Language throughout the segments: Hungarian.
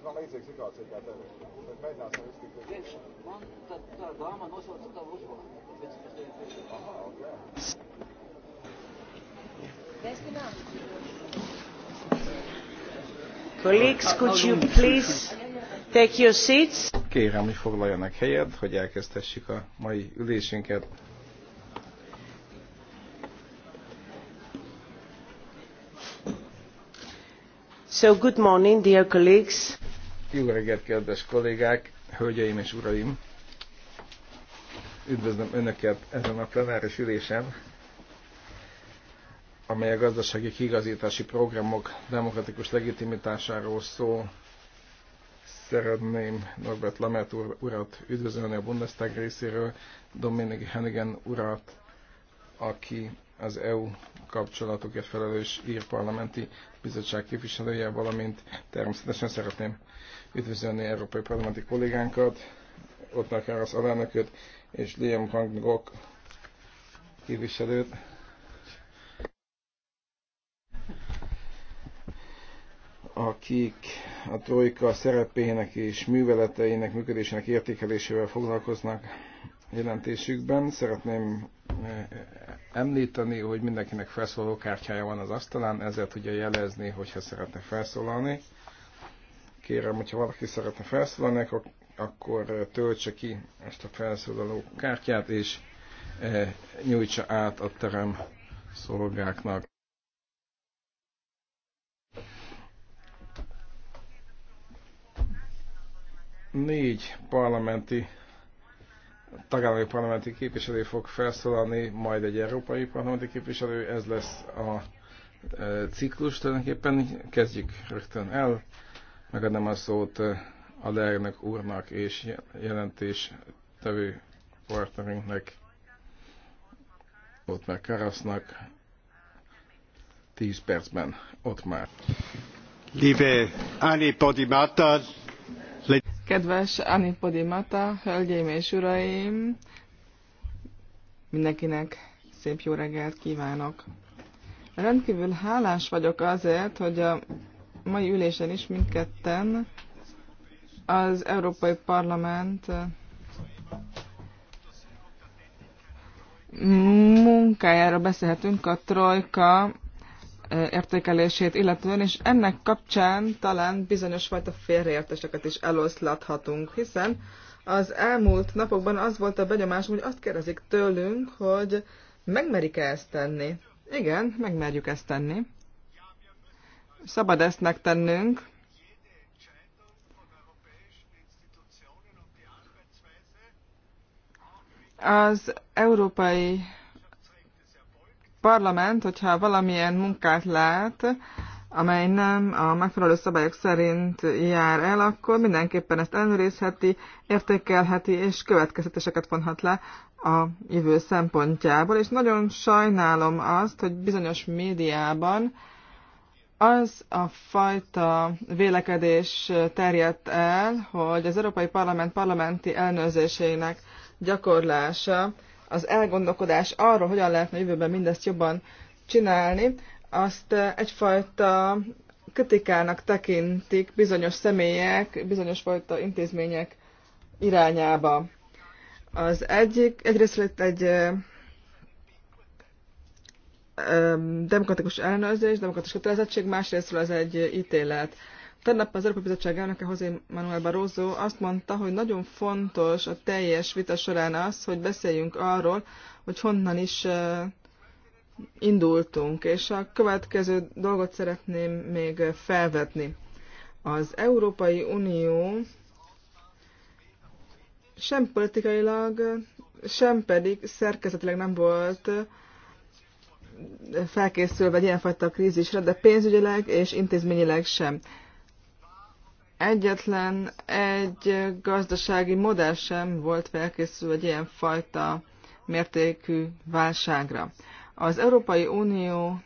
bet man līdzīga situācija kā tev. Mēs mēģināsim iztikt. Priekš, man tā, tā dāma nosauca tavu uzvārdu. Tāpēc es tevi Colleagues, could you please take your seats? Kérem, hogy foglaljanak helyet, hogy elkezdhessük a mai ülésünket. So good morning, dear colleagues. Jó reggelt, kedves kollégák, hölgyeim és uraim! Üdvözlöm Önöket ezen a plenáris ülésen, amely a gazdasági kigazítási programok demokratikus legitimitásáról szól. Szeretném Norbert Lamert urat üdvözölni a Bundestag részéről, Dominik Hennigen urat, aki az EU kapcsolatokért felelős ír parlamenti bizottság képviselője, valamint természetesen szeretném üdvözölni európai parlamenti kollégánkat, ott akár az alelnököt és Liam Hangok képviselőt. akik a trojka szerepének és műveleteinek, működésének értékelésével foglalkoznak jelentésükben. Szeretném eh, említeni, hogy mindenkinek felszólaló kártyája van az asztalán, ezzel tudja jelezni, hogyha szeretne felszólalni kérem, hogyha valaki szeretne felszólalni, akkor eh, töltse ki ezt a felszólaló kártyát, és eh, nyújtsa át a terem szolgáknak. Négy parlamenti, tagállami parlamenti képviselő fog felszólalni, majd egy európai parlamenti képviselő, ez lesz a eh, ciklus tulajdonképpen. Kezdjük rögtön el. Megadom a szót eh, a lelnök úrnak és jelentés tevő partnerünknek, ott meg Karasznak, 10 percben, ott már. Liebe Anni Podimata, Kedves Anni Podimata, hölgyeim és uraim, mindenkinek szép jó reggelt kívánok. Rendkívül hálás vagyok azért, hogy a mai ülésen is mindketten az Európai Parlament eh, munkájára beszélhetünk a trojka eh, értékelését illetően, és ennek kapcsán talán bizonyos fajta félreértéseket is eloszlathatunk, hiszen az elmúlt napokban az volt a benyomás, hogy azt kérdezik tőlünk, hogy megmerik-e ezt tenni. Igen, megmerjük ezt tenni szabad ezt megtennünk, az Európai Parlament, hogyha valamilyen munkát lát, amely nem a megfelelő szabályok szerint jár el, akkor mindenképpen ezt ellenőrizheti, értékelheti, és következeteseket vonhat le a jövő szempontjából. És nagyon sajnálom azt, hogy bizonyos médiában az a fajta vélekedés terjedt el, hogy az Európai Parlament parlamenti elnőrzésének gyakorlása, az elgondolkodás arról, hogyan lehetne jövőben mindezt jobban csinálni, azt egyfajta kritikának tekintik bizonyos személyek, bizonyos fajta intézmények irányába. Az egyik, egyrészt egy demokratikus ellenőrzés, demokratikus kötelezettség, másrésztről ez egy ítélet. Tegnap az Európai Bizottság elnöke José Manuel Barroso azt mondta, hogy nagyon fontos a teljes vita során az, hogy beszéljünk arról, hogy honnan is indultunk, és a következő dolgot szeretném még felvetni. Az Európai Unió sem politikailag, sem pedig szerkezetileg nem volt felkészülve egy ilyenfajta krízisre, de pénzügyileg és intézményileg sem. Egyetlen egy gazdasági modell sem volt felkészülve egy ilyenfajta mértékű válságra. Az Európai Unió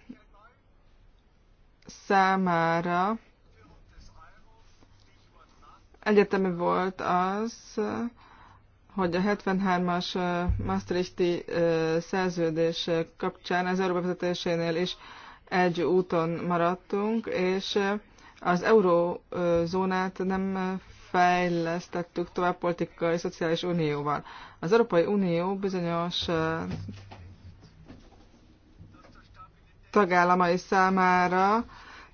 számára egyetemű volt az, hogy a 73-as Maastrichti szerződés kapcsán az Európa vezetésénél is egy úton maradtunk, és az eurózónát nem fejlesztettük tovább politikai, szociális unióval. Az Európai Unió bizonyos tagállamai számára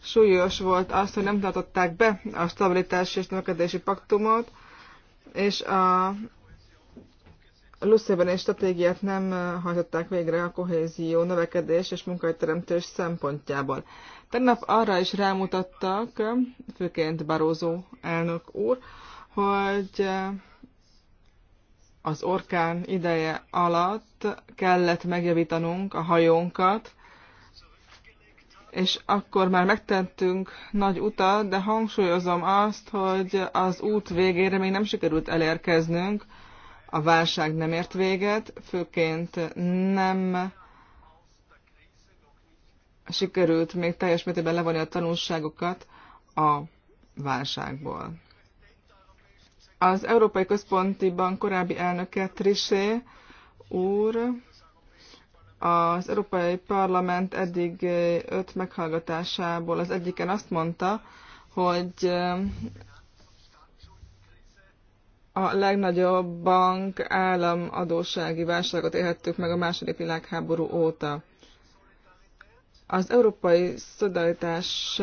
súlyos volt az, hogy nem tartották be a stabilitási és növekedési paktumot, és a Lusszében egy stratégiát nem hajtották végre a kohézió, növekedés és munkahelyteremtés szempontjából. Tegnap arra is rámutattak, főként Barózó elnök úr, hogy az orkán ideje alatt kellett megjavítanunk a hajónkat, és akkor már megtettünk nagy utat, de hangsúlyozom azt, hogy az út végére még nem sikerült elérkeznünk, a válság nem ért véget, főként nem sikerült még teljes mértékben levonni a tanulságokat a válságból. Az Európai Központi Bank korábbi elnöke Trisé úr az Európai Parlament eddig öt meghallgatásából az egyiken azt mondta, hogy a legnagyobb bank állam adóssági válságot élhettük meg a második világháború óta. Az európai szolidaritás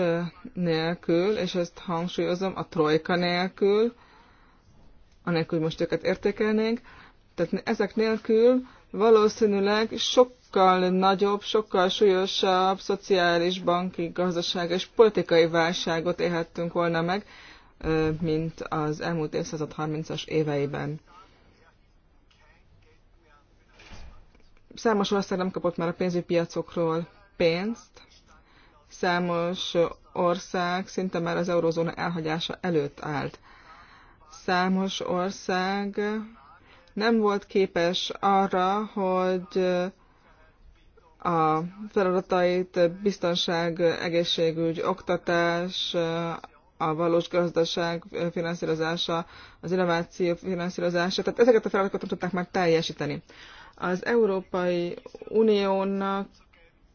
nélkül, és ezt hangsúlyozom, a trojka nélkül, anélkül, hogy most őket értékelnénk, tehát ezek nélkül valószínűleg sokkal nagyobb, sokkal súlyosabb szociális, banki, gazdaság és politikai válságot élhettünk volna meg, mint az elmúlt évszázad 30-as éveiben. Számos ország nem kapott már a pénzügypiacokról pénzt, számos ország szinte már az eurozóna elhagyása előtt állt. Számos ország nem volt képes arra, hogy a feladatait biztonság, egészségügy, oktatás, a valós gazdaság finanszírozása, az innováció finanszírozása, tehát ezeket a feladatokat nem tudták már teljesíteni. Az Európai Uniónak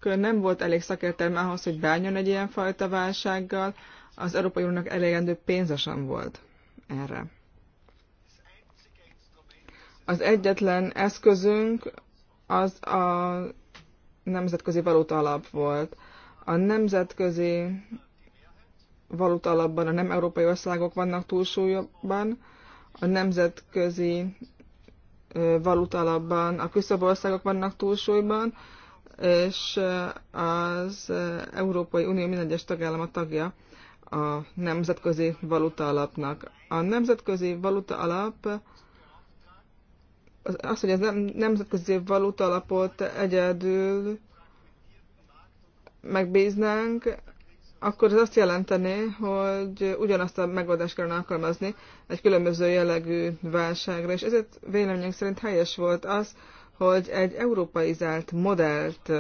nem volt elég szakértelme ahhoz, hogy bánjon egy ilyen fajta válsággal, az Európai Uniónak elegendő pénze sem volt erre. Az egyetlen eszközünk az a nemzetközi valóta alap volt. A nemzetközi valuta alapban a nem európai országok vannak túlsúlyban, a nemzetközi valuta alapban a küszöbb országok vannak túlsúlyban, és az Európai Unió minden egyes tagállama tagja a nemzetközi valuta alapnak. A nemzetközi valuta alap az, hogy a nemzetközi valuta alapot egyedül megbíznánk, akkor ez azt jelenteni, hogy ugyanazt a megoldást kellene alkalmazni egy különböző jellegű válságra, és ezért véleményünk szerint helyes volt az, hogy egy európaizált modellt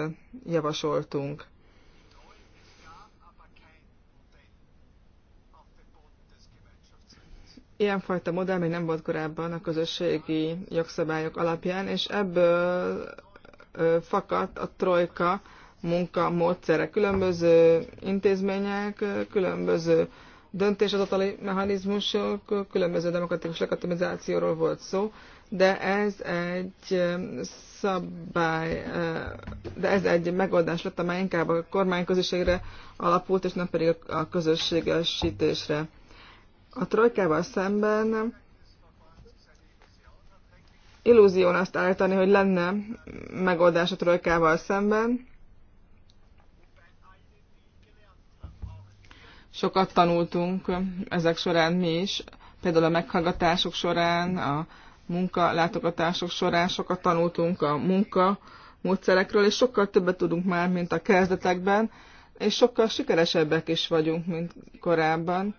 javasoltunk. Ilyenfajta modell még nem volt korábban a közösségi jogszabályok alapján, és ebből fakadt a trojka, munkamódszerek, különböző intézmények, különböző döntéshozatali mechanizmusok, különböző demokratikus lekatomizációról volt szó, de ez egy um, szabály, uh, de ez egy megoldás lett, amely inkább a kormányközösségre alapult, és nem pedig a közösségesítésre. A trojkával szemben illúzión azt állítani, hogy lenne megoldás a trojkával szemben, sokat tanultunk ezek során mi is, például a meghallgatások során, a munka látogatások során sokat tanultunk a munka módszerekről, és sokkal többet tudunk már, mint a kezdetekben, és sokkal sikeresebbek is vagyunk, mint korábban.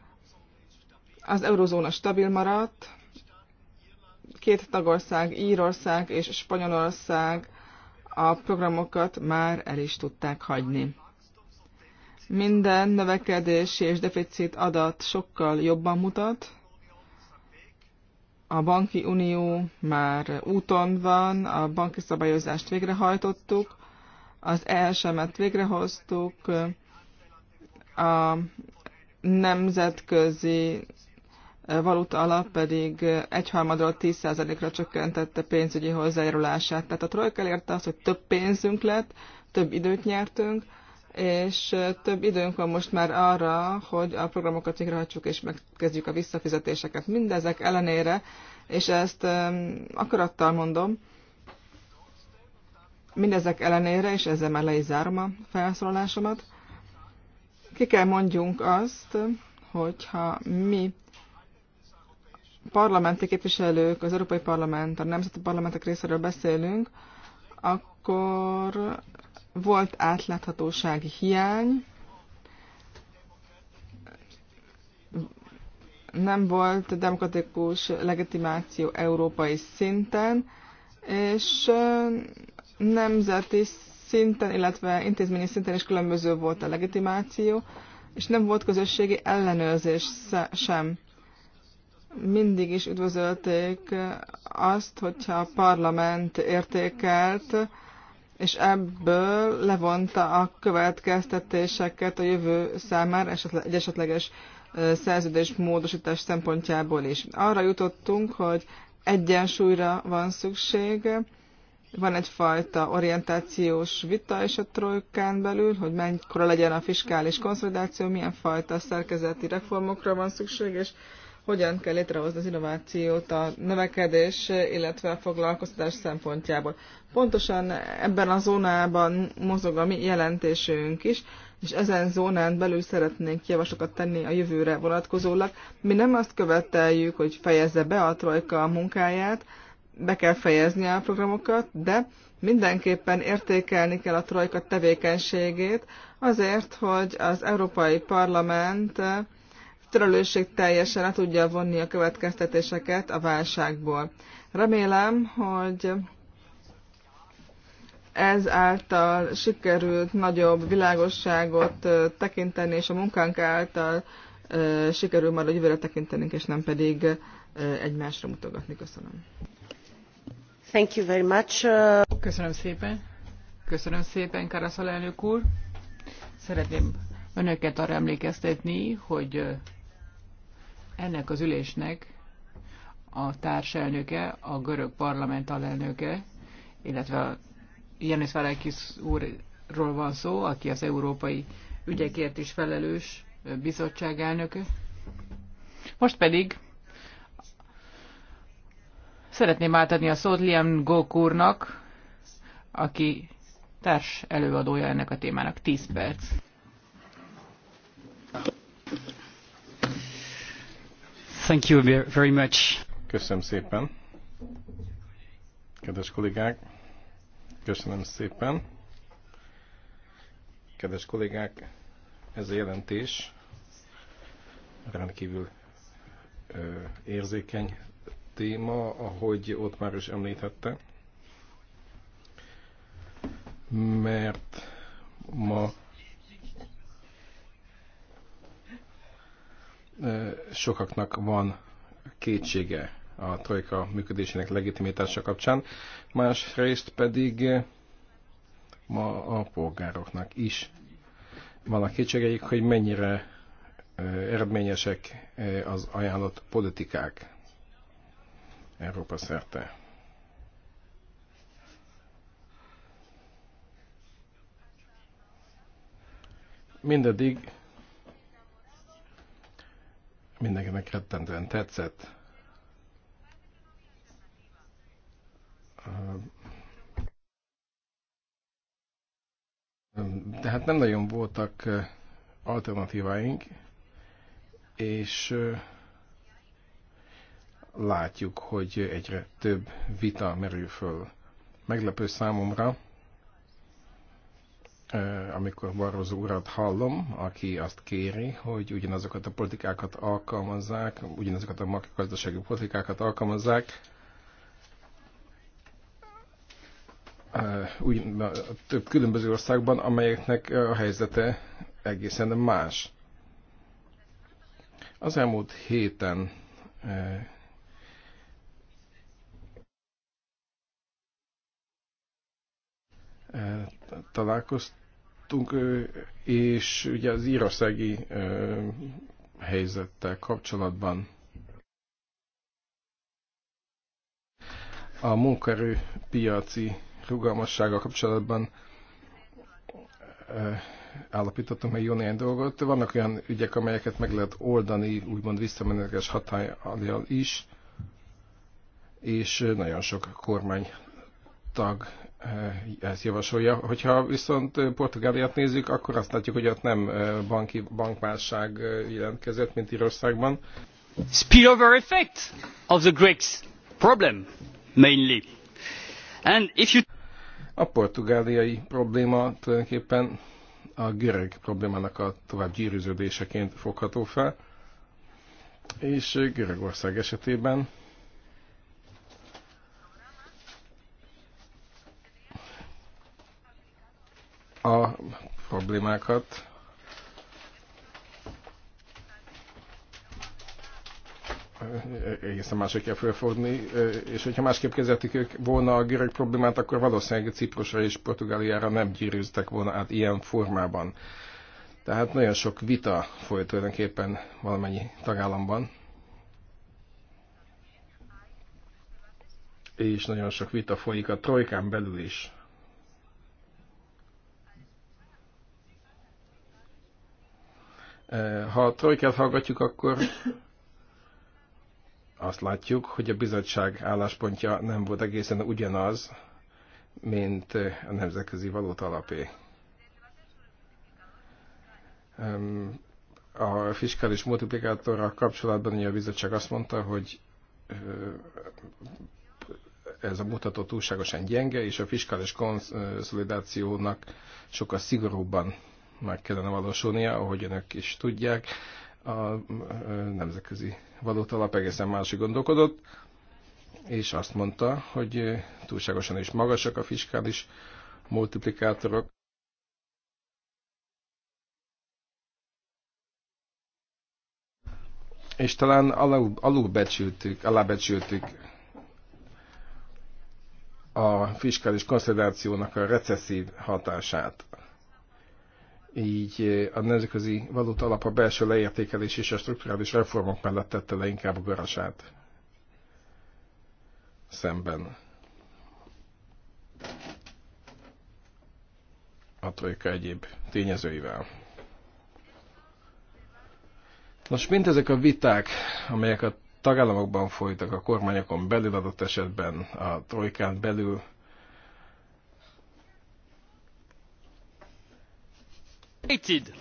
Az eurozóna stabil maradt, két tagország, Írország és Spanyolország a programokat már el is tudták hagyni. Minden növekedési és deficit adat sokkal jobban mutat. A banki unió már úton van, a banki szabályozást végrehajtottuk, az ESM-et végrehoztuk, a nemzetközi valuta alap pedig egyharmadról 10%-ra csökkentette pénzügyi hozzájárulását. Tehát a trojka elérte azt, hogy több pénzünk lett, több időt nyertünk, és több időnk van most már arra, hogy a programokat végrehajtsuk és megkezdjük a visszafizetéseket. Mindezek ellenére, és ezt akarattal mondom, mindezek ellenére, és ezzel már le is zárom a felszólalásomat, ki kell mondjunk azt, hogyha mi parlamenti képviselők, az Európai Parlament, a Nemzeti Parlamentek részéről beszélünk, akkor volt átláthatósági hiány, nem volt demokratikus legitimáció európai szinten, és nemzeti szinten, illetve intézményi szinten is különböző volt a legitimáció, és nem volt közösségi ellenőrzés sem. Mindig is üdvözölték azt, hogyha a parlament értékelt és ebből levonta a következtetéseket a jövő számára, esetleg, egy esetleges szerződés módosítás szempontjából is. Arra jutottunk, hogy egyensúlyra van szükség, van egyfajta orientációs vita is a trojkán belül, hogy mennyikor legyen a fiskális konszolidáció, milyen fajta szerkezeti reformokra van szükség, és hogyan kell létrehozni az innovációt a növekedés, illetve a foglalkoztatás szempontjából. Pontosan ebben a zónában mozog a mi jelentésünk is, és ezen zónán belül szeretnénk javaslatokat tenni a jövőre vonatkozólag. Mi nem azt követeljük, hogy fejezze be a trojka a munkáját, be kell fejezni a programokat, de mindenképpen értékelni kell a trojka tevékenységét azért, hogy az Európai Parlament törölőség teljesen le tudja vonni a következtetéseket a válságból. Remélem, hogy ez által sikerült nagyobb világosságot tekinteni, és a munkánk által sikerül már a jövőre tekintenünk, és nem pedig egymásra mutogatni. Köszönöm. Thank you very much. Uh, Köszönöm szépen. Köszönöm szépen, Karaszal elnök úr. Szeretném önöket arra emlékeztetni, hogy ennek az ülésnek a társelnöke, a görög parlament alelnöke, illetve a Janis Varekis úrról van szó, aki az európai ügyekért is felelős bizottság elnöke. Most pedig szeretném átadni a szót Liam Gokurnak, aki társ előadója ennek a témának. 10 perc. Thank you very much. Köszönöm szépen. Kedves kollégák, köszönöm szépen. Kedves kollégák, ez a jelentés rendkívül ö, érzékeny téma, ahogy ott már is említette, mert ma sokaknak van kétsége a trojka működésének legitimitása kapcsán, másrészt pedig ma a polgároknak is vannak kétségeik, hogy mennyire eredményesek az ajánlott politikák Európa szerte. Mindedig mindenkinek rettentően tetszett. Tehát nem nagyon voltak alternatíváink, és látjuk, hogy egyre több vita merül föl. Meglepő számomra, amikor Barroso urat hallom, aki azt kéri, hogy ugyanazokat a politikákat alkalmazzák, ugyanazokat a makrogazdasági politikákat alkalmazzák, úgy, na, több különböző országban, amelyeknek a helyzete egészen más. Az elmúlt héten találkoztam, láttunk, és ugye az írországi helyzettel kapcsolatban a munkaerőpiaci rugalmassággal kapcsolatban állapítottam meg jó néhány dolgot. Vannak olyan ügyek, amelyeket meg lehet oldani, úgymond visszamenőleges hatályjal is, és nagyon sok kormány tag Eh, ezt javasolja. Hogyha viszont Portugáliát nézzük, akkor azt látjuk, hogy ott nem eh, banki, bankválság eh, jelentkezett, mint Írországban. Spillover effect of the Greeks problem mainly. And if you... A portugáliai probléma tulajdonképpen a görög problémának a tovább gyűrűződéseként fogható fel, és Görögország esetében a problémákat. egészen máshogy kell fölfogni, és hogyha másképp kezdetik ők volna a görög problémát, akkor valószínűleg Ciprusra és Portugáliára nem gyűrűztek volna át ilyen formában. Tehát nagyon sok vita folyt tulajdonképpen valamennyi tagállamban. És nagyon sok vita folyik a trojkán belül is. Ha a trojkát hallgatjuk, akkor azt látjuk, hogy a bizottság álláspontja nem volt egészen ugyanaz, mint a nemzetközi valót alapé. A fiskális multiplikátorral kapcsolatban a bizottság azt mondta, hogy ez a mutató túlságosan gyenge, és a fiskális konszolidációnak sokkal szigorúbban meg kellene valósulnia, ahogy önök is tudják. A nemzetközi valótalap egészen máshogy gondolkodott, és azt mondta, hogy túlságosan is magasak a fiskális multiplikátorok, és talán alul, alulbecsültük, alábecsültük a fiskális konszolidációnak a recesszív hatását így a nemzetközi valuta alap a belső leértékelés és a strukturális reformok mellett tette le inkább a garasát szemben a trojka egyéb tényezőivel. Nos, ezek a viták, amelyek a tagállamokban folytak, a kormányokon belül adott esetben, a trojkán belül, created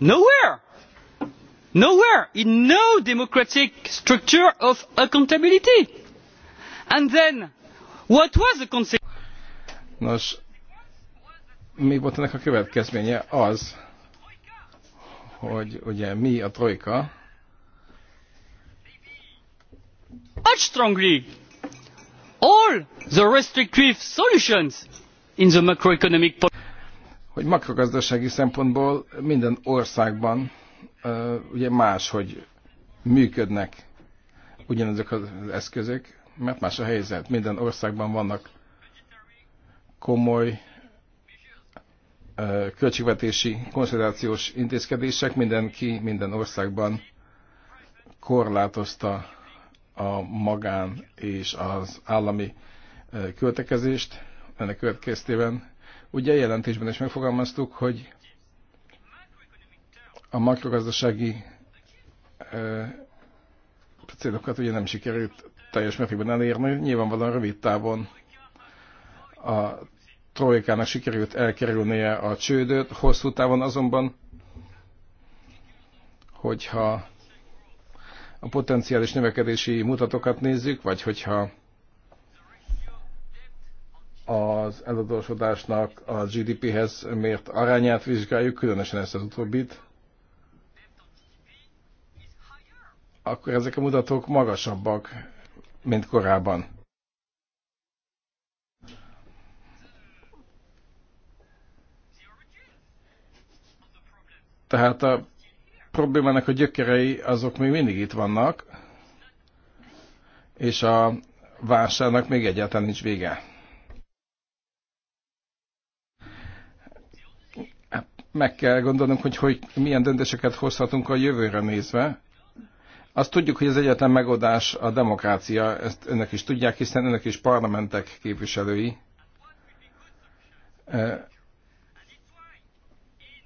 Nowhere! Nowhere! In no democratic structure of accountability! And then, what was the consequence? Nos, mi volt ennek a következménye? Az, hogy ugye mi a trojka. Much strongly all the restrictive solutions in the macroeconomic policy hogy makrogazdasági szempontból minden országban ugye más, hogy működnek ugyanazok az eszközök, mert más a helyzet. Minden országban vannak komoly költségvetési konszolidációs intézkedések, mindenki minden országban korlátozta a magán és az állami költekezést. Ennek következtében Ugye jelentésben is megfogalmaztuk, hogy a makrogazdasági célokat ugye nem sikerült teljes mértékben elérni. Nyilvánvalóan rövid távon a trojkának sikerült elkerülnie a csődöt, hosszú távon azonban, hogyha a potenciális növekedési mutatókat nézzük, vagy hogyha az eladósodásnak a GDP-hez mért arányát vizsgáljuk, különösen ezt az utóbbit, akkor ezek a mutatók magasabbak, mint korábban. Tehát a problémának a gyökerei azok még mindig itt vannak, és a válságnak még egyáltalán nincs vége. meg kell gondolnunk, hogy, hogy milyen döntéseket hozhatunk a jövőre nézve. Azt tudjuk, hogy az egyetlen megoldás a demokrácia, ezt önök is tudják, hiszen önök is parlamentek képviselői.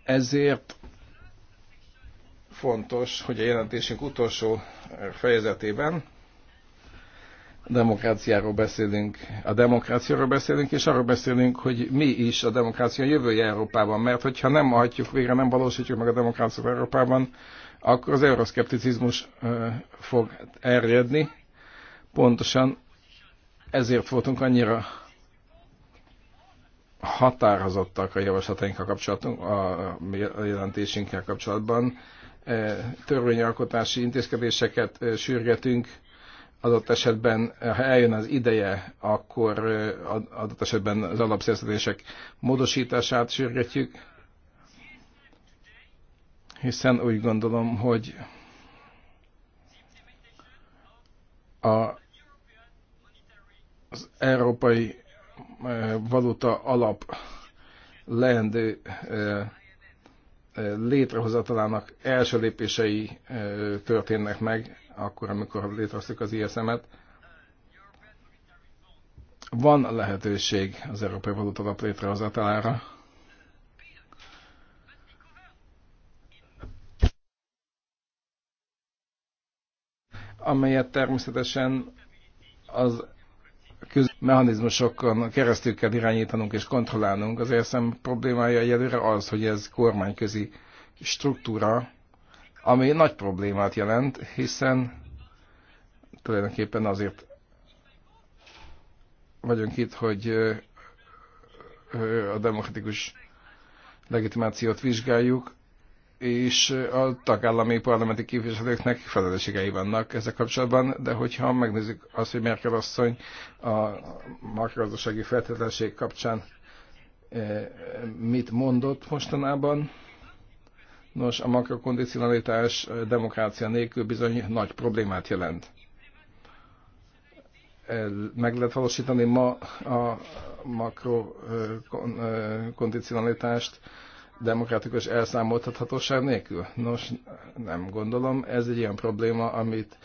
Ezért fontos, hogy a jelentésünk utolsó fejezetében demokráciáról beszélünk, a demokráciáról beszélünk, és arról beszélünk, hogy mi is a demokrácia jövője Európában, mert hogyha nem hagyjuk végre, nem valósítjuk meg a demokráciát Európában, akkor az euroszkepticizmus fog erjedni. Pontosan ezért voltunk annyira határozottak a javaslatainkkal kapcsolatban, a jelentésünkkel kapcsolatban. Törvényalkotási intézkedéseket sürgetünk, adott esetben, ha eljön az ideje, akkor adott esetben az alapszerződések módosítását sürgetjük, hiszen úgy gondolom, hogy a, az európai valuta alap leendő létrehozatalának első lépései történnek meg akkor, amikor létrehoztuk az ISM-et. Van lehetőség az Európai Valóta Alap létrehozatalára. amelyet természetesen az mechanizmusokon keresztül kell irányítanunk és kontrollálnunk. Az ESM problémája egyelőre az, hogy ez kormányközi struktúra, ami nagy problémát jelent, hiszen tulajdonképpen azért vagyunk itt, hogy a demokratikus legitimációt vizsgáljuk, és a tagállami parlamenti képviselőknek felelősségei vannak ezzel kapcsolatban, de hogyha megnézzük azt, hogy Merkel asszony a makrogazdasági feltétlenség kapcsán mit mondott mostanában, Nos, a makrokondicionalitás eh, demokrácia nélkül bizony nagy problémát jelent. Meg lehet valósítani ma a makrokondicionalitást eh, eh, demokratikus elszámoltathatóság nélkül? Nos, nem gondolom. Ez egy ilyen probléma, amit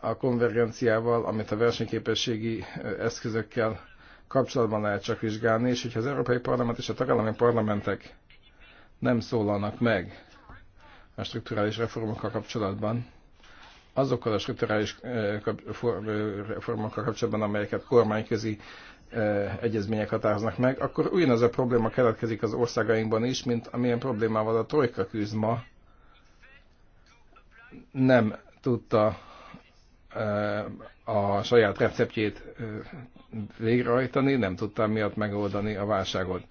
a konvergenciával, amit a versenyképességi eszközökkel kapcsolatban lehet csak vizsgálni, és hogyha az Európai Parlament és a tagállami parlamentek nem szólalnak meg a strukturális reformokkal kapcsolatban, azokkal a strukturális eh, eh, reformokkal kapcsolatban, amelyeket kormányközi eh, egyezmények határoznak meg, akkor ugyanaz a probléma keletkezik az országainkban is, mint amilyen problémával a trojka küzd ma. Nem tudta a saját receptjét végrehajtani, nem tudta miatt megoldani a válságot.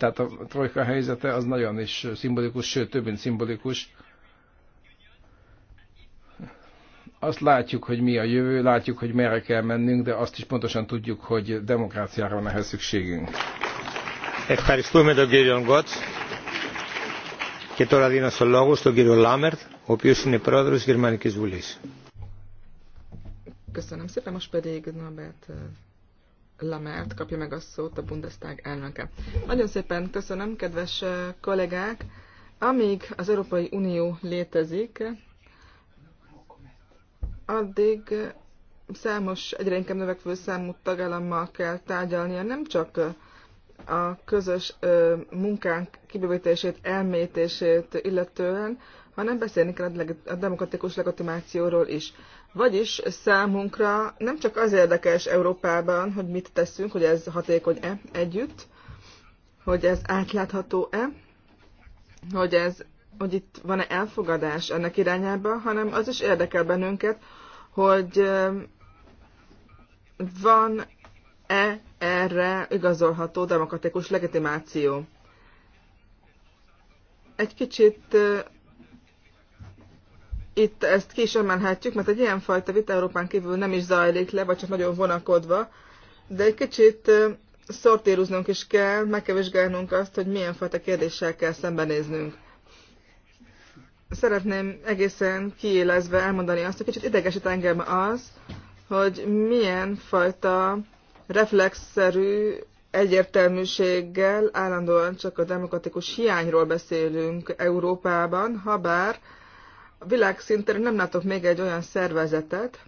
Tehát a trojka helyzete az nagyon is szimbolikus, sőt több mint szimbolikus. Azt látjuk, hogy mi a jövő, látjuk, hogy merre kell mennünk, de azt is pontosan tudjuk, hogy demokráciára van ehhez szükségünk. Και τώρα δίνω στο λόγο στον κύριο Λάμερτ, ο οποίος είναι πρόεδρος της Γερμανικής Βουλής. Köszönöm szépen, most pedig Norbert Lamert kapja meg a szót a Bundestag elnöke. Nagyon szépen köszönöm, kedves kollégák! Amíg az Európai Unió létezik, addig számos, egyre inkább növekvő számú tagállammal kell tárgyalnia, nem csak a közös munkánk kibővítését, elmétését illetően, hanem beszélni kell a demokratikus legitimációról is. Vagyis számunkra nem csak az érdekes Európában, hogy mit teszünk, hogy ez hatékony-e együtt, hogy ez átlátható-e, hogy, ez, hogy itt van-e elfogadás ennek irányába, hanem az is érdekel bennünket, hogy um, van-e erre igazolható demokratikus legitimáció. Egy kicsit uh, itt ezt ki is emelhetjük, mert egy ilyenfajta vita Európán kívül nem is zajlik le, vagy csak nagyon vonakodva, de egy kicsit szortíroznunk is kell, meg kell vizsgálnunk azt, hogy milyen fajta kérdéssel kell szembenéznünk. Szeretném egészen kiélezve elmondani azt, hogy kicsit idegesít engem az, hogy milyen fajta reflexzerű egyértelműséggel állandóan csak a demokratikus hiányról beszélünk Európában, ha bár világszinten nem látok még egy olyan szervezetet,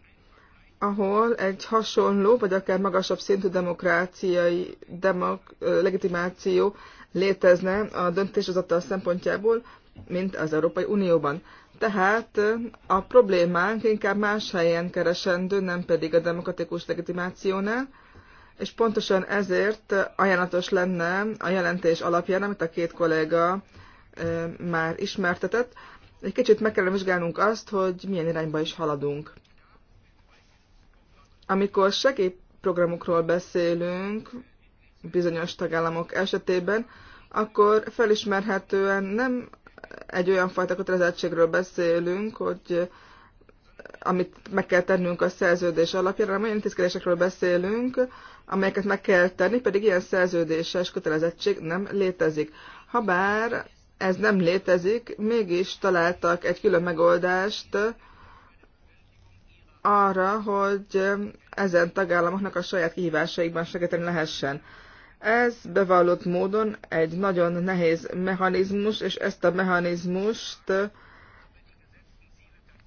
ahol egy hasonló, vagy akár magasabb szintű demokráciai demok, legitimáció létezne a döntéshozatal szempontjából, mint az Európai Unióban. Tehát a problémánk inkább más helyen keresendő, nem pedig a demokratikus legitimációnál, és pontosan ezért ajánlatos lenne a jelentés alapján, amit a két kolléga már ismertetett, egy kicsit meg kell vizsgálnunk azt, hogy milyen irányba is haladunk. Amikor segélyprogramokról beszélünk bizonyos tagállamok esetében, akkor felismerhetően nem egy olyan fajta kötelezettségről beszélünk, hogy amit meg kell tennünk a szerződés alapján, hanem olyan intézkedésekről beszélünk, amelyeket meg kell tenni, pedig ilyen szerződéses kötelezettség nem létezik. Habár ez nem létezik, mégis találtak egy külön megoldást arra, hogy ezen tagállamoknak a saját kihívásaikban segíteni lehessen. Ez bevallott módon egy nagyon nehéz mechanizmus, és ezt a mechanizmust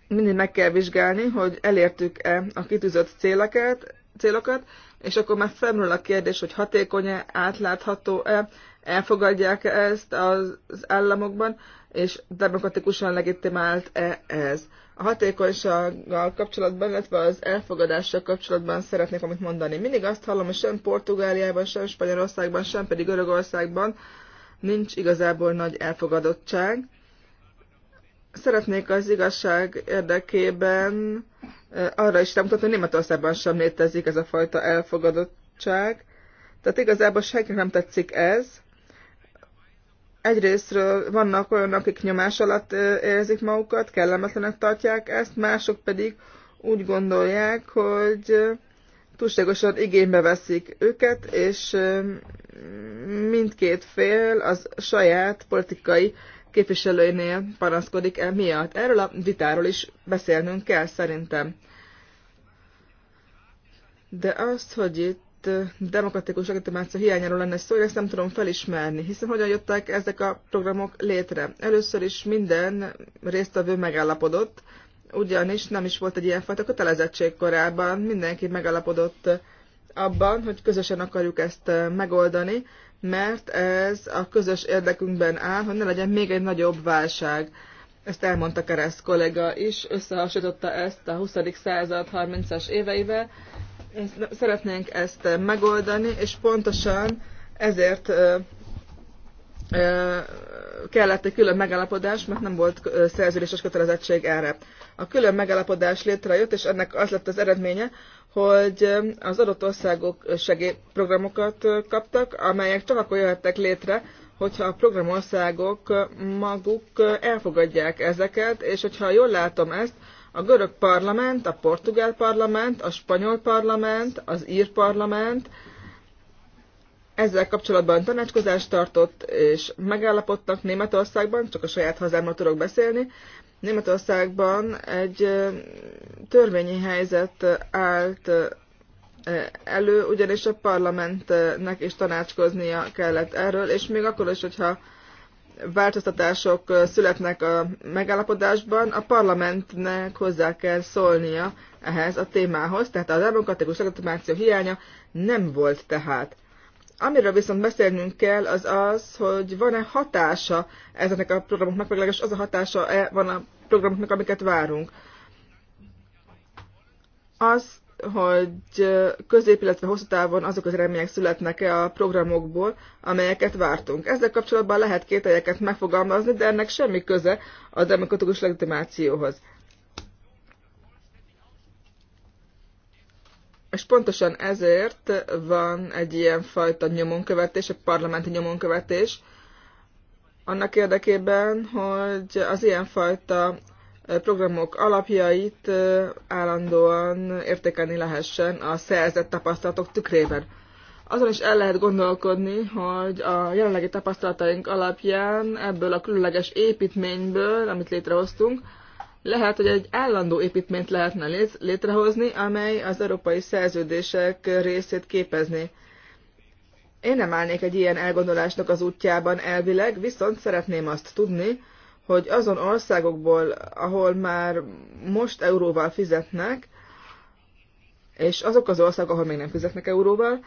mindig meg kell vizsgálni, hogy elértük-e a kitűzött célokat, célokat, és akkor már felmerül a kérdés, hogy hatékony-e, átlátható-e, elfogadják -e ezt az államokban, és demokratikusan legitimált-e ez. A hatékonysággal kapcsolatban, illetve az elfogadással kapcsolatban szeretnék amit mondani. Mindig azt hallom, hogy sem Portugáliában, sem Spanyolországban, sem pedig Görögországban nincs igazából nagy elfogadottság. Szeretnék az igazság érdekében arra is remutatni, hogy Németországban sem létezik ez a fajta elfogadottság. Tehát igazából senkinek nem tetszik ez, egyrésztről vannak olyan, akik nyomás alatt érzik magukat, kellemetlenek tartják ezt, mások pedig úgy gondolják, hogy túlságosan igénybe veszik őket, és mindkét fél az saját politikai képviselőinél panaszkodik el miatt. Erről a vitáról is beszélnünk kell szerintem. De azt, hogy itt demokratikus legitimáció hiányáról lenne szó, ezt nem tudom felismerni, hiszen hogyan jöttek ezek a programok létre. Először is minden résztvevő megállapodott, ugyanis nem is volt egy ilyenfajta kötelezettség korábban, mindenki megállapodott abban, hogy közösen akarjuk ezt megoldani, mert ez a közös érdekünkben áll, hogy ne legyen még egy nagyobb válság. Ezt elmondta Keresz kollega is, összehasonlította ezt a 20. század 30-as éveivel, Szeretnénk ezt megoldani, és pontosan ezért kellett egy külön megállapodás, mert nem volt szerződéses kötelezettség erre. A külön megállapodás létrejött, és ennek az lett az eredménye, hogy az adott országok segélyprogramokat kaptak, amelyek csak akkor jöhettek létre, hogyha a programországok maguk elfogadják ezeket, és hogyha jól látom ezt, a görög parlament, a portugál parlament, a spanyol parlament, az ír parlament ezzel kapcsolatban tanácskozást tartott, és megállapodtak Németországban, csak a saját hazámról tudok beszélni, Németországban egy törvényi helyzet állt elő, ugyanis a parlamentnek is tanácskoznia kellett erről, és még akkor is, hogyha változtatások születnek a megállapodásban, a parlamentnek hozzá kell szólnia ehhez a témához, tehát a demokratikus legitimáció hiánya nem volt tehát. Amiről viszont beszélnünk kell, az az, hogy van-e hatása ezeknek a programoknak, vagy legalábbis az a hatása -e van a programoknak, amiket várunk. Azt hogy közép, illetve hosszú távon azok az remények születnek-e a programokból, amelyeket vártunk. Ezzel kapcsolatban lehet kételyeket megfogalmazni, de ennek semmi köze a demokratikus legitimációhoz. És pontosan ezért van egy ilyen fajta nyomonkövetés, egy parlamenti nyomonkövetés, annak érdekében, hogy az ilyenfajta programok alapjait állandóan értékelni lehessen a szerzett tapasztalatok tükrében. Azon is el lehet gondolkodni, hogy a jelenlegi tapasztalataink alapján ebből a különleges építményből, amit létrehoztunk, lehet, hogy egy állandó építményt lehetne létrehozni, amely az európai szerződések részét képezni. Én nem állnék egy ilyen elgondolásnak az útjában elvileg, viszont szeretném azt tudni, hogy azon országokból, ahol már most euróval fizetnek, és azok az országok, ahol még nem fizetnek euróval,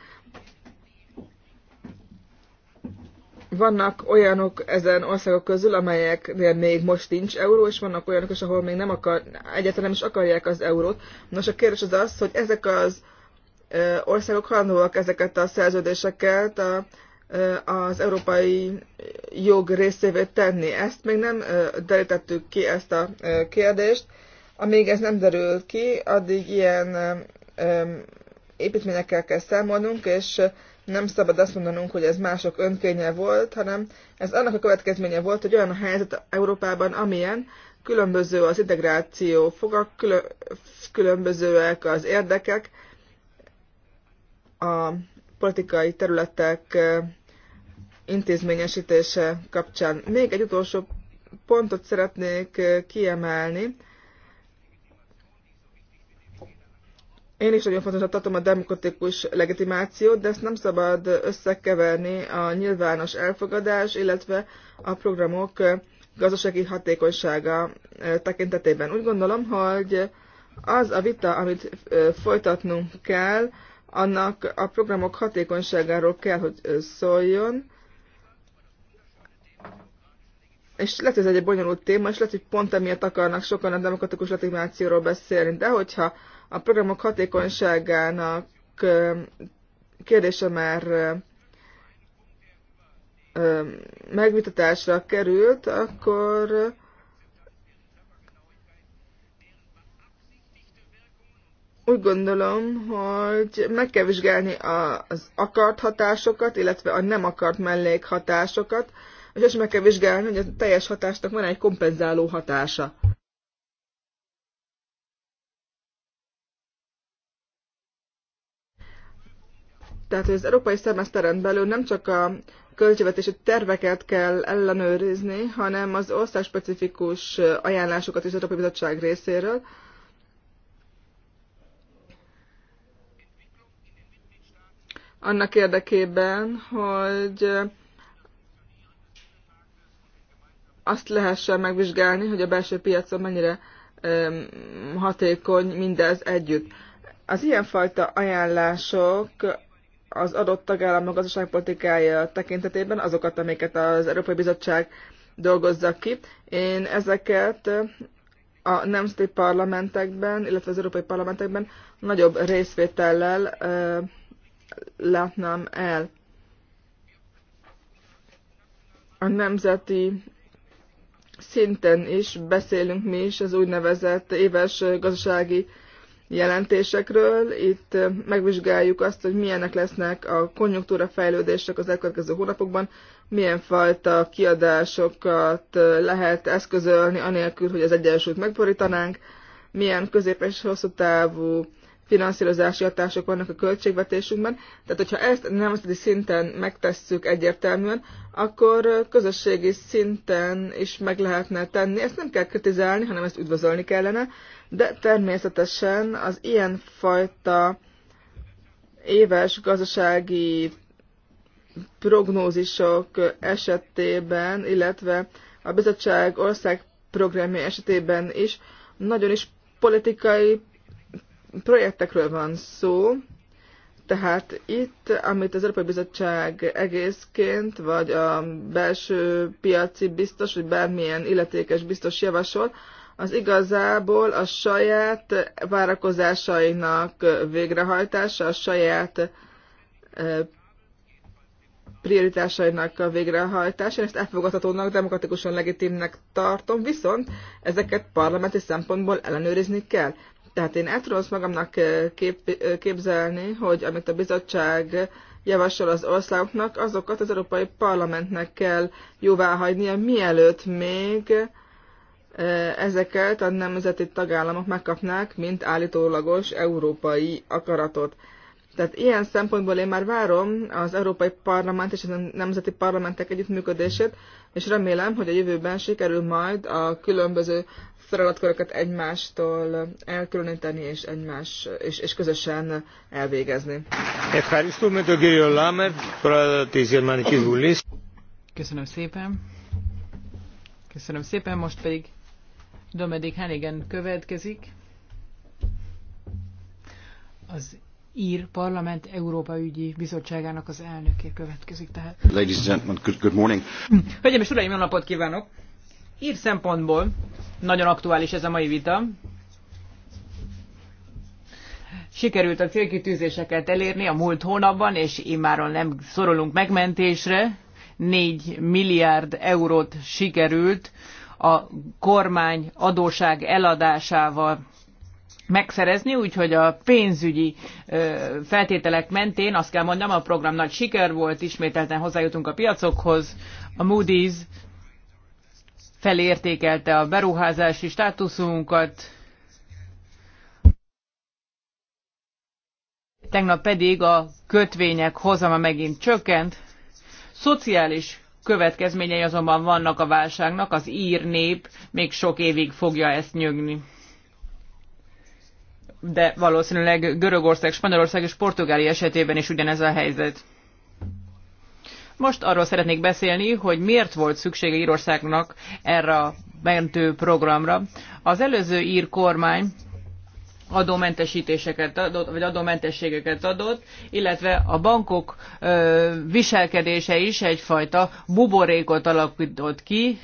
vannak olyanok ezen országok közül, amelyeknél még most nincs euró, és vannak olyanok is, ahol még nem akar, egyáltalán nem is akarják az eurót. Nos, a kérdés az az, hogy ezek az országok hajlandóak ezeket a szerződéseket a az európai jog részévé tenni. Ezt még nem derítettük ki, ezt a kérdést. Amíg ez nem derül ki, addig ilyen építményekkel kell számolnunk, és nem szabad azt mondanunk, hogy ez mások önkénye volt, hanem ez annak a következménye volt, hogy olyan a helyzet Európában, amilyen különböző az integráció fogak, különbözőek az érdekek, a politikai területek intézményesítése kapcsán. Még egy utolsó pontot szeretnék eh, kiemelni. Én is nagyon fontosnak tartom a demokratikus legitimációt, de ezt nem szabad összekeverni a nyilvános elfogadás, illetve a programok eh, gazdasági hatékonysága eh, tekintetében. Úgy gondolom, hogy az a vita, amit folytatnunk kell, annak a programok hatékonyságáról kell, hogy szóljon, és lehet, hogy ez egy bonyolult téma, és lehet, hogy pont emiatt akarnak sokan a demokratikus legitimációról beszélni, de hogyha a programok hatékonyságának kérdése már megvitatásra került, akkor úgy gondolom, hogy meg kell vizsgálni az akart hatásokat, illetve a nem akart mellékhatásokat, hatásokat, és ezt meg kell vizsgálni, hogy a teljes hatásnak van egy kompenzáló hatása. Tehát, hogy az európai szemeszteren belül nem csak a költségvetési terveket kell ellenőrizni, hanem az országspecifikus ajánlásokat is az Európai Bizottság részéről. Annak érdekében, hogy azt lehessen megvizsgálni, hogy a belső piacon mennyire hatékony mindez együtt. Az ilyenfajta ajánlások az adott tagállamok gazdaságpolitikája tekintetében azokat, amiket az Európai Bizottság dolgozza ki. Én ezeket a nemzeti parlamentekben, illetve az európai parlamentekben nagyobb részvétellel uh, látnám el. A nemzeti szinten is beszélünk mi is az úgynevezett éves gazdasági jelentésekről. Itt megvizsgáljuk azt, hogy milyenek lesznek a konjunktúra fejlődések az elkövetkező hónapokban, milyen fajta kiadásokat lehet eszközölni, anélkül, hogy az egyensúlyt megborítanánk, milyen közép és hosszú távú finanszírozási hatások vannak a költségvetésünkben. Tehát, hogyha ezt nemzeti szinten megtesszük egyértelműen, akkor közösségi szinten is meg lehetne tenni. Ezt nem kell kritizálni, hanem ezt üdvözölni kellene, de természetesen az ilyenfajta éves gazdasági prognózisok esetében, illetve a bizottság ország programja esetében is nagyon is politikai projektekről van szó, tehát itt, amit az Európai Bizottság egészként, vagy a belső piaci biztos, vagy bármilyen illetékes biztos javasol, az igazából a saját várakozásainak végrehajtása, a saját prioritásainak a végrehajtása. Én ezt elfogadhatónak, demokratikusan legitimnek tartom, viszont ezeket parlamenti szempontból ellenőrizni kell. Tehát én el tudom magamnak kép, képzelni, hogy amit a bizottság javasol az országoknak, azokat az Európai Parlamentnek kell jóváhagynia, mielőtt még ezeket a nemzeti tagállamok megkapnák, mint állítólagos európai akaratot. Tehát ilyen szempontból én már várom az Európai Parlament és a nemzeti parlamentek együttműködését, és remélem, hogy a jövőben sikerül majd a különböző feladatköröket egymástól elkülöníteni és, egymás, és, és közösen elvégezni. Köszönöm szépen. Köszönöm szépen, most pedig Domedik Hannigan következik. Az ír parlament Európa ügyi bizottságának az elnöke következik tehát. Ladies and gentlemen, good, good morning. Hm, Hölgyeim és uraim, jó napot kívánok! Ír szempontból nagyon aktuális ez a mai vita. Sikerült a célkitűzéseket elérni a múlt hónapban, és immáron nem szorulunk megmentésre. 4 milliárd eurót sikerült a kormány adóság eladásával megszerezni, úgyhogy a pénzügyi feltételek mentén azt kell mondjam a program nagy siker volt, ismételten hozzájutunk a piacokhoz, a Moody's felértékelte a beruházási státuszunkat, tegnap pedig a kötvények hozama megint csökkent. Szociális következményei azonban vannak a válságnak, az ír nép még sok évig fogja ezt nyögni. De valószínűleg Görögország, Spanyolország és Portugália esetében is ugyanez a helyzet. Most arról szeretnék beszélni, hogy miért volt szüksége Írországnak erre a mentő programra. Az előző ír kormány adómentesítéseket adott, vagy adómentességeket adott, illetve a bankok ö, viselkedése is egyfajta buborékot alakított ki,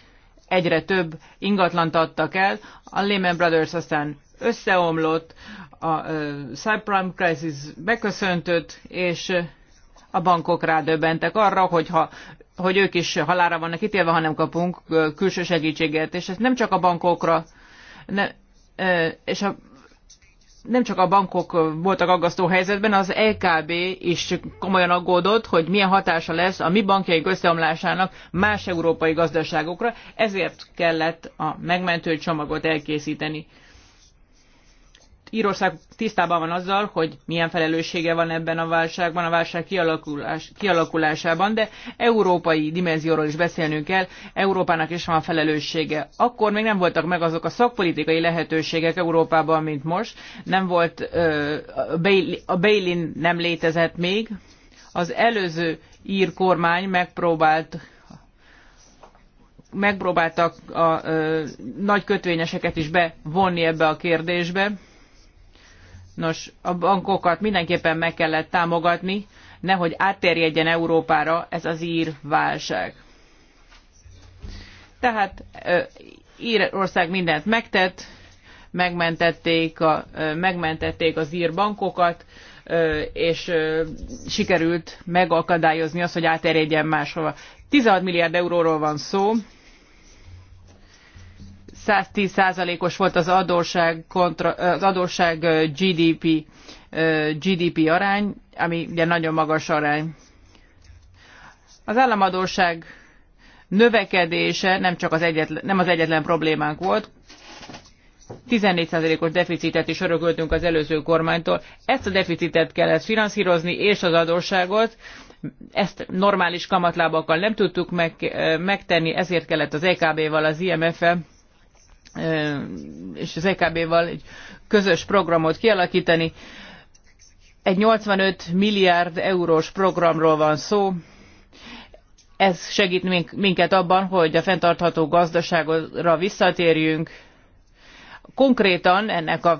egyre több ingatlant adtak el, a Lehman Brothers aztán összeomlott, a ö, subprime crisis beköszöntött, és a bankok rádöbbentek arra, hogy ha, hogy ők is halára vannak ítélve, ha nem kapunk külső segítséget. És ez nem csak a bankokra, ne, és a, nem csak a bankok voltak aggasztó helyzetben, az LKB e is komolyan aggódott, hogy milyen hatása lesz a mi bankjaink összeomlásának más európai gazdaságokra, ezért kellett a megmentő csomagot elkészíteni. Írország tisztában van azzal, hogy milyen felelőssége van ebben a válságban, a válság kialakulás, kialakulásában, de európai dimenzióról is beszélnünk kell, Európának is van felelőssége. Akkor még nem voltak meg azok a szakpolitikai lehetőségek Európában, mint most, nem volt, a Bailin nem létezett még, az előző ír kormány megpróbált megpróbáltak a ö, nagy kötvényeseket is bevonni ebbe a kérdésbe. Nos, a bankokat mindenképpen meg kellett támogatni, nehogy átterjedjen Európára ez az ír válság. Tehát Írország mindent megtett, megmentették, a, megmentették az ír bankokat, és sikerült megakadályozni azt, hogy átterjedjen máshova. 16 milliárd euróról van szó, 110%-os volt az adósság, kontra, az adósság GDP, GDP arány, ami ugye nagyon magas arány. Az államadóság növekedése nem, csak az egyetlen, nem az egyetlen problémánk volt, 14%-os deficitet is örököltünk az előző kormánytól. Ezt a deficitet kellett finanszírozni, és az adósságot. Ezt normális kamatlábakkal nem tudtuk meg, megtenni, ezért kellett az EKB-val, az IMF-el és az EKB-val egy közös programot kialakítani. Egy 85 milliárd eurós programról van szó. Ez segít minket abban, hogy a fenntartható gazdaságra visszatérjünk. Konkrétan ennek a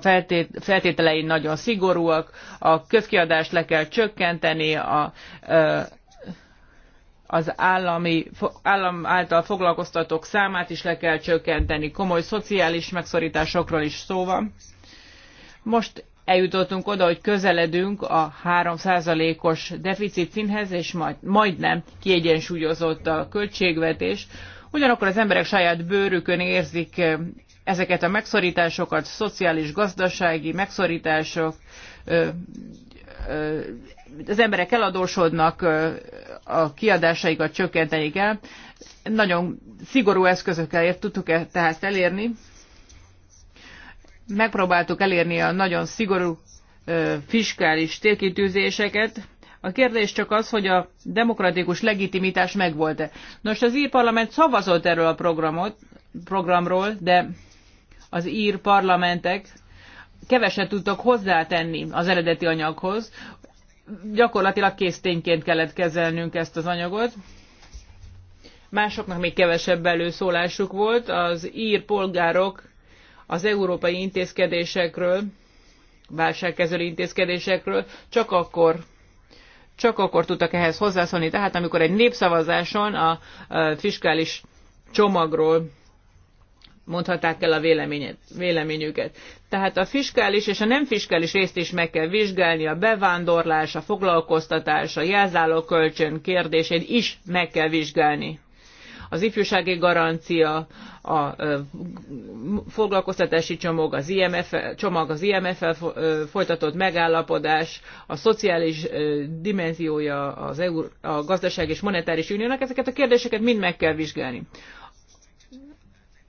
feltételei nagyon szigorúak, a közkiadást le kell csökkenteni, a, az állami, állam által foglalkoztatók számát is le kell csökkenteni. Komoly szociális megszorításokról is szó van. Most eljutottunk oda, hogy közeledünk a 3%-os deficit színhez, és majd, majdnem kiegyensúlyozott a költségvetés. Ugyanakkor az emberek saját bőrükön érzik eh, ezeket a megszorításokat, szociális, gazdasági megszorítások, eh, eh, az emberek eladósodnak, a kiadásaikat csökkenteni kell. Nagyon szigorú eszközökkel tudtuk -e tehát elérni. Megpróbáltuk elérni a nagyon szigorú fiskális térkitűzéseket. A kérdés csak az, hogy a demokratikus legitimitás megvolt-e. Nos, az ír parlament szavazott erről a programot, programról, de az ír parlamentek keveset tudtak hozzátenni az eredeti anyaghoz, gyakorlatilag késztényként kellett kezelnünk ezt az anyagot. Másoknak még kevesebb előszólásuk volt. Az ír polgárok az európai intézkedésekről, válságkezelő intézkedésekről csak akkor csak akkor tudtak ehhez hozzászólni, tehát amikor egy népszavazáson a fiskális csomagról mondhatták el a véleményüket. Tehát a fiskális és a nem fiskális részt is meg kell vizsgálni, a bevándorlás, a foglalkoztatás, a jelzálókölcsön kérdését is meg kell vizsgálni. Az ifjúsági garancia, a foglalkoztatási csomag, az IMF, csomag, az imf folytatott megállapodás, a szociális dimenziója az EU, a gazdaság és monetáris uniónak, ezeket a kérdéseket mind meg kell vizsgálni.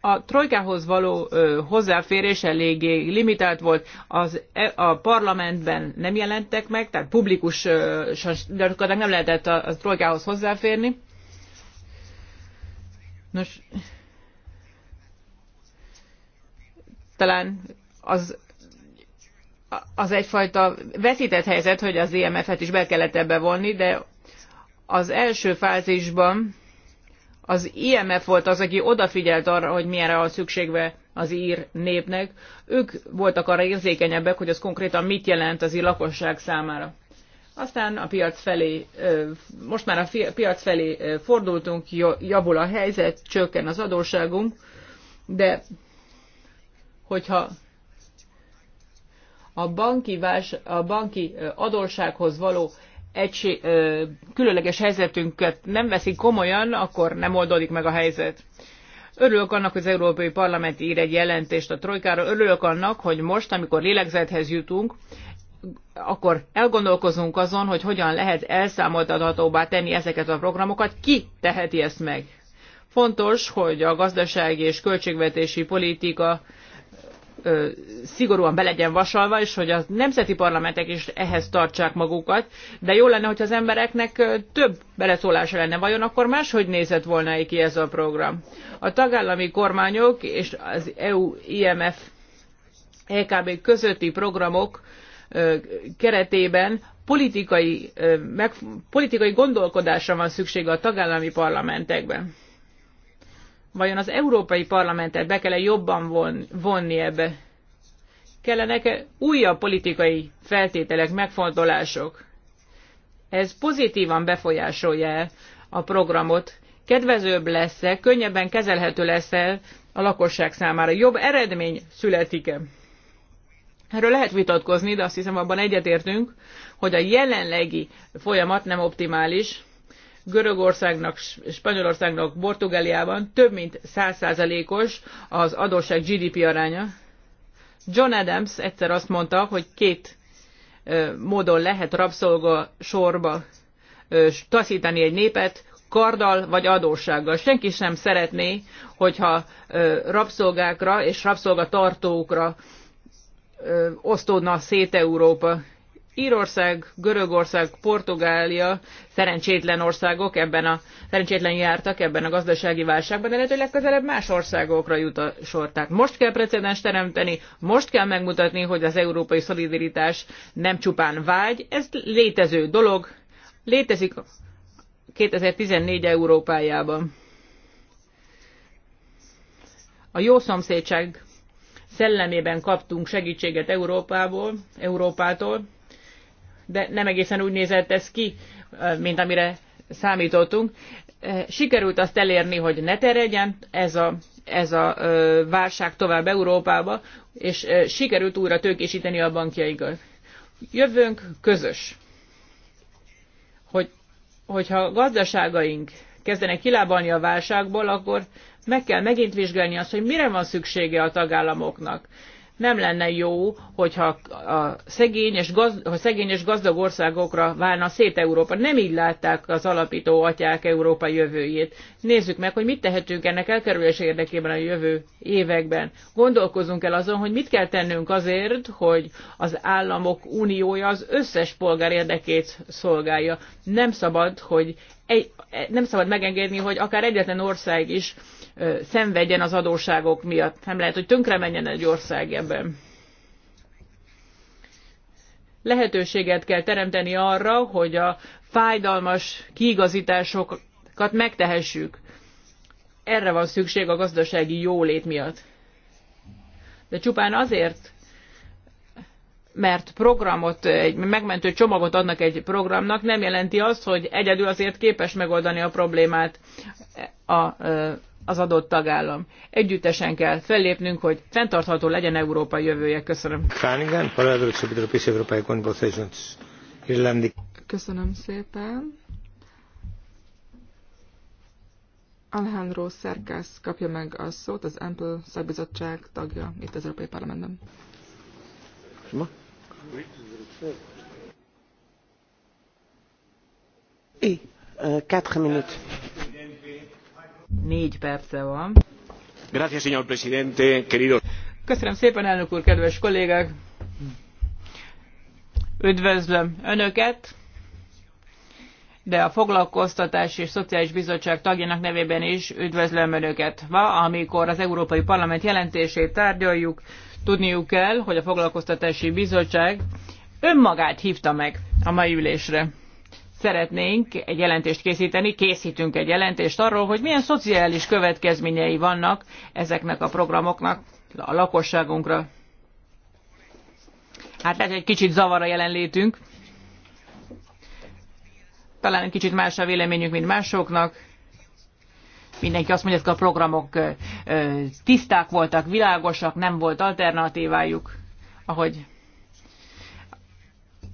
A trojkához való ö, hozzáférés eléggé limitált volt, az, e, a parlamentben nem jelentek meg, tehát publikus, publikusan nem lehetett a, a trojkához hozzáférni. Nos, talán az az egyfajta veszített helyzet, hogy az IMF-et is be kellett ebbe vonni, de az első fázisban az IMF volt az, aki odafigyelt arra, hogy milyenre van szükségve az ír népnek. Ők voltak arra érzékenyebbek, hogy az konkrétan mit jelent az ír lakosság számára. Aztán a piac felé, most már a piac felé fordultunk, javul a helyzet, csökken az adósságunk, de hogyha a banki, vás, a banki adóssághoz való egység, ö, különleges helyzetünket nem veszik komolyan, akkor nem oldódik meg a helyzet. Örülök annak, hogy az Európai Parlament ír egy jelentést a trojkáról. Örülök annak, hogy most, amikor lélegzethez jutunk, akkor elgondolkozunk azon, hogy hogyan lehet elszámoltathatóbbá tenni ezeket a programokat. Ki teheti ezt meg? Fontos, hogy a gazdasági és költségvetési politika ö, szigorúan be legyen vasalva, és hogy a nemzeti parlamentek is ehhez tartsák magukat, de jó lenne, hogy az embereknek több beleszólása lenne. Vajon akkor máshogy nézett volna -e ki ez a program? A tagállami kormányok és az EU-IMF EKB közötti programok ö, keretében politikai, ö, meg, politikai gondolkodásra van szüksége a tagállami parlamentekben Vajon az Európai Parlamentet be kell -e jobban vonni ebbe? kellenek -e újabb politikai feltételek, megfontolások? Ez pozitívan befolyásolja -e a programot. Kedvezőbb lesz-e, könnyebben kezelhető lesz-e a lakosság számára? Jobb eredmény születik-e? Erről lehet vitatkozni, de azt hiszem abban egyetértünk, hogy a jelenlegi folyamat nem optimális, Görögországnak, Spanyolországnak, Portugáliában több mint 100%-os az adósság GDP aránya. John Adams egyszer azt mondta, hogy két módon lehet rabszolga sorba taszítani egy népet, karddal vagy adóssággal. Senki sem szeretné, hogyha rabszolgákra és rabszolgatartókra osztódna szét Európa. Írország, Görögország, Portugália szerencsétlen országok ebben a, szerencsétlen jártak ebben a gazdasági válságban, de lehet, hogy legközelebb más országokra jut a sor. Tehát most kell precedens teremteni, most kell megmutatni, hogy az európai szolidaritás nem csupán vágy, ez létező dolog, létezik 2014 Európájában. A jó szomszédság szellemében kaptunk segítséget Európából, Európától, de nem egészen úgy nézett ez ki, mint amire számítottunk. Sikerült azt elérni, hogy ne terjedjen ez a, ez a válság tovább Európába, és sikerült újra tőkésíteni a bankjaikat. Jövőnk közös. Hogy, hogyha a gazdaságaink kezdenek kilábalni a válságból, akkor meg kell megint vizsgálni azt, hogy mire van szüksége a tagállamoknak nem lenne jó, hogyha a szegény és, gazd, ha szegény és gazdag országokra válna szét Európa. Nem így látták az alapító atyák Európa jövőjét. Nézzük meg, hogy mit tehetünk ennek elkerülés érdekében a jövő években. Gondolkozunk el azon, hogy mit kell tennünk azért, hogy az államok uniója az összes polgár érdekét szolgálja. Nem szabad, hogy egy, nem szabad megengedni, hogy akár egyetlen ország is szenvedjen az adóságok miatt. Nem lehet, hogy tönkre menjen egy ország ebben. Lehetőséget kell teremteni arra, hogy a fájdalmas kiigazításokat megtehessük. Erre van szükség a gazdasági jólét miatt. De csupán azért, mert programot, egy megmentő csomagot adnak egy programnak, nem jelenti azt, hogy egyedül azért képes megoldani a problémát a az adott tagállam. Együttesen kell fellépnünk, hogy fenntartható legyen Európa jövője. Köszönöm. Köszönöm szépen. Alejandro Szerkász kapja meg a szót, az Ample szakbizottság tagja itt az Európai Parlamentben. Ma? Oui, minutes. Négy perce van. Gracias, señor presidente, querido. Köszönöm szépen, elnök úr, kedves kollégák! Üdvözlöm Önöket, de a Foglalkoztatás és Szociális Bizottság tagjának nevében is üdvözlöm Önöket. Ma, amikor az Európai Parlament jelentését tárgyaljuk, tudniuk kell, hogy a Foglalkoztatási Bizottság önmagát hívta meg a mai ülésre szeretnénk egy jelentést készíteni, készítünk egy jelentést arról, hogy milyen szociális következményei vannak ezeknek a programoknak a lakosságunkra. Hát lehet, hogy egy kicsit zavar a jelenlétünk. Talán egy kicsit más a véleményünk, mint másoknak. Mindenki azt mondja, hogy a programok tiszták voltak, világosak, nem volt alternatívájuk, ahogy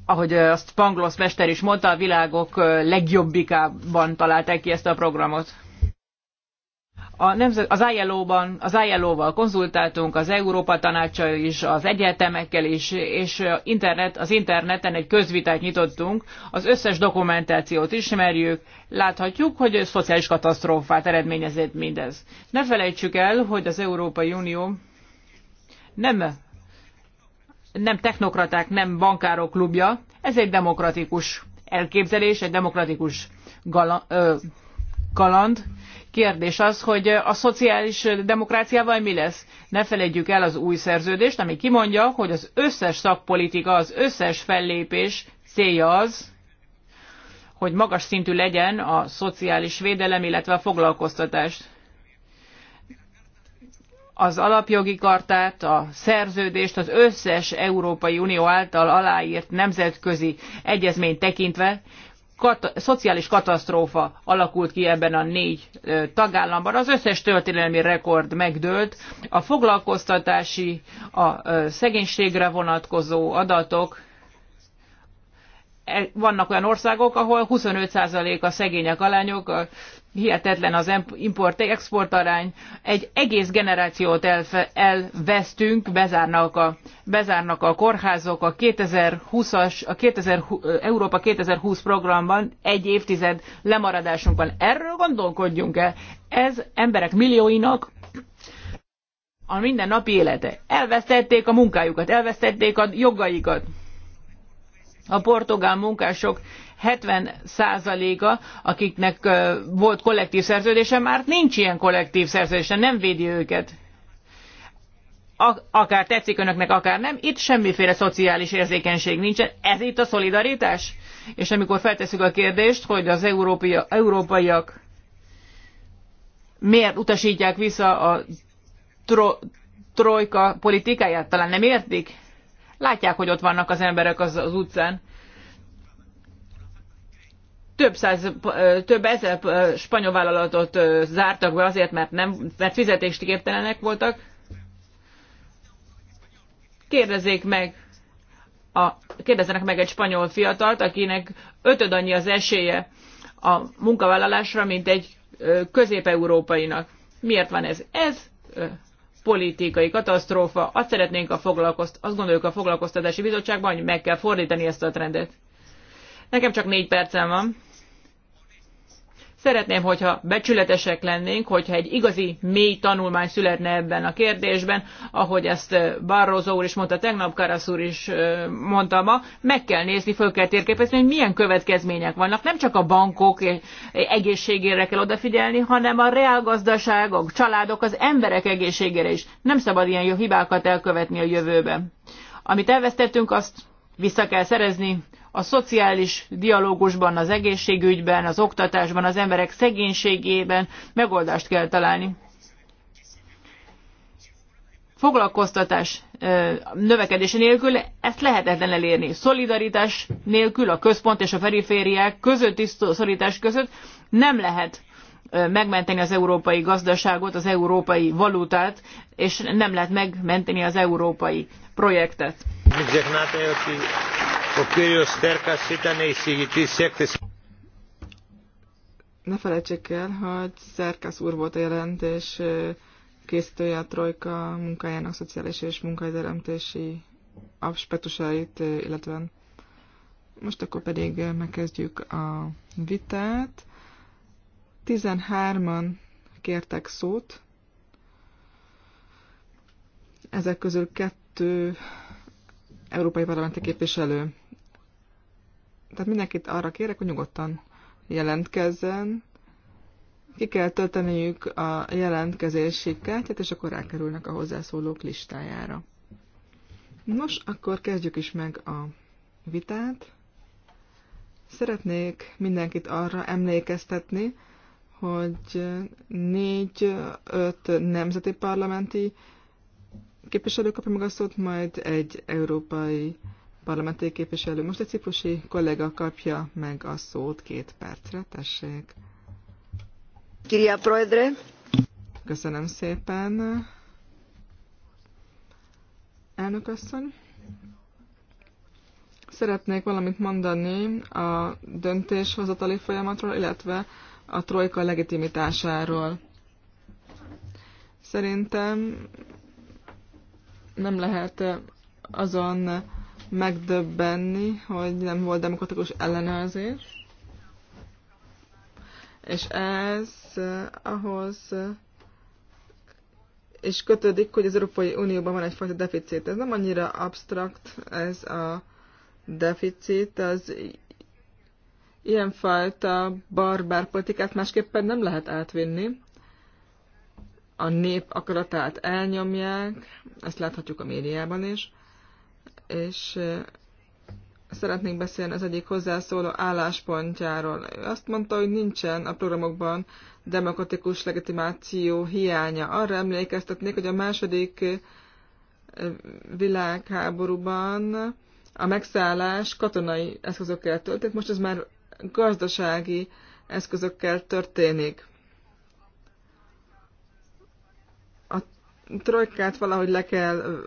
ahogy azt Panglosz mester is mondta, a világok legjobbikában találták ki ezt a programot. A nemzet, az ILO-ban, az ILO-val konzultáltunk, az Európa tanácsa is, az egyetemekkel is, és internet, az interneten egy közvitát nyitottunk, az összes dokumentációt ismerjük, láthatjuk, hogy szociális katasztrófát eredményezett mindez. Ne felejtsük el, hogy az Európai Unió nem nem technokraták, nem bankárok klubja, ez egy demokratikus elképzelés, egy demokratikus gala, ö, kaland. Kérdés az, hogy a szociális demokráciával mi lesz? Ne felejtjük el az új szerződést, ami kimondja, hogy az összes szakpolitika, az összes fellépés célja az, hogy magas szintű legyen a szociális védelem, illetve a foglalkoztatás az alapjogi kartát, a szerződést, az összes Európai Unió által aláírt nemzetközi egyezményt tekintve, kat- szociális katasztrófa alakult ki ebben a négy ö, tagállamban. Az összes történelmi rekord megdőlt. A foglalkoztatási, a ö, szegénységre vonatkozó adatok e, vannak olyan országok, ahol 25% a szegények alányok, hihetetlen az import-export arány, egy egész generációt elvesztünk, bezárnak a, bezárnak a kórházok, a 2020-as, a 2000, Európa 2020 programban egy évtized lemaradásunk van. Erről gondolkodjunk el. Ez emberek millióinak a mindennapi élete. Elvesztették a munkájukat, elvesztették a jogaikat. A portugál munkások 70%-a, akiknek volt kollektív szerződése, már nincs ilyen kollektív szerződése, nem védi őket. Akár tetszik önöknek, akár nem, itt semmiféle szociális érzékenység nincsen. Ez itt a szolidaritás? És amikor feltesszük a kérdést, hogy az európia, európaiak miért utasítják vissza a tro, trojka politikáját, talán nem értik? Látják, hogy ott vannak az emberek az, az utcán több, száz, több ezer spanyol vállalatot zártak be azért, mert, nem, mert fizetést képtelenek voltak. Kérdezzék meg, a, kérdezzenek meg egy spanyol fiatalt, akinek ötöd annyi az esélye a munkavállalásra, mint egy közép-európainak. Miért van ez? Ez politikai katasztrófa. Azt szeretnénk a foglalkozt, azt gondoljuk a foglalkoztatási bizottságban, hogy meg kell fordítani ezt a trendet. Nekem csak négy percem van. Szeretném, hogyha becsületesek lennénk, hogyha egy igazi mély tanulmány születne ebben a kérdésben, ahogy ezt eh, Barroso úr is mondta tegnap, Karasz úr is eh, mondta ma, meg kell nézni, föl kell térképezni, hogy milyen következmények vannak. Nem csak a bankok eh, egészségére kell odafigyelni, hanem a reálgazdaságok, családok, az emberek egészségére is. Nem szabad ilyen jó hibákat elkövetni a jövőben. Amit elvesztettünk, azt vissza kell szerezni, a szociális dialógusban, az egészségügyben, az oktatásban, az emberek szegénységében megoldást kell találni. Foglalkoztatás növekedése nélkül ezt lehetetlen elérni. Szolidaritás nélkül a központ és a perifériák közötti szolidaritás között nem lehet megmenteni az európai gazdaságot, az európai valutát, és nem lehet megmenteni az európai projektet. Ne felejtsék el, hogy Szerkesz úr volt a jelentés készítője a Trojka munkájának szociális és munkahelyteremtési aspektusait, illetve most akkor pedig megkezdjük a vitát. 13-an kértek szót, ezek közül kettő európai parlamenti képviselő tehát mindenkit arra kérek, hogy nyugodtan jelentkezzen. Ki kell tölteniük a jelentkezési kártyát, és akkor rákerülnek a hozzászólók listájára. Nos, akkor kezdjük is meg a vitát. Szeretnék mindenkit arra emlékeztetni, hogy négy-öt nemzeti parlamenti képviselő kapja meg a szót, majd egy európai parlamenti képviselő. Most a ciprusi kollega kapja meg a szót két percre, tessék. Kiria Proedre. Köszönöm szépen. Elnök asszony. Szeretnék valamit mondani a döntéshozatali folyamatról, illetve a trojka legitimitásáról. Szerintem nem lehet azon megdöbbenni, hogy nem volt demokratikus ellenőrzés. És ez eh, ahhoz és eh, kötődik, hogy az Európai Unióban van egyfajta deficit. Ez nem annyira abstrakt, ez a deficit, az ilyenfajta barbár politikát másképpen nem lehet átvinni. A nép akaratát elnyomják, ezt láthatjuk a médiában is és szeretnék beszélni az egyik hozzászóló álláspontjáról. azt mondta, hogy nincsen a programokban demokratikus legitimáció hiánya. Arra emlékeztetnék, hogy a második világháborúban a megszállás katonai eszközökkel történt, most ez már gazdasági eszközökkel történik. A trojkát valahogy le kell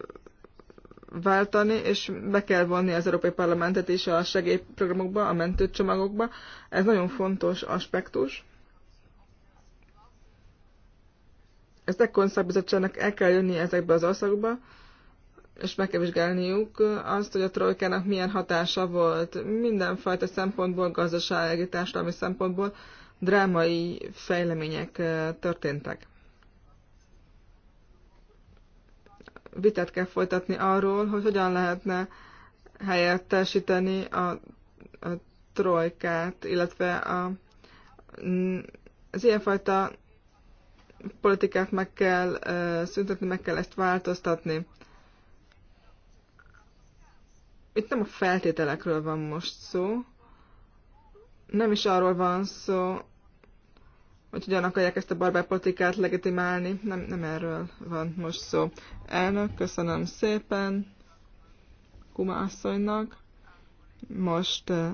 váltani, és be kell vonni az Európai Parlamentet is a segélyprogramokba, a mentőcsomagokba. Ez nagyon fontos aspektus. Ezt ekkor szakbizottságnak el kell jönni ezekbe az országokba, és meg kell vizsgálniuk azt, hogy a trojkának milyen hatása volt mindenfajta szempontból, gazdasági, társadalmi szempontból drámai fejlemények eh, történtek. vitát kell folytatni arról, hogy hogyan lehetne helyettesíteni a, a trojkát, illetve a, az ilyenfajta politikát meg kell szüntetni, meg kell ezt változtatni. Itt nem a feltételekről van most szó, nem is arról van szó, hogy hogyan akarják ezt a barbárpolitikát legitimálni. Nem, nem erről van most szó. Elnök, köszönöm szépen Kuma asszonynak. Most eh,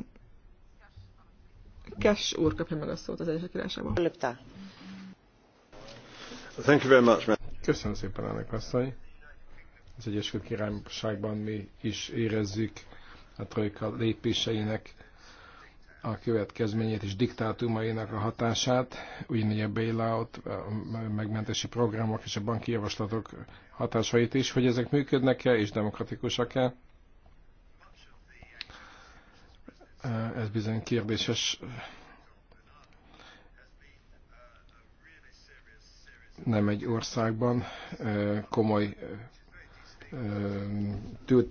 Kes úr kapja meg a szót az Egyesült Királyságban. Thank you very much, man. Köszönöm szépen, elnök asszony. Az Egyesült Királyságban mi is érezzük a trojka lépéseinek a következményét és diktátumainak a hatását, ugyanígy a bailout, a megmentési programok és a banki javaslatok hatásait is, hogy ezek működnek-e és demokratikusak-e. Ez bizony kérdéses. Nem egy országban komoly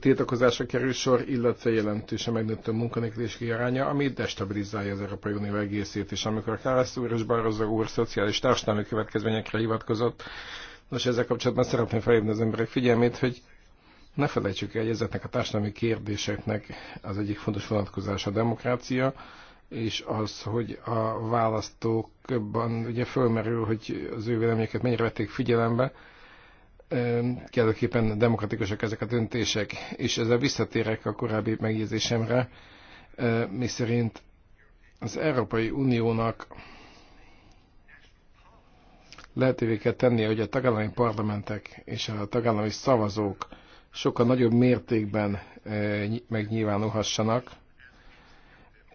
tiltakozásra kerül sor, illetve jelentősen megnőtt a munkanélküliség aránya, ami destabilizálja az Európai Unió egészét. És amikor Kársz úr és Barroso úr szociális társadalmi következményekre hivatkozott, nos ezzel kapcsolatban szeretném felhívni az emberek figyelmét, hogy ne felejtsük el, hogy ezeknek a társadalmi kérdéseknek az egyik fontos vonatkozása a demokrácia, és az, hogy a választókban ugye fölmerül, hogy az ő véleményeket mennyire vették figyelembe, kellőképpen demokratikusak ezek a döntések, és ezzel visszatérek a korábbi megjegyzésemre, miszerint az Európai Uniónak lehetővé kell tennie, hogy a tagállami parlamentek és a tagállami szavazók sokkal nagyobb mértékben megnyilvánulhassanak,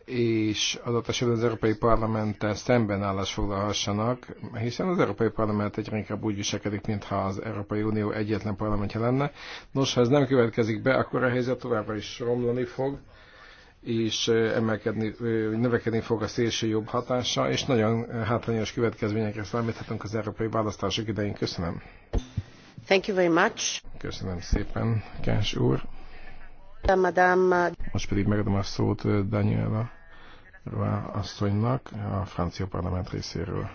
és adott esetben az Európai Parlamenttel szemben állásfoglalhassanak, hiszen az Európai Parlament egyre inkább úgy viselkedik, mintha az Európai Unió egyetlen parlamentje lenne. Nos, ha ez nem következik be, akkor a helyzet továbbra is romlani fog, és emelkedni, növekedni fog a szélső jobb hatása, és nagyon hátrányos következményekre számíthatunk az európai választások idején. Köszönöm. Thank you very much. Köszönöm szépen, Kás úr. Most pedig megadom a szót Daniela asszonynak a francia parlament részéről.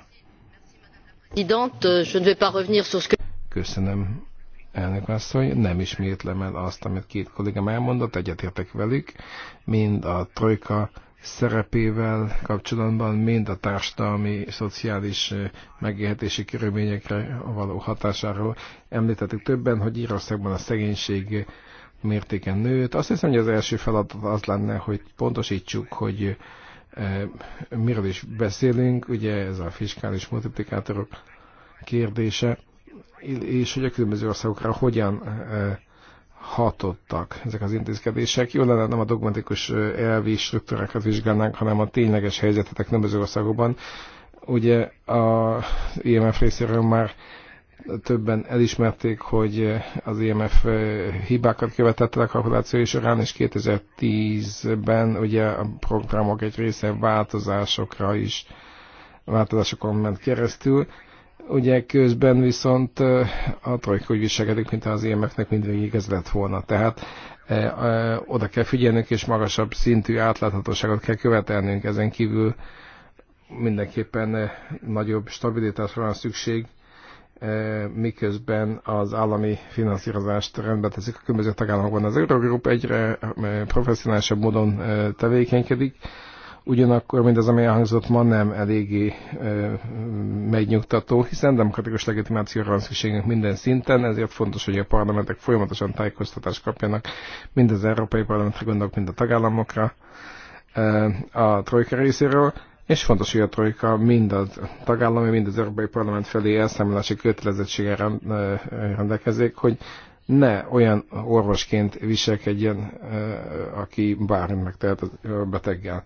Köszönöm, elnök asszony. Nem ismétlem el azt, amit két kollégám elmondott, egyetértek velük, mind a trojka szerepével kapcsolatban, mind a társadalmi, szociális megélhetési körülményekre való hatásáról. Említettük többen, hogy Írországban a szegénység mértéken nőtt. Azt hiszem, hogy az első feladat az lenne, hogy pontosítsuk, hogy e, miről is beszélünk, ugye ez a fiskális multiplikátorok kérdése, és hogy a különböző országokra hogyan e, hatottak ezek az intézkedések. Jó lenne nem a dogmatikus e, elvi struktúrákat vizsgálnánk, hanem a tényleges helyzetet a különböző országokban. Ugye a IMF részéről már többen elismerték, hogy az IMF eh, hibákat követett a kalkuláció során, és 2010-ben ugye a programok egy része változásokra is, változásokon ment keresztül. Ugye közben viszont eh, a trojka úgy viselkedik, mint az IMF-nek mindvégig ez lett volna. Tehát eh, oda kell figyelnünk, és magasabb szintű átláthatóságot kell követelnünk. Ezen kívül mindenképpen nagyobb stabilitásra van szükség, E, miközben az állami finanszírozást rendbe teszik a különböző tagállamokban. Az Eurogroup egyre e, professzionálisabb módon e, tevékenykedik, ugyanakkor mindaz, ami elhangzott ma nem eléggé megnyugtató, hiszen demokratikus legitimációra van szükségünk minden szinten, ezért fontos, hogy a parlamentek folyamatosan tájékoztatást kapjanak, mind az Európai Parlamentre gondolok, mind a tagállamokra a trojka részéről és fontos, hogy a trojka mind a tagállami, mind az Európai Parlament felé elszámolási kötelezettsége rendelkezik, hogy ne olyan orvosként viselkedjen, aki bármi megtehet a beteggel.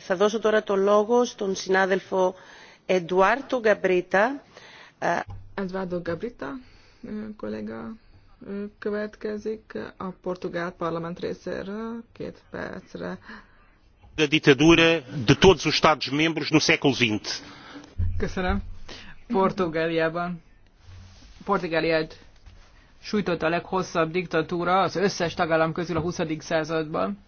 Θα δώσω τώρα το λόγο στον συνάδελφο Γκαμπρίτα. Εντουάρτο Γκαμπρίτα, κολέγα, kollega következik a portugál parlament részéről két percre da ditadura de todos os Estados membros no século XX. Köszönöm. Portugáliában. Portugáliát sújtott a leghosszabb diktatúra az összes tagállam közül a 20. században.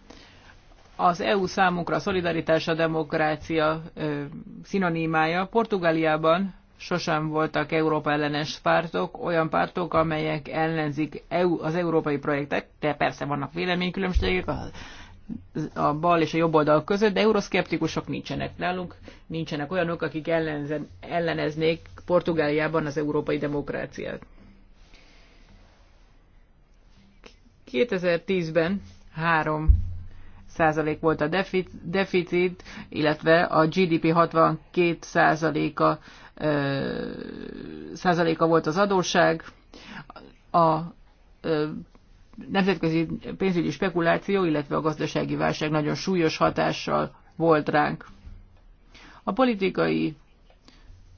Az EU számunkra a szolidaritás a demokrácia ö, szinonimája. Portugáliában sosem voltak Európa ellenes pártok, olyan pártok, amelyek ellenzik EU, az európai projektet, de persze vannak véleménykülönbségek, a bal és a jobb oldal között, de euroszkeptikusok nincsenek nálunk, nincsenek olyanok, akik ellenzen, elleneznék Portugáliában az európai demokráciát. 2010-ben 3 százalék volt a deficit, illetve a GDP 62 százaléka, százaléka volt az adóság. A nemzetközi pénzügyi spekuláció, illetve a gazdasági válság nagyon súlyos hatással volt ránk. A politikai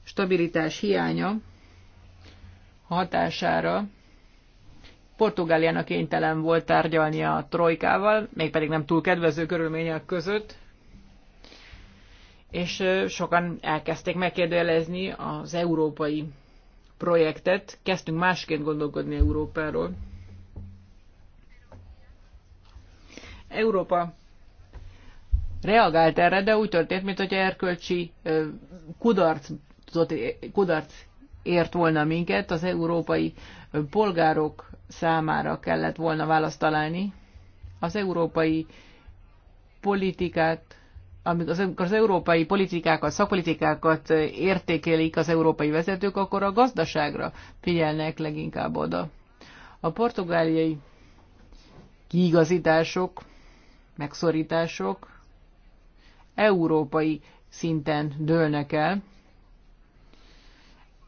stabilitás hiánya hatására Portugáliának kénytelen volt tárgyalni a trojkával, mégpedig nem túl kedvező körülmények között, és sokan elkezdték megkérdőjelezni az európai projektet, kezdtünk másként gondolkodni Európáról. Európa reagált erre, de úgy történt, mint hogy erkölcsi kudarcot, kudarc ért volna minket, az európai polgárok számára kellett volna választ találni. Az európai politikát, amikor az európai politikákat, szakpolitikákat értékelik az európai vezetők, akkor a gazdaságra figyelnek leginkább oda. A portugáliai kiigazítások megszorítások európai szinten dőlnek el.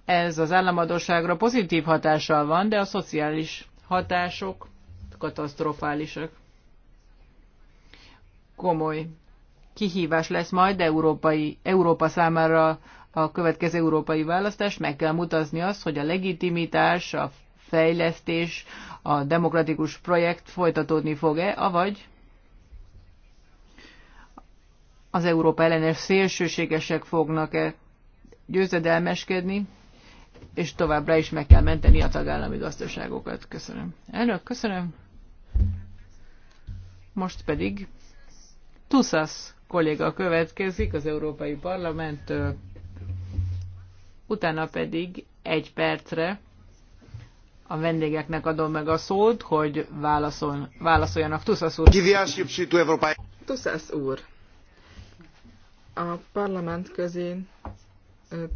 Ez az államadóságra pozitív hatással van, de a szociális hatások katasztrofálisak. Komoly kihívás lesz majd európai, Európa számára a következő európai választás Meg kell mutatni azt, hogy a legitimitás, a fejlesztés, a demokratikus projekt folytatódni fog-e, avagy az Európa ellenes szélsőségesek fognak-e győzedelmeskedni, és továbbra is meg kell menteni a tagállami gazdaságokat. Köszönöm. Elnök, köszönöm. Most pedig Tuszasz kolléga következik az Európai Parlamenttől, utána pedig egy percre a vendégeknek adom meg a szót, hogy válaszol, válaszoljanak. Tuszasz úr. Tuszasz úr, a parlament közé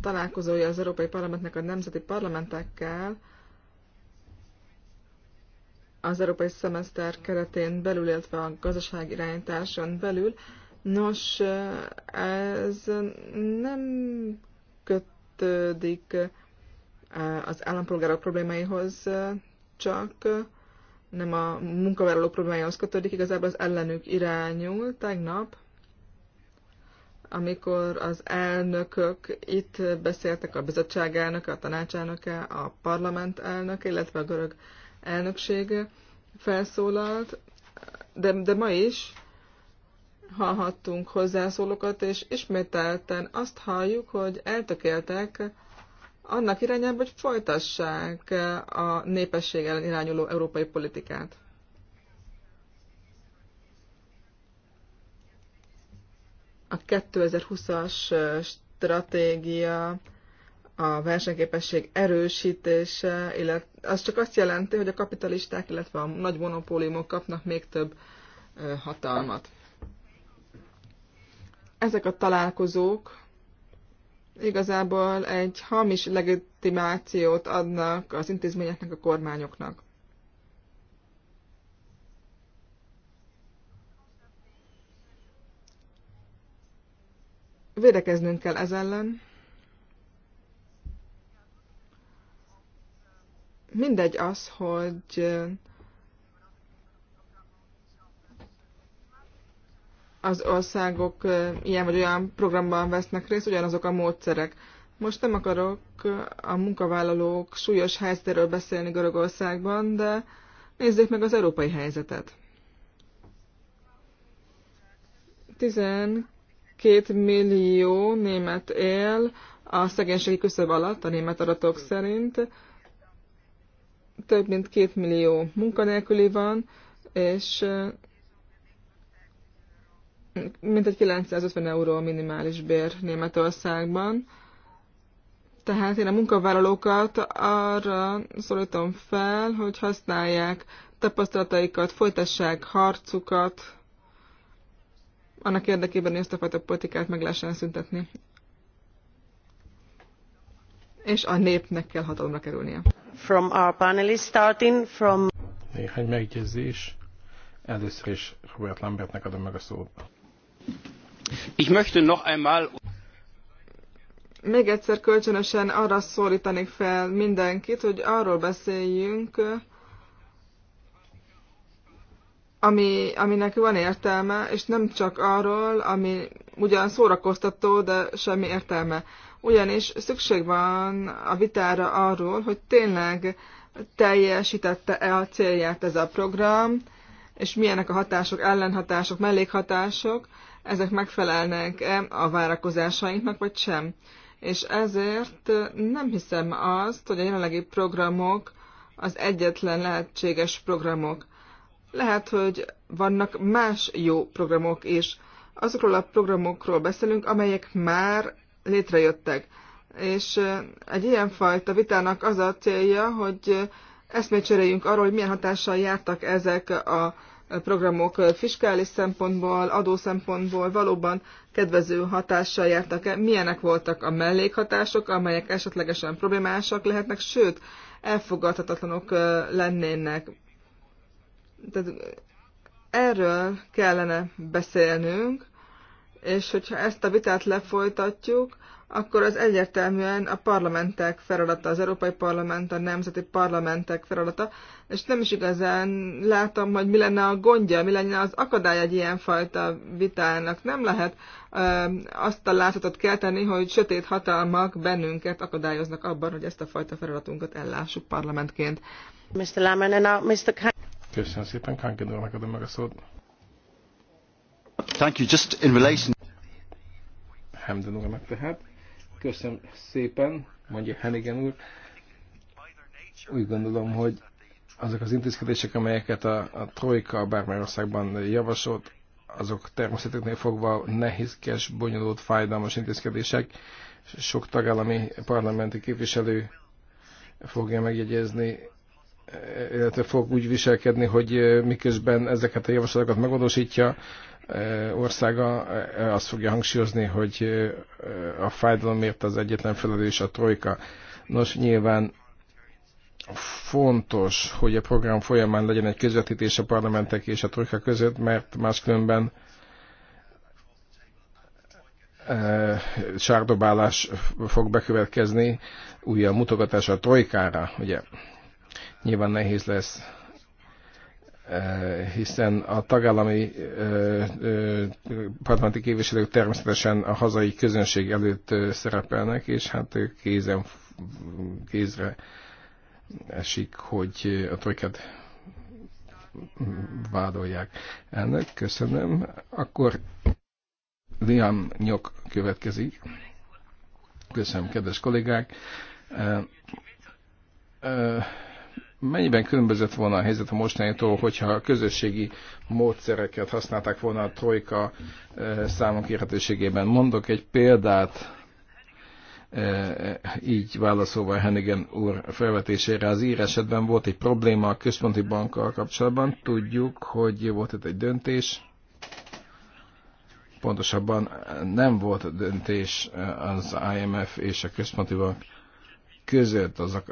találkozója az Európai Parlamentnek a nemzeti parlamentekkel az Európai Szemeszter keretén belül, illetve a gazdaság irányításon belül. Nos, ez nem kötődik az állampolgárok problémáihoz, csak nem a munkavállalók problémájához kötődik, igazából az ellenük irányul. Tegnap amikor az elnökök itt beszéltek a bizottság elnöke, a tanácselnöke, a parlament elnöke, illetve a görög elnöksége felszólalt, de, de ma is hallhattunk hozzászólókat, és ismételten azt halljuk, hogy eltökéltek annak irányába, hogy folytassák a népesség ellen irányuló európai politikát. a 2020-as stratégia, a versenyképesség erősítése, illetve az csak azt jelenti, hogy a kapitalisták, illetve a nagy monopóliumok kapnak még több hatalmat. Ezek a találkozók igazából egy hamis legitimációt adnak az intézményeknek, a kormányoknak. Védekeznünk kell ez ellen. Mindegy az, hogy eh, az országok eh, ilyen vagy olyan programban vesznek részt, ugyanazok a módszerek. Most nem akarok eh, a munkavállalók súlyos helyzetéről beszélni Görögországban, de nézzék meg az európai helyzetet. 12 Két millió német él a szegénységi küszöb alatt, a német adatok szerint. Több mint két millió munkanélküli van, és eh, mintegy 950 euró a minimális bér Németországban. Tehát én a munkavállalókat arra szólítom fel, hogy használják tapasztalataikat, folytassák harcukat, annak érdekében, hogy ezt a fajta politikát meg lehessen szüntetni. És a népnek kell hatalomra kerülnie. From our panelists, starting from... Néhány megjegyzés. Először is Robert Lambertnek adom meg a szót. Ich möchte noch einmal... Még egyszer kölcsönösen arra szólítanék fel mindenkit, hogy arról beszéljünk, ami, aminek van értelme, és nem csak arról, ami ugyan szórakoztató, de semmi értelme. Ugyanis szükség van a vitára arról, hogy tényleg teljesítette-e a célját ez a program, és milyenek a hatások, ellenhatások, mellékhatások, ezek megfelelnek-e a várakozásainknak, vagy sem. És ezért nem hiszem azt, hogy a jelenlegi programok az egyetlen lehetséges programok. Lehet, hogy vannak más jó programok is. Azokról a programokról beszélünk, amelyek már létrejöttek. És egy ilyen fajta vitának az a célja, hogy eszmét cseréljünk arról, hogy milyen hatással jártak ezek a programok fiskális szempontból, adó szempontból valóban kedvező hatással jártak-e, milyenek voltak a mellékhatások, amelyek esetlegesen problémásak lehetnek, sőt, elfogadhatatlanok lennének tehát erről kellene beszélnünk, és hogyha ezt a vitát lefolytatjuk, akkor az egyértelműen a parlamentek feladata, az Európai Parlament, a nemzeti parlamentek feladata, és nem is igazán látom, hogy mi lenne a gondja, mi lenne az akadály egy ilyenfajta vitának. Nem lehet ö, azt a látszatot kelteni, hogy sötét hatalmak bennünket akadályoznak abban, hogy ezt a fajta feladatunkat ellássuk parlamentként. Mr. Laman, and now Mr. Köszönöm szépen, Kangen úrnak adom meg a szót. Thank you. Just in relation... Hamden úrnak tehát. Köszönöm szépen, mondja Hennigan úr. Úgy gondolom, hogy azok az intézkedések, amelyeket a, a Trojka bármely országban javasolt, azok természetüknél fogva nehézkes, bonyolult, fájdalmas intézkedések. Sok tagállami parlamenti képviselő fogja megjegyezni illetve fog úgy viselkedni, hogy miközben ezeket a javaslatokat megvalósítja, országa azt fogja hangsúlyozni, hogy a fájdalomért az egyetlen felelős a trojka. Nos, nyilván fontos, hogy a program folyamán legyen egy közvetítés a parlamentek és a trojka között, mert máskülönben sárdobálás fog bekövetkezni, újabb mutogatás a trojkára, ugye? nyilván nehéz lesz, hiszen a tagállami parlamenti képviselők természetesen a hazai közönség előtt szerepelnek, és hát ők kézen, kézre esik, hogy a trojkát vádolják. Elnök, köszönöm. Akkor Liam Nyok következik. Köszönöm, kedves kollégák. Uh, uh, Mennyiben különbözött volna a helyzet a mostanitól, hogyha a közösségi módszereket használták volna a trojka eh, számok érhetőségében? Mondok egy példát, eh, eh, így válaszolva Hennigan úr felvetésére. Az ír esetben volt egy probléma a központi bankkal kapcsolatban. Tudjuk, hogy volt itt egy döntés, pontosabban nem volt döntés az IMF és a központi bank között az a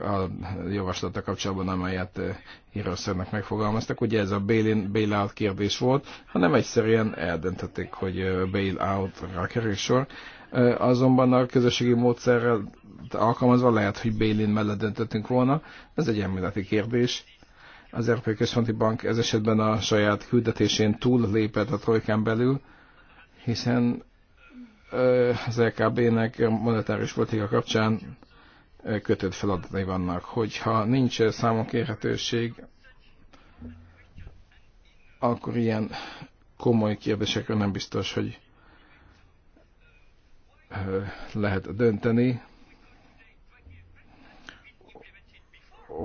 javaslata kapcsolatban, amelyet eh, Írószernek megfogalmaztak. Ugye ez a bail-in, bail-out kérdés volt, hanem egyszerűen eldöntötték, hogy eh, bail-out-ra kerül sor. Eh, azonban a közösségi módszerrel alkalmazva lehet, hogy bail-in mellett döntöttünk volna. Ez egy elméleti kérdés. Az RP Központi Bank ez esetben a saját küldetésén túl lépett a trojkán belül, hiszen az LKB-nek e monetáris politika kapcsán kötött feladatai vannak. Hogyha nincs számon akkor ilyen komoly kérdésekre nem biztos, hogy lehet dönteni.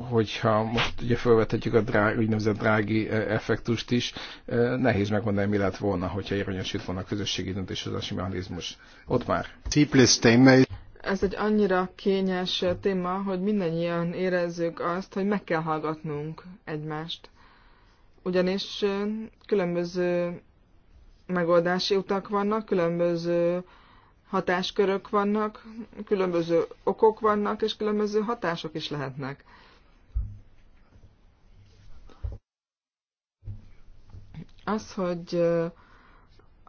Hogyha most ugye felvethetjük a drág, úgynevezett drági effektust is, nehéz megmondani, mi lett volna, hogyha érvényesült volna a közösségi döntéshozási mechanizmus. Ott már ez egy annyira kényes téma, hogy mindannyian érezzük azt, hogy meg kell hallgatnunk egymást. Ugyanis különböző megoldási utak vannak, különböző hatáskörök vannak, különböző okok vannak, és különböző hatások is lehetnek. Az, hogy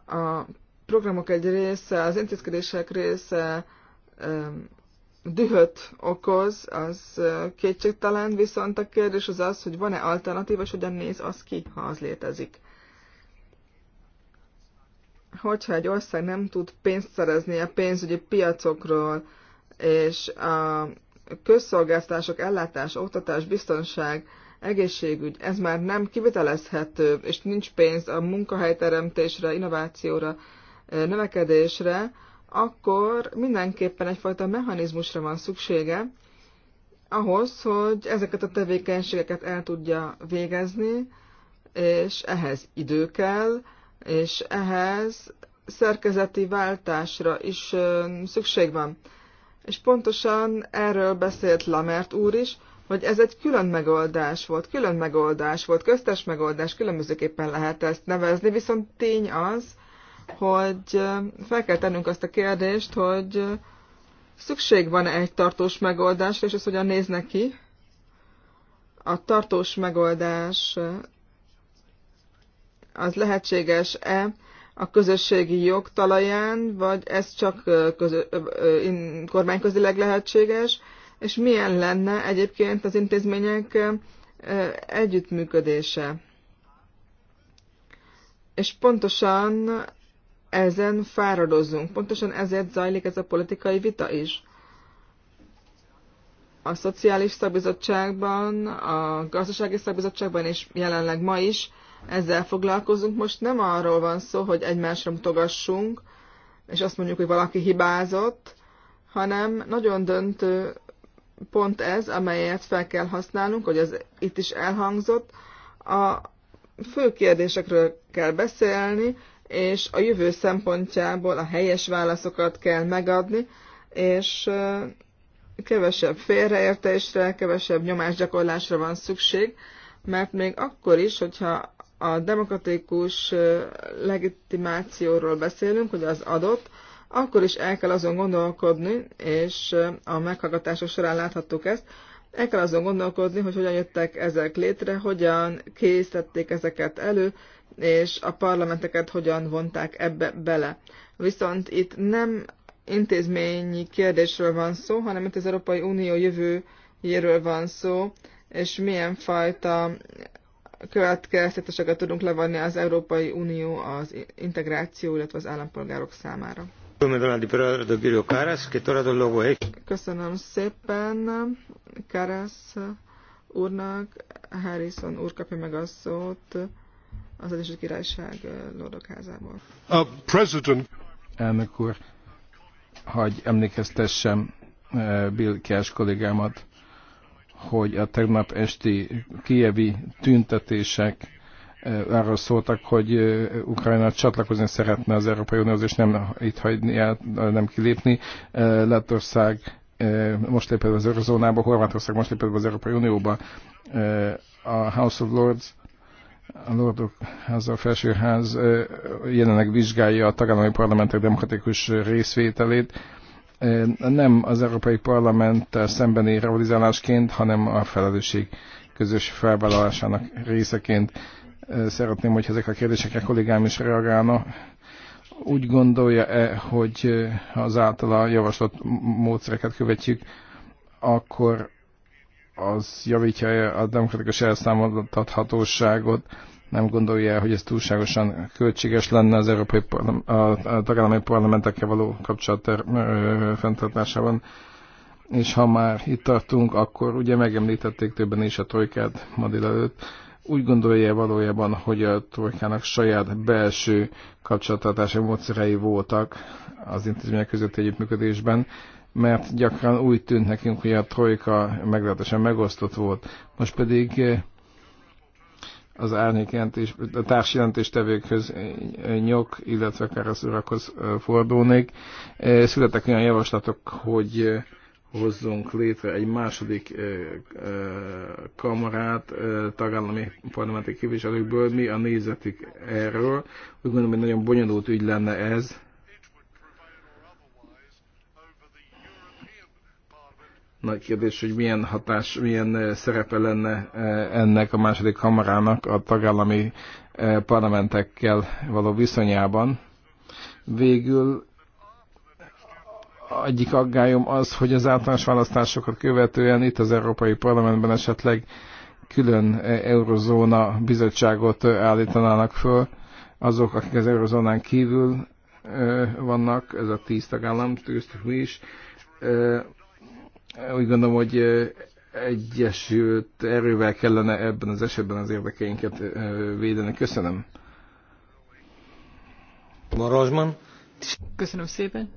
a programok egy része, az intézkedések része dühöt okoz, az kétségtelen, viszont a kérdés az az, hogy van-e alternatíva, és hogyan néz az ki, ha az létezik. Hogyha egy ország nem tud pénzt szerezni a pénzügyi piacokról, és a közszolgáltatások, ellátás, oktatás, biztonság, egészségügy, ez már nem kivitelezhető, és nincs pénz a munkahelyteremtésre, innovációra, növekedésre, akkor mindenképpen egyfajta mechanizmusra van szüksége, ahhoz, hogy ezeket a tevékenységeket el tudja végezni, és ehhez idő kell, és ehhez szerkezeti váltásra is szükség van. És pontosan erről beszélt Lamert úr is, hogy ez egy külön megoldás volt, külön megoldás volt, köztes megoldás, különbözőképpen lehet ezt nevezni, viszont tény az, hogy fel kell tennünk azt a kérdést, hogy szükség van-e egy tartós megoldásra, és ez hogyan néz neki. A tartós megoldás az lehetséges-e a közösségi jog talaján, vagy ez csak közö, kormányközileg lehetséges, és milyen lenne egyébként az intézmények együttműködése. És pontosan ezen fáradozzunk. Pontosan ezért zajlik ez a politikai vita is. A Szociális Szakbizottságban, a Gazdasági Szakbizottságban és jelenleg ma is ezzel foglalkozunk. Most nem arról van szó, hogy egymásra mutogassunk, és azt mondjuk, hogy valaki hibázott, hanem nagyon döntő pont ez, amelyet fel kell használnunk, hogy ez itt is elhangzott. A fő kérdésekről kell beszélni, és a jövő szempontjából a helyes válaszokat kell megadni, és kevesebb félreértésre, kevesebb nyomásgyakorlásra van szükség, mert még akkor is, hogyha a demokratikus legitimációról beszélünk, hogy az adott, akkor is el kell azon gondolkodni, és a meghallgatások során láthattuk ezt, el kell azon gondolkodni, hogy hogyan jöttek ezek létre, hogyan készítették ezeket elő, és a parlamenteket hogyan vonták ebbe bele. Viszont itt nem intézményi kérdésről van szó, hanem itt az Európai Unió jövőjéről van szó, és milyen fajta következtetéseket tudunk levonni az Európai Unió az integráció, illetve az állampolgárok számára. Köszönöm szépen Karas úrnak. Harrison úr kapja meg a szót az Egyesült Királyság eh, Lordokházából. A president. Elnök úr, hagy emlékeztessem eh, Bill Kers kollégámat, hogy a tegnap esti kievi tüntetések arról szóltak, hogy Ukrajna csatlakozni szeretne az Európai Unióhoz, és nem itt hagyni, nem kilépni. Lettország most lépett az Eurozónába, Horvátország most lépett az Európai Unióba. A House of Lords a Lordok Háza, a Felsőház jelenleg vizsgálja a tagállami parlamentek demokratikus részvételét, nem az Európai Parlament szembeni realizálásként, hanem a felelősség közös felvállalásának részeként. Szeretném, hogy ezek a kérdésekre kollégám is reagálna. Úgy gondolja-e, hogy ha az általa javaslott módszereket követjük, akkor az javítja -e a demokratikus elszámoltathatóságot, nem gondolja -e, hogy ez túlságosan költséges lenne az európai a, a tagállami parlamentekkel való kapcsolat fenntartásában. És ha már itt tartunk, akkor ugye megemlítették többen is a trojkát ma délelőtt úgy gondolja valójában, hogy a trojkának saját belső kapcsolatartási módszerei voltak az intézmények közötti együttműködésben, mert gyakran úgy tűnt nekünk, hogy a trojka meglehetősen megosztott volt. Most pedig eh, az árnyékjelentés, a társjelentéstevőkhöz eh, nyok, illetve Kárasz urakhoz eh, fordulnék. Születtek olyan javaslatok, hogy hozzunk létre egy második ö, ö, kamarát ö, tagállami parlamenti képviselőkből. Mi a nézetük erről? Úgy gondolom, hogy nagyon bonyolult ügy lenne ez. Nagy kérdés, hogy milyen hatás, milyen szerepe lenne ennek a második kamarának a tagállami parlamentekkel való viszonyában. Végül egyik aggályom az, hogy az általános választásokat követően itt az Európai Parlamentben esetleg külön e, eurozóna bizottságot e, állítanának föl azok, akik az eurozónán kívül e, vannak, ez a tíz tagállam, mi is. Úgy gondolom, hogy egyesült erővel kellene ebben az esetben az érdekeinket védeni. Köszönöm. Marozsman. Köszönöm szépen.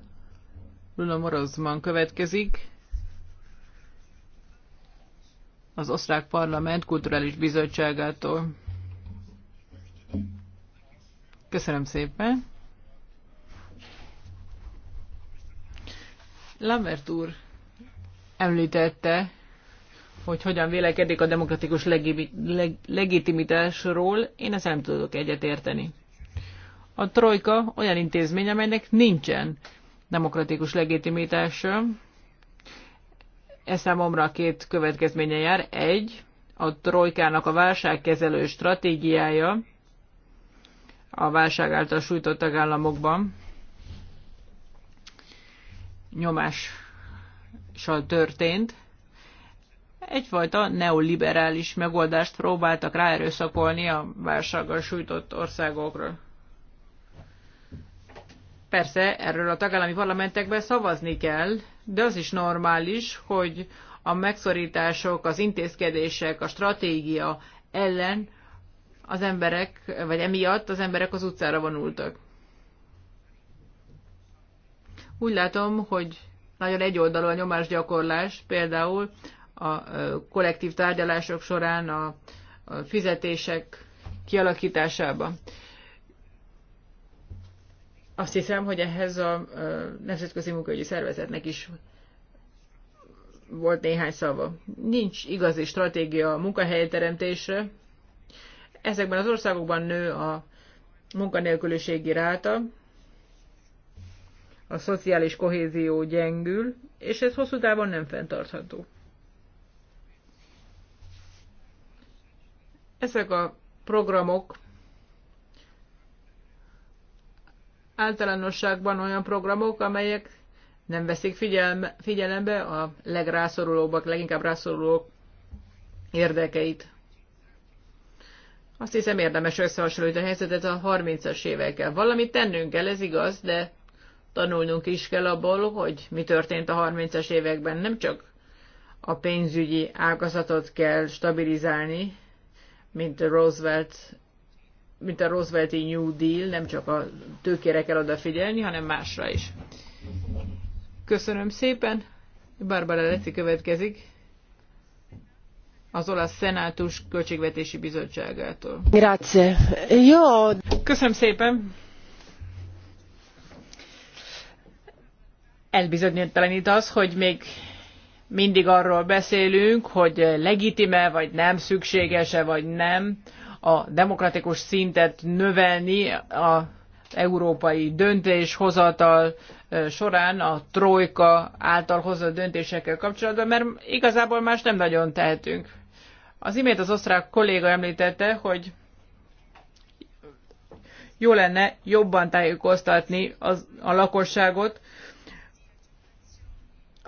Lula Morozman következik. Az osztrák parlament kulturális bizottságától. Köszönöm szépen. Lambert úr említette, hogy hogyan vélekedik a demokratikus legi- leg- legitimitásról, én ezt nem tudok egyetérteni. A trojka olyan intézmény, amelynek nincsen demokratikus legitimitás. Ez számomra két következménye jár. Egy, a trojkának a válságkezelő stratégiája a válság által sújtott tagállamokban nyomással történt. Egyfajta neoliberális megoldást próbáltak ráerőszakolni a válsággal sújtott országokra. Persze, erről a tagállami parlamentekben szavazni kell, de az is normális, hogy a megszorítások, az intézkedések, a stratégia ellen az emberek, vagy emiatt az emberek az utcára vonultak. Úgy látom, hogy nagyon egyoldalú a nyomásgyakorlás, például a kollektív tárgyalások során a fizetések kialakításában azt hiszem, hogy ehhez a Nemzetközi Munkaügyi Szervezetnek is volt néhány szava. Nincs igazi stratégia a munkahelyteremtésre. Ezekben az országokban nő a munkanélküliségi ráta, a szociális kohézió gyengül, és ez hosszú távon nem fenntartható. Ezek a programok általánosságban olyan programok, amelyek nem veszik figyelme, figyelembe a legrászorulóbbak, leginkább rászorulók érdekeit. Azt hiszem érdemes összehasonlítani a helyzetet a 30-as évekkel. Valamit tennünk kell, ez igaz, de tanulnunk is kell abból, hogy mi történt a 30-as években. Nem csak a pénzügyi ágazatot kell stabilizálni, mint Roosevelt mint a Roosevelti New Deal, nem csak a tőkére kell odafigyelni, hanem másra is. Köszönöm szépen. Barbara Leci következik az olasz szenátus költségvetési bizottságától. Grazie. Jó. Köszönöm szépen. Elbizonyítani az, hogy még mindig arról beszélünk, hogy legitime vagy nem, szükséges-e vagy nem a demokratikus szintet növelni a európai döntéshozatal során a trojka által hozott döntésekkel kapcsolatban, mert igazából más nem nagyon tehetünk. Az imént az osztrák kolléga említette, hogy jó lenne jobban tájékoztatni az, a lakosságot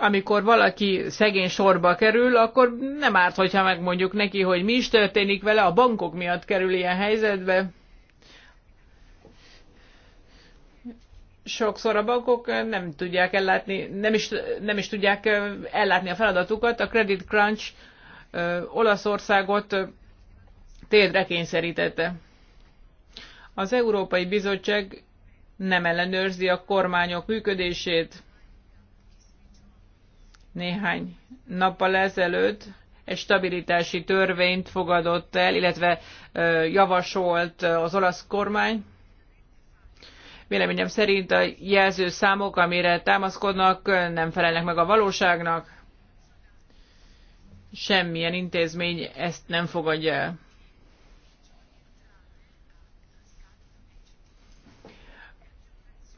amikor valaki szegény sorba kerül, akkor nem árt, hogyha megmondjuk neki, hogy mi is történik vele, a bankok miatt kerül ilyen helyzetbe. Sokszor a bankok nem tudják ellátni, nem is, nem is tudják ellátni a feladatukat. A Credit Crunch Olaszországot tédre kényszerítette. Az Európai Bizottság nem ellenőrzi a kormányok működését, néhány nappal ezelőtt egy stabilitási törvényt fogadott el, illetve javasolt az olasz kormány. Véleményem szerint a jelző számok, amire támaszkodnak, nem felelnek meg a valóságnak. Semmilyen intézmény ezt nem fogadja el.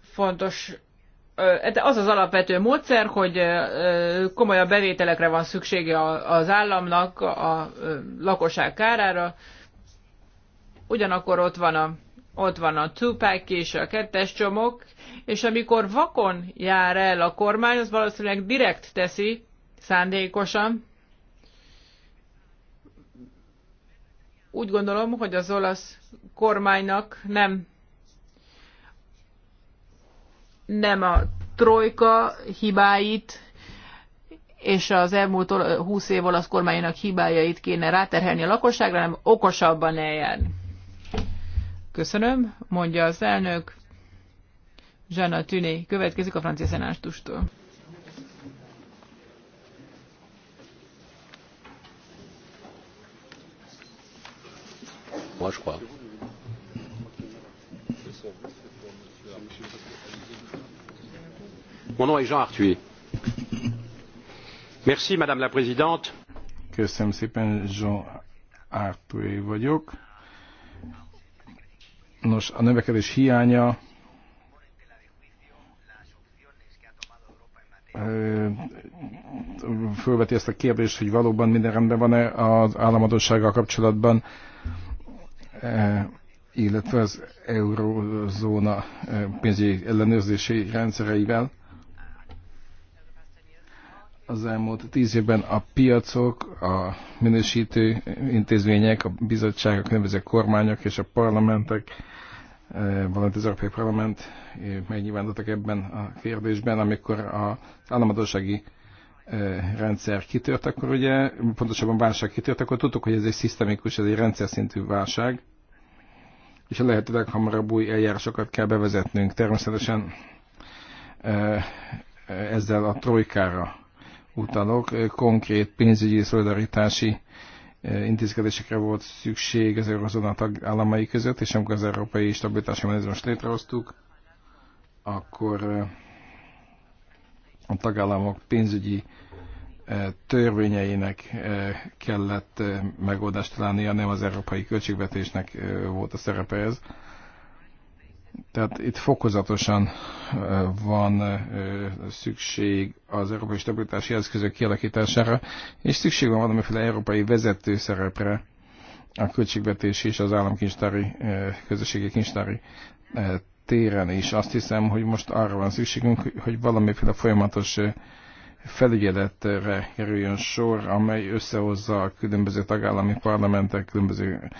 Fontos az az alapvető módszer, hogy komolyabb bevételekre van szüksége az államnak a lakosság kárára. Ugyanakkor ott van a, ott van a Tupac és a kettes csomok, és amikor vakon jár el a kormány, az valószínűleg direkt teszi szándékosan. Úgy gondolom, hogy az olasz kormánynak nem nem a trojka hibáit és az elmúlt 20 év olasz kormányának hibájait kéne ráterhelni a lakosságra, hanem okosabban eljárni. Köszönöm, mondja az elnök. Zsanna Tüné következik a francia szenástustól. Moskva. Mon nom est Jean Arthuis. Merci, Madame la Présidente. Köszönöm szépen, Jean Arthuis vagyok. Nos, a növekedés hiánya fölveti ezt a kérdést, hogy valóban minden rendben van-e az államadósággal kapcsolatban, illetve az eurozóna pénzügyi ellenőrzési rendszereivel az elmúlt tíz évben a piacok, a minősítő intézmények, a bizottságok, a különböző kormányok és a parlamentek, eh, valamint az Európai Parlament eh, megnyilvánultak ebben a kérdésben, amikor az államadósági eh, rendszer kitört, akkor ugye, pontosabban válság kitört, akkor tudtuk, hogy ez egy szisztemikus, ez egy rendszer szintű válság, és a lehető leghamarabb új eljárásokat kell bevezetnünk. Természetesen ezzel a trojkára utalok. Konkrét pénzügyi szolidaritási intézkedésekre volt szükség az eurozóna államai között, és amikor az Európai Stabilitási Mechanizmust létrehoztuk, akkor a tagállamok pénzügyi törvényeinek kellett megoldást találnia, nem az európai költségvetésnek volt a szerepe ez. Tehát itt fokozatosan van szükség az európai stabilitási eszközök kialakítására, és szükség van valamiféle európai vezető szerepre a költségvetés és az államkincstári, közösségi kincstári téren is. Azt hiszem, hogy most arra van szükségünk, hogy valamiféle folyamatos felügyeletre kerüljön sor, amely összehozza a különböző tagállami parlamentek, különböző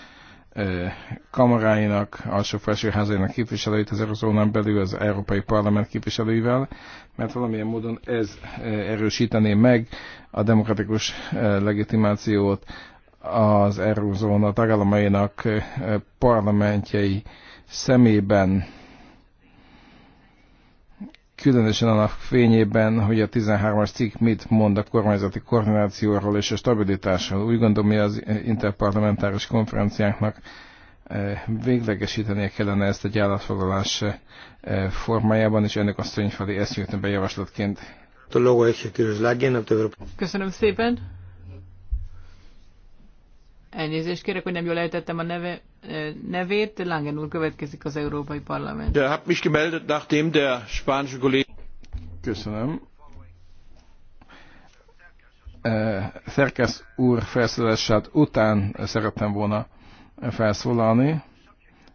kamaráinak, alsó felsőházainak képviselőit az Eurozónán belül az Európai Parlament képviselőivel, mert valamilyen módon ez erősítené meg a demokratikus legitimációt az Eurozóna tagállamainak parlamentjei szemében különösen annak fényében, hogy a 13-as cikk mit mond a kormányzati koordinációról és a stabilitásról. Úgy gondolom, hogy az interparlamentáris konferenciáknak eh, véglegesítenie kellene ezt egy állatfoglalás eh, formájában, és ennek asszony felé ezt jutna be javaslatként. Köszönöm szépen! Elnézést kérek, hogy nem jól ejtettem a neve, nevét. Langen úr következik az Európai Parlament. Der hat mich gemeldet, nachdem der spanische Kollege... Köszönöm. Szerkesz úr felszólását után szerettem volna felszólalni.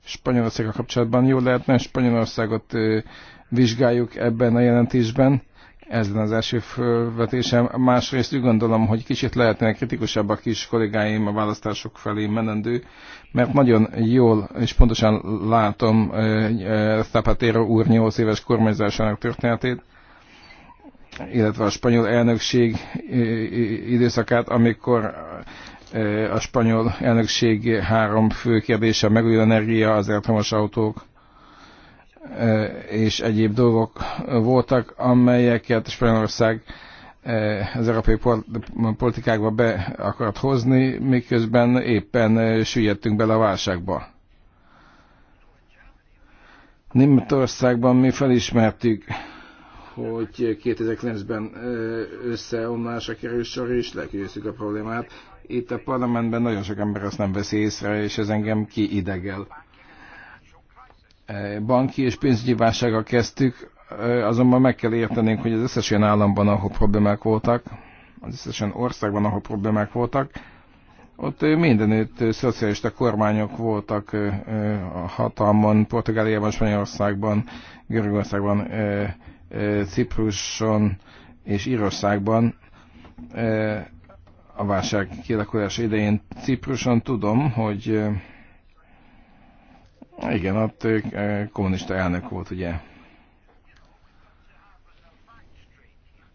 Spanyolországgal kapcsolatban jó lehetne, Spanyolországot vizsgáljuk ebben a jelentésben. Ez az első felvetésem. Másrészt úgy gondolom, hogy kicsit kritikusabb a kis kollégáim a választások felé menendő, mert nagyon jól és pontosan látom Zapatero úr 8 éves kormányzásának történetét, illetve a spanyol elnökség időszakát, amikor a spanyol elnökség három fő kérdése a megújuló energia, az elektromos autók, Eh, és egyéb dolgok eh, voltak, amelyeket Spanyolország eh, az európai politikákba be akart hozni, miközben éppen süllyedtünk bele a válságba. Németországban mi felismertük, hogy 2009-ben összeomlásra kerül sor, és leküzdtük a problémát. Itt a parlamentben nagyon sok ember azt nem veszi észre, és ez engem kiidegel banki és pénzügyi válsággal kezdtük, azonban meg kell értenünk, hogy az összes olyan államban, ahol problémák voltak, az összes olyan országban, ahol problémák voltak, ott mindenütt szocialista kormányok voltak a hatalmon, Portugáliában, Spanyolországban, Görögországban, Cipruson és Írországban a válság kialakulása idején Cipruson tudom, hogy igen, ott kommunista elnök volt, ugye.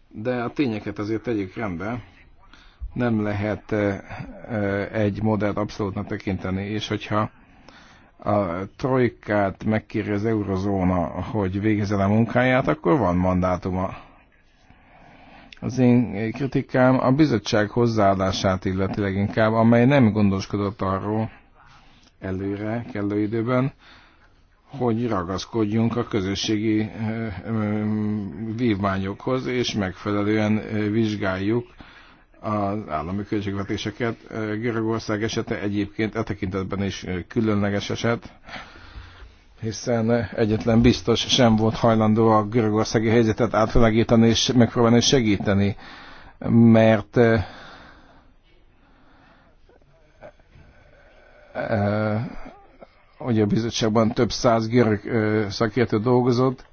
De a tényeket azért tegyük rendbe. Nem lehet egy modellt abszolútnak tekinteni, és hogyha a trojkát megkérje az eurozóna, hogy végezze a munkáját, akkor van mandátuma. Az én kritikám a bizottság hozzáadását illetőleg inkább, amely nem gondoskodott arról, előre, kellő időben, hogy ragaszkodjunk a közösségi eh, vívmányokhoz, és megfelelően eh, vizsgáljuk az állami költségvetéseket. Eh, Görögország esete egyébként e tekintetben is különleges eset, hiszen egyetlen biztos sem volt hajlandó a görögországi helyzetet átvilágítani és megpróbálni segíteni, mert hogy eh, a bizottságban több száz görög eh, szakértő dolgozott,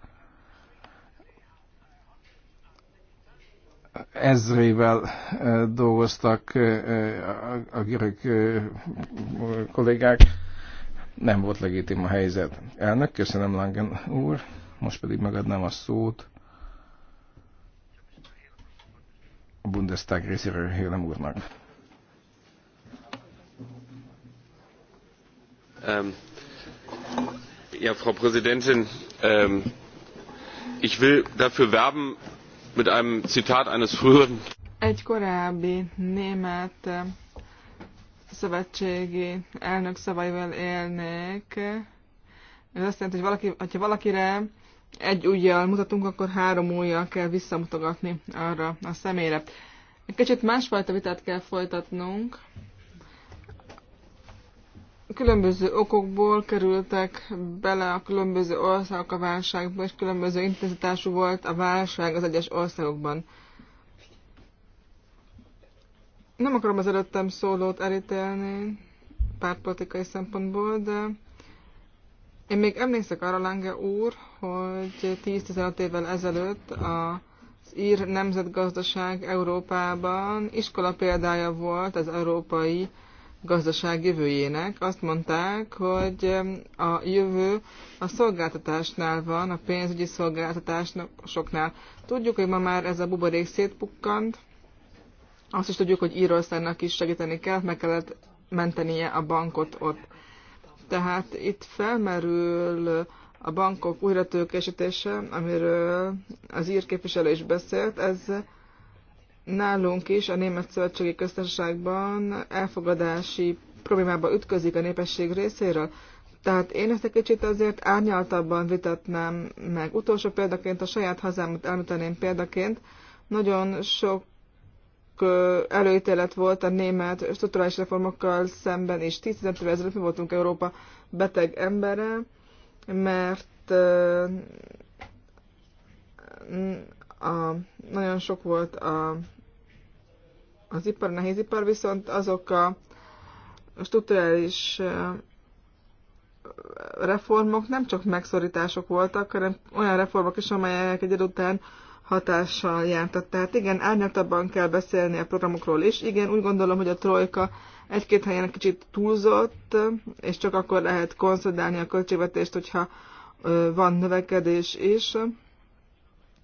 ezrével eh, dolgoztak a görög kollégák. Nem volt legitim a helyzet. Elnök, köszönöm Langen úr. Most pedig megadnám a szót a Bundestag részéről Hélem úrnak. Ähm, Frau Präsidentin, ähm, ich will dafür werben mit einem Zitat eines früheren. Egy korábbi német äh, szövetségi elnök szavaival élnék. Ez azt jelenti, hogy valaki, hogyha valakire egy ujjal mutatunk, akkor három ujjal kell visszamutogatni arra a személyre. Egy kicsit másfajta vitát kell folytatnunk különböző okokból kerültek bele a különböző országok a válságba, és különböző intenzitású volt a válság az egyes országokban. Nem akarom az előttem szólót elítélni pártpolitikai szempontból, de én még emlékszek arra, Lange úr, hogy 10-15 évvel ezelőtt az ír nemzetgazdaság Európában iskola példája volt az európai gazdaság jövőjének. Azt mondták, hogy a jövő a szolgáltatásnál van, a pénzügyi szolgáltatásoknál. Tudjuk, hogy ma már ez a buborék szétpukkant. Azt is tudjuk, hogy Írországnak is segíteni kell, meg kellett mentenie a bankot ott. Tehát itt felmerül a bankok újratőkésítése, amiről az ír képviselő is beszélt, ez nálunk is a Német Szövetségi Köztársaságban elfogadási problémába ütközik a népesség részéről. Tehát én ezt egy kicsit azért árnyaltabban vitatnám meg. Utolsó példaként a saját hazámot elmutaném példaként. Nagyon sok előítélet volt a német strukturális reformokkal szemben, és 10 ezer évvel ezelőtt mi voltunk Európa beteg embere, mert a, nagyon sok volt a, az ipar, a ipar, viszont azok a struktúrális reformok nem csak megszorítások voltak, hanem olyan reformok is, amelyek egy után hatással jártak. Tehát igen, árnyaltabban kell beszélni a programokról is. Igen, úgy gondolom, hogy a trojka egy-két helyen kicsit túlzott, és csak akkor lehet konszolidálni a költségvetést, hogyha van növekedés is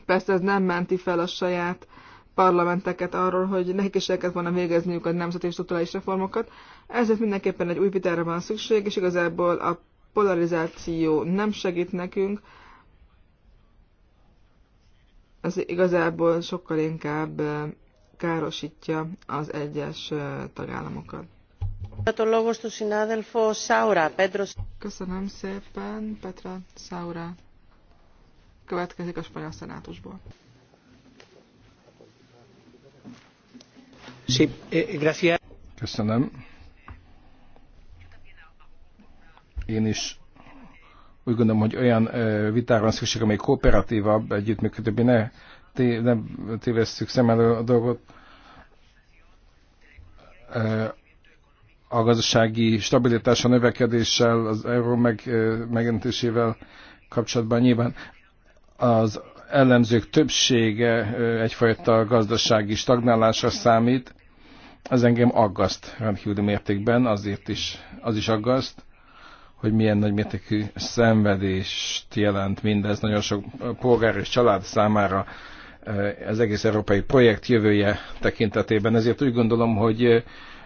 persze ez nem menti fel a saját parlamenteket arról, hogy nekik is el volna végezniük a nemzeti struktúrális reformokat. Ezért mindenképpen egy új vitára van szükség, és igazából a polarizáció nem segít nekünk, ez igazából sokkal inkább eh, károsítja az egyes eh, tagállamokat. Köszönöm szépen, Petra Saura következik a spanyol szenátusból. Eh, Köszönöm. Én is úgy gondolom, hogy olyan vitára van szükség, amely kooperatívabb, együttműködőbb. Ne, té, ne tévesszük szem elő a dolgot. A gazdasági a növekedéssel, az euró meg, megmentésével kapcsolatban nyilván az ellenzők többsége egyfajta gazdasági stagnálásra számít. az engem aggaszt rendkívül mértékben, azért is, az is aggaszt, hogy milyen nagy mértékű szenvedést jelent mindez nagyon sok polgár és család számára az egész európai projekt jövője tekintetében. Ezért úgy gondolom, hogy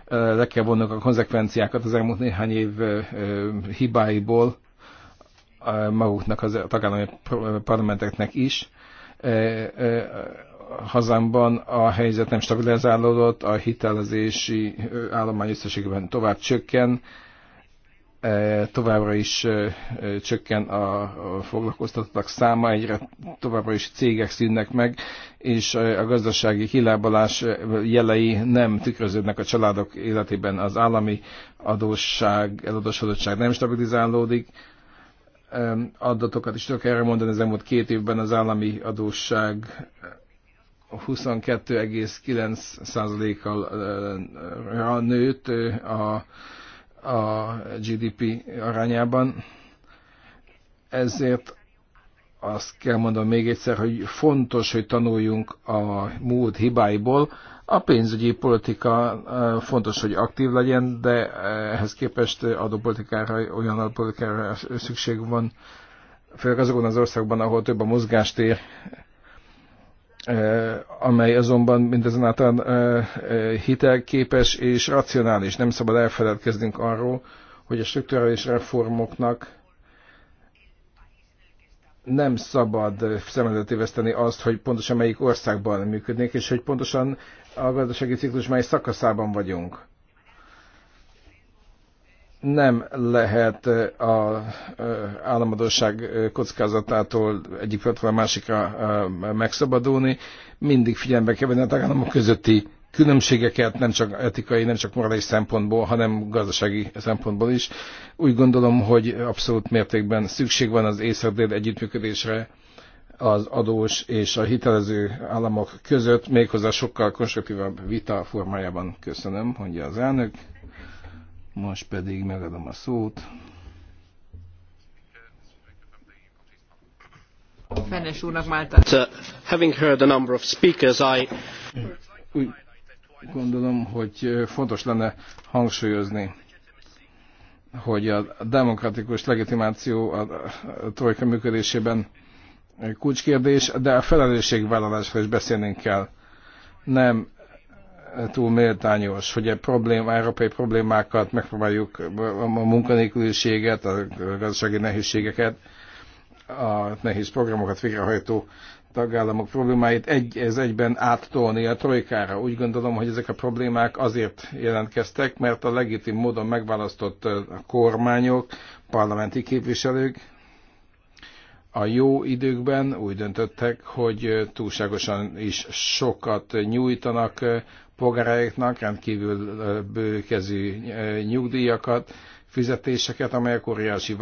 le kell vonnunk a konzekvenciákat az elmúlt néhány év hibáiból, maguknak, az, tagállami parlamenteknek is. E, e, hazámban a helyzet nem stabilizálódott, a hitelezési állomány összességében tovább csökken, e, továbbra is csökken a foglalkoztatottak száma, egyre továbbra is cégek szűnnek meg, és a gazdasági hilábalás jelei nem tükröződnek a családok életében. Az állami adósság, eladósodottság nem stabilizálódik, adatokat is tudok erre mondani, az elmúlt két évben az állami adósság 22,9%-kal nőtt a, a GDP arányában. Ezért azt kell mondanom még egyszer, hogy fontos, hogy tanuljunk a múlt hibáiból, a pénzügyi politika fontos, hogy aktív legyen, de ehhez képest adópolitikára, olyan adópolitikára szükség van, főleg azokon az országban, ahol több a mozgástér, amely azonban mindezonáltal hitelképes és racionális. Nem szabad elfeledkeznünk arról, hogy a strukturális reformoknak nem szabad szem veszteni azt, hogy pontosan melyik országban működnék, és hogy pontosan a gazdasági ciklus mely szakaszában vagyunk. Nem lehet az államadóság kockázatától egyik vagy a másikra megszabadulni, mindig figyelembe kell venni a tagállamok közötti különbségeket, nem csak etikai, nem csak morális szempontból, hanem gazdasági szempontból is. Úgy gondolom, hogy abszolút mértékben szükség van az észak-dél együttműködésre az adós és a hitelező államok között, méghozzá sokkal konstruktívabb vita formájában köszönöm, mondja az elnök. Most pedig megadom a szót. Fennes úrnak Máltán. Uh, having heard a number of speakers, I... Úgy, gondolom, hogy fontos lenne hangsúlyozni, hogy a demokratikus legitimáció a trojka működésében kulcskérdés, de a felelősségvállalásra is beszélnünk kell. Nem túl méltányos, hogy a problém, európai problémákat megpróbáljuk, a munkanélküliséget, a gazdasági nehézségeket, a nehéz programokat végrehajtó tagállamok problémáit egy, ez egyben áttolni a trojkára. Úgy gondolom, hogy ezek a problémák azért jelentkeztek, mert a legitim módon megválasztott kormányok, parlamenti képviselők a jó időkben úgy döntöttek, hogy túlságosan is sokat nyújtanak polgáraiknak, rendkívül bőkezű nyugdíjakat, fizetéseket, amelyek óriási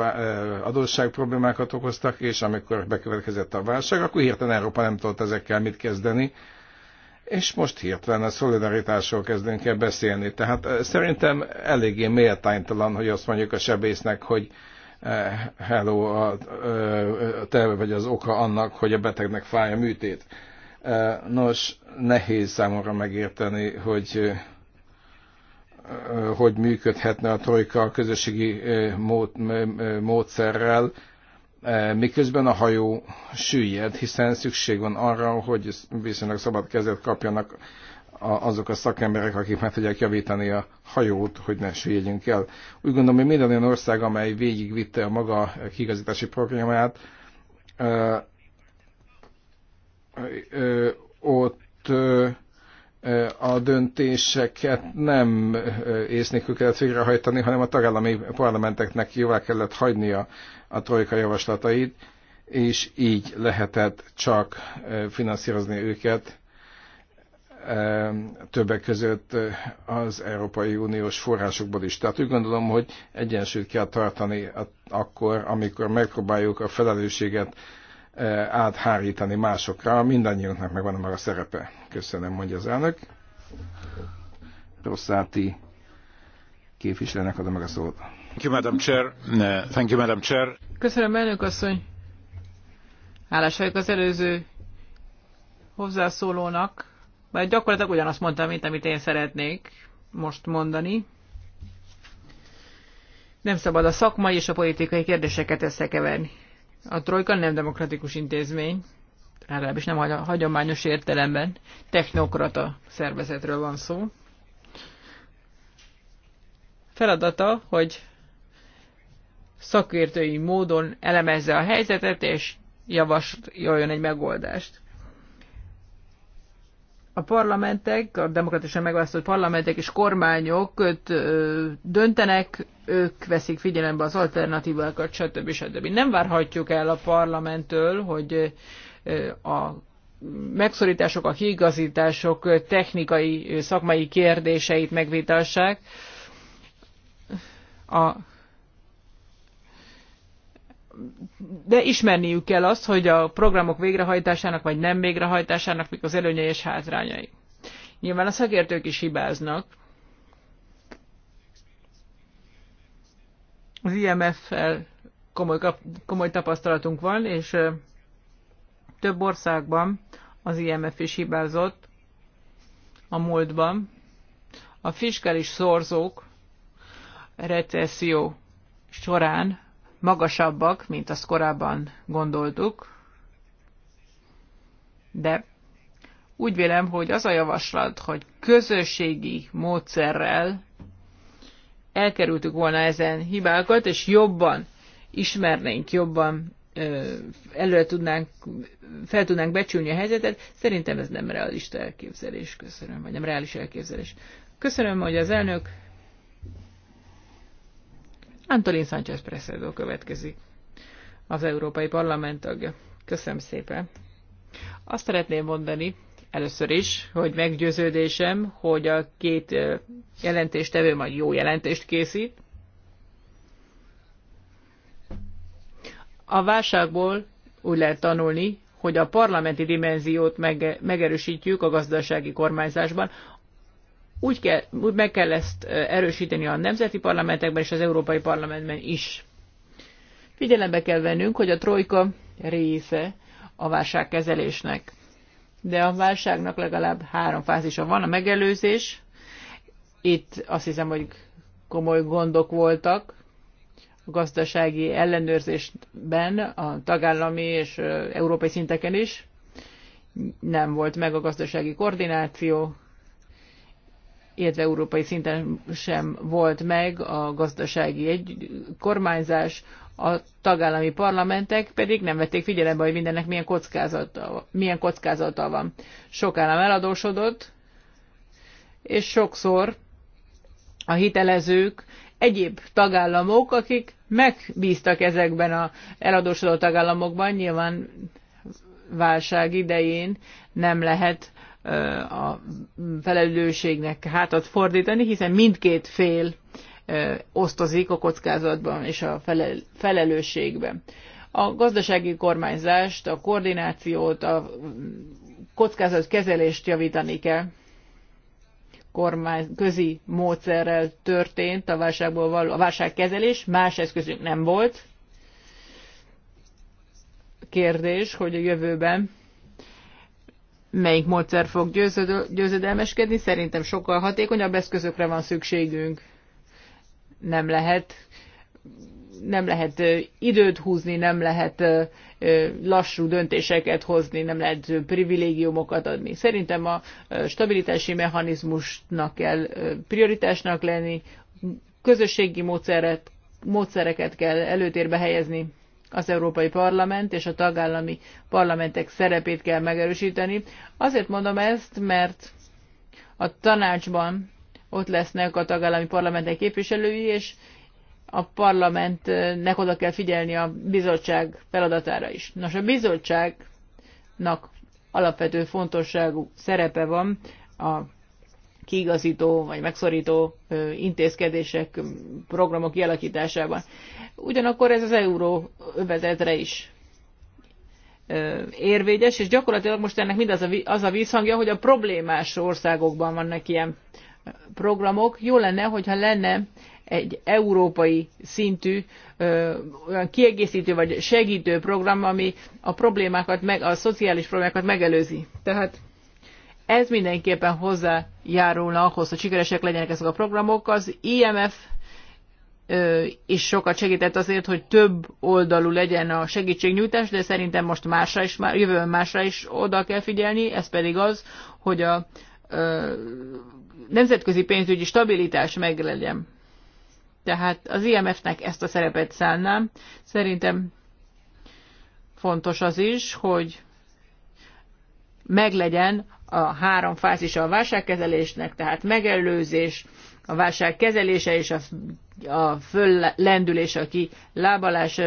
adósság problémákat okoztak, és amikor bekövetkezett a válság, akkor hirtelen Európa nem tudott ezekkel mit kezdeni, és most hirtelen a szolidaritásról kezdünk el beszélni. Tehát szerintem eléggé méltánytalan, hogy azt mondjuk a sebésznek, hogy hello, a, a te vagy az oka annak, hogy a betegnek fáj a műtét. Nos, nehéz számomra megérteni, hogy hogy működhetne a trojka a közösségi módszerrel, miközben a hajó süllyed, hiszen szükség van arra, hogy viszonylag szabad kezet kapjanak azok a szakemberek, akik meg tudják javítani a hajót, hogy ne süllyedjünk el. Úgy gondolom, hogy minden olyan ország, amely végigvitte a maga kigazítási programját, ott a döntéseket nem ész kellett végrehajtani, hanem a tagállami parlamenteknek jóvá kellett hagynia a trojka javaslatait, és így lehetett csak finanszírozni őket többek között az Európai Uniós forrásokból is. Tehát úgy gondolom, hogy egyensúlyt kell tartani akkor, amikor megpróbáljuk a felelősséget áthárítani másokra, mindannyiunknak megvan a maga szerepe. Köszönöm, mondja az elnök. Rosszáti képviselőnek adom meg a szót. Thank you, Madam Chair. Uh, thank you, Madam Chair. Köszönöm, elnök asszony. Hálás vagyok az előző hozzászólónak, mert gyakorlatilag ugyanazt mondtam, mint amit én szeretnék most mondani. Nem szabad a szakmai és a politikai kérdéseket összekeverni. A trojka nem demokratikus intézmény, legalábbis nem a hagyományos értelemben, technokrata szervezetről van szó. Feladata, hogy szakértői módon elemezze a helyzetet, és javasoljon egy megoldást a parlamentek, a demokratikusan megválasztott parlamentek és kormányok öt, ö, döntenek, ők veszik figyelembe az alternatívákat, stb. stb. Nem várhatjuk el a parlamenttől, hogy a megszorítások, a kiigazítások technikai, szakmai kérdéseit megvitassák. A de ismerniük kell azt, hogy a programok végrehajtásának vagy nem végrehajtásának mik az előnyei és hátrányai. Nyilván a szakértők is hibáznak. Az IMF-fel komoly, komoly tapasztalatunk van, és több országban az IMF is hibázott a múltban. A fiskális szorzók recesszió során magasabbak, mint azt korábban gondoltuk, de úgy vélem, hogy az a javaslat, hogy közösségi módszerrel elkerültük volna ezen hibákat, és jobban ismernénk, jobban előre tudnánk, fel tudnánk becsülni a helyzetet. Szerintem ez nem realista elképzelés, köszönöm, vagy nem reális elképzelés. Köszönöm, hogy az elnök Antolin Sánchez Presedo következik, az Európai Parlament tagja. Köszönöm szépen. Azt szeretném mondani, először is, hogy meggyőződésem, hogy a két jelentéstevő majd jó jelentést készít. A válságból úgy lehet tanulni, hogy a parlamenti dimenziót megerősítjük a gazdasági kormányzásban, úgy, kell, úgy meg kell ezt erősíteni a nemzeti parlamentekben és az Európai Parlamentben is. Figyelembe kell vennünk, hogy a trojka része a válságkezelésnek. De a válságnak legalább három fázisa van. A megelőzés, itt azt hiszem, hogy komoly gondok voltak a gazdasági ellenőrzésben, a tagállami és európai szinteken is. Nem volt meg a gazdasági koordináció, illetve európai szinten sem volt meg a gazdasági egy kormányzás, a tagállami parlamentek pedig nem vették figyelembe, hogy mindennek milyen kockázata, milyen kockázata van. Sok állam eladósodott, és sokszor a hitelezők egyéb tagállamok, akik megbíztak ezekben a eladósodó tagállamokban, nyilván válság idején nem lehet a felelősségnek hátat fordítani, hiszen mindkét fél osztozik a kockázatban és a felelősségben. A gazdasági kormányzást, a koordinációt, a kockázatkezelést javítani kell. Kormány közi módszerrel történt a válságból való, a válságkezelés, más eszközünk nem volt. Kérdés, hogy a jövőben melyik módszer fog győzedelmeskedni. Szerintem sokkal hatékonyabb eszközökre van szükségünk. Nem lehet, nem lehet időt húzni, nem lehet lassú döntéseket hozni, nem lehet privilégiumokat adni. Szerintem a stabilitási mechanizmusnak kell prioritásnak lenni, közösségi módszeret, módszereket kell előtérbe helyezni az Európai Parlament és a tagállami parlamentek szerepét kell megerősíteni. Azért mondom ezt, mert a tanácsban ott lesznek a tagállami parlamentek képviselői, és a parlamentnek oda kell figyelni a bizottság feladatára is. Nos, a bizottságnak alapvető fontosságú szerepe van a kiigazító vagy megszorító intézkedések, programok kialakításában. Ugyanakkor ez az euró övezetre is érvényes, és gyakorlatilag most ennek mindaz a, az a vízhangja, hogy a problémás országokban vannak ilyen programok. Jó lenne, hogyha lenne egy európai szintű olyan kiegészítő vagy segítő program, ami a problémákat, meg, a szociális problémákat megelőzi. Tehát ez mindenképpen hozzájárulna ahhoz, hogy sikeresek legyenek ezek a programok. Az IMF és sokat segített azért, hogy több oldalú legyen a segítségnyújtás, de szerintem most másra is, már jövőben másra is oda kell figyelni, ez pedig az, hogy a ö, nemzetközi pénzügyi stabilitás meglegyen. Tehát az IMF-nek ezt a szerepet szánnám. Szerintem fontos az is, hogy meglegyen a három fázisa a válságkezelésnek, tehát megelőzés, a válság kezelése és a, a föllendülés, a kilábalás.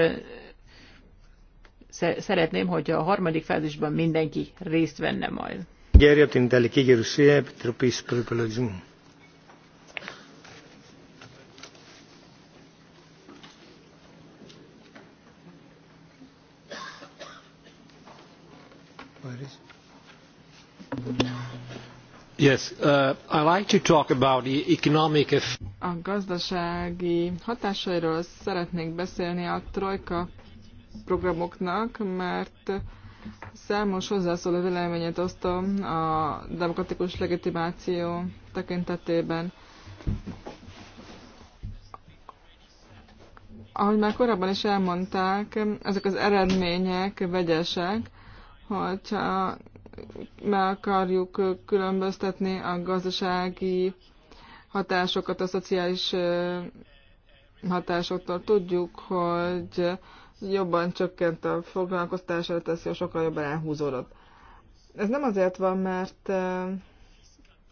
Szeretném, hogy a harmadik fázisban mindenki részt venne majd. Gyerjött, én delik ígérősé, Petropis Pröpölözünk. a gazdasági hatásairól szeretnék beszélni a trojka programoknak, mert számos hozzászóló véleményet osztom a demokratikus legitimáció tekintetében. Ahogy már korábban is elmondták, ezek az eredmények vegyesek, hogyha meg akarjuk különböztetni a gazdasági hatásokat a szociális hatásoktól. Tudjuk, hogy jobban csökkent a foglalkoztás, a recesszió sokkal jobban elhúzódott. Ez nem azért van, mert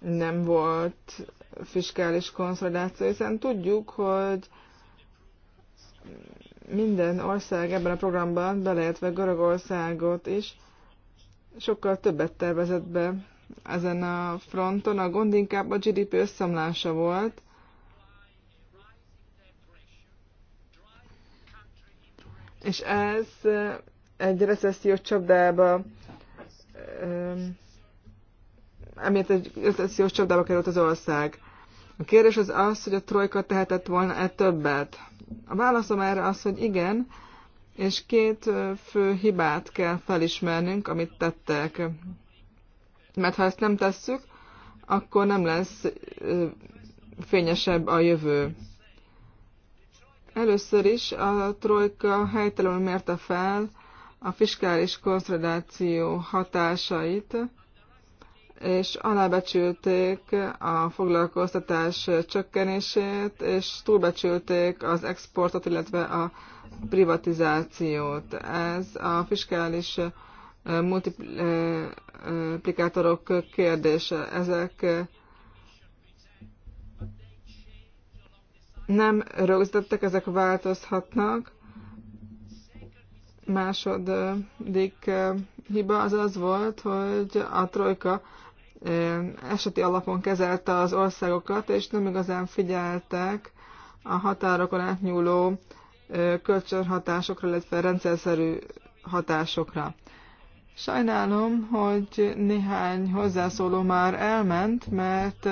nem volt fiskális konszolidáció, hiszen tudjuk, hogy minden ország ebben a programban, beleértve Görögországot is, sokkal többet tervezett be ezen a fronton. A gond inkább a GDP összeomlása volt. És ez egy recesszió csapdába emiatt egy recessziós csapdába került az ország. A kérdés az az, hogy a trojka tehetett volna-e többet. A válaszom erre az, hogy igen, és két fő hibát kell felismernünk, amit tettek. Mert ha ezt nem tesszük, akkor nem lesz fényesebb a jövő. Először is a trojka helytelenül mérte fel a fiskális konszolidáció hatásait, és alábecsülték a foglalkoztatás csökkenését, és túlbecsülték az exportot, illetve a privatizációt. Ez a fiskális multiplikátorok kérdése. Ezek nem rögzítettek, ezek változhatnak. Második hiba az az volt, hogy a trojka eseti alapon kezelte az országokat, és nem igazán figyeltek a határokon átnyúló kölcsönhatásokra, illetve rendszerszerű hatásokra. Sajnálom, hogy néhány hozzászóló már elment, mert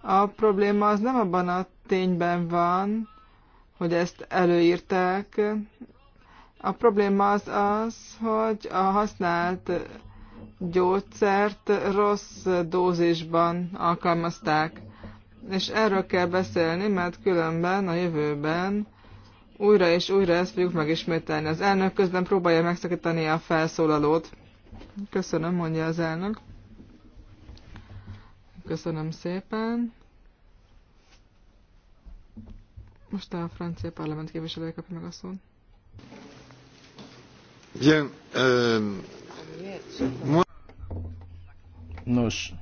a probléma az nem abban a tényben van, hogy ezt előírták. A probléma az az, hogy a használt gyógyszert rossz dózisban alkalmazták. És erről kell beszélni, mert különben a jövőben újra és újra ezt fogjuk megismételni. Az elnök közben próbálja megszakítani a felszólalót. Köszönöm, mondja az elnök. Köszönöm szépen. Most a francia parlament képviselője kapja meg a szót. Bien, euh, Nos,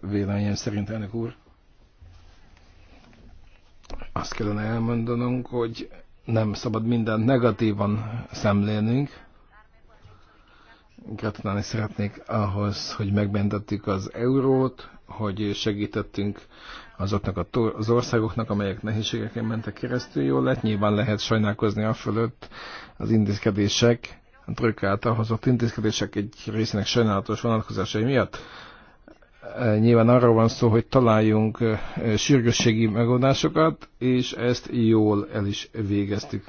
véleményem szerint, elnök úr, azt kellene elmondanunk, hogy nem szabad mindent negatívan szemlélnünk. Gratulálni szeretnék ahhoz, hogy megmentettük az eurót, hogy segítettünk azoknak a az országoknak, amelyek nehézségeken mentek keresztül jól lett. Nyilván lehet sajnálkozni a fölött az intézkedések, a trükk által hozott intézkedések egy részének sajnálatos vonatkozásai miatt Nyilván arról van szó, hogy találjunk sürgősségi megoldásokat, és ezt jól el is végeztük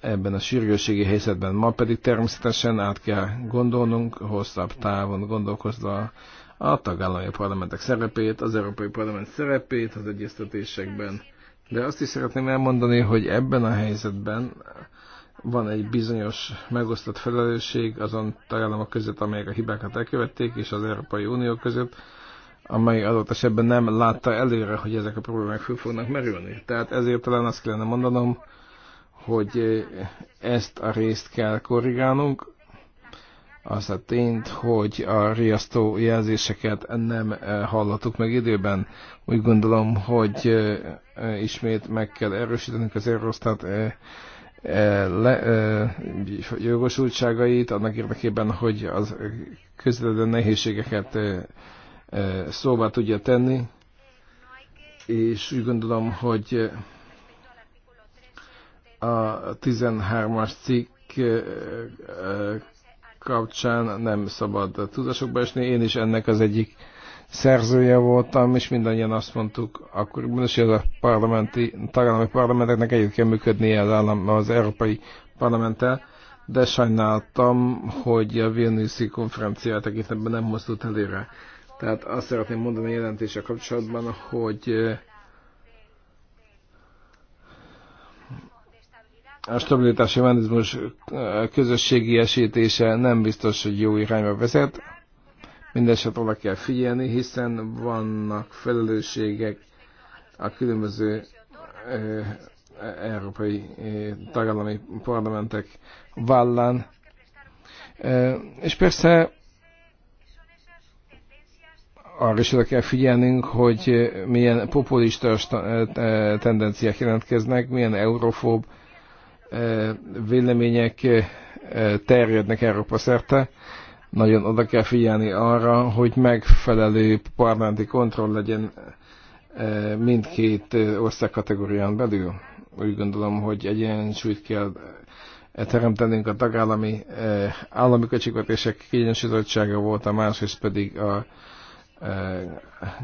ebben a sürgősségi helyzetben. Ma pedig természetesen át kell gondolnunk, hosszabb távon gondolkozva a tagállami parlamentek szerepét, az Európai Parlament szerepét az egyeztetésekben. De azt is szeretném elmondani, hogy ebben a helyzetben van egy bizonyos megosztott felelősség azon tagállamok között, amelyek a hibákat elkövették, és az Európai Unió között, amely adott esetben nem látta előre, hogy ezek a problémák föl fognak merülni. Tehát ezért talán azt kellene mondanom, hogy eh, ezt a részt kell korrigálnunk, az a tényt, hogy a riasztó jelzéseket nem eh, hallottuk meg időben. Úgy gondolom, hogy eh, ismét meg kell erősítenünk az Eurostat E, le, e, jogosultságait annak érdekében, hogy az közvetlen nehézségeket e, szóvá tudja tenni, és úgy gondolom, hogy a 13-as cikk kapcsán nem szabad tudásokba esni. Én is ennek az egyik szerzője voltam, és mindannyian azt mondtuk, akkor most hogy a parlamenti, tagállami parlamenteknek együtt kell működnie az, állam, az Európai Parlamenttel, de sajnáltam, hogy a Vilniuszi konferenciát, tekintetben nem mozdult előre. Tehát azt szeretném mondani a jelentése kapcsolatban, hogy eh, a stabilitási mechanizmus eh, közösségi esítése nem biztos, hogy jó irányba vezet, Mindenesetre oda kell figyelni, hiszen vannak felelősségek a különböző európai tagállami parlamentek vállán. És persze arra is oda kell figyelnünk, hogy milyen populista tendenciák jelentkeznek, milyen eurofób vélemények terjednek Európa szerte nagyon oda kell figyelni arra, hogy megfelelő parlamenti kontroll legyen eh, mindkét eh, országkategórián belül. Úgy gondolom, hogy egy ilyen súlyt kell eh, teremtenünk a tagállami állami költségvetések kiegyensúlyozottsága volt, a másrészt pedig a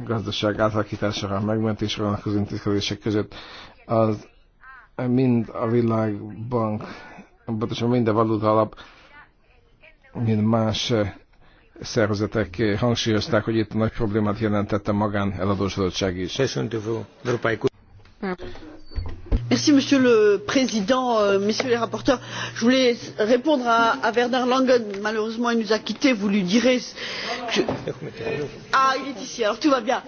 gazdaság átalakítására, megmentésre vonatkozó intézkedések között. Az mind a világbank, pontosan mind a valóta alap mint más eh, szervezetek eh, hangsúlyozták, hogy itt nagy problémát jelentette magán eladósodottság is monsieur le président euh, messieurs les rapporteurs je voulais répondre à werner langen malheureusement il nous a quittés vous lui direz ah il est ici alors tout va bien.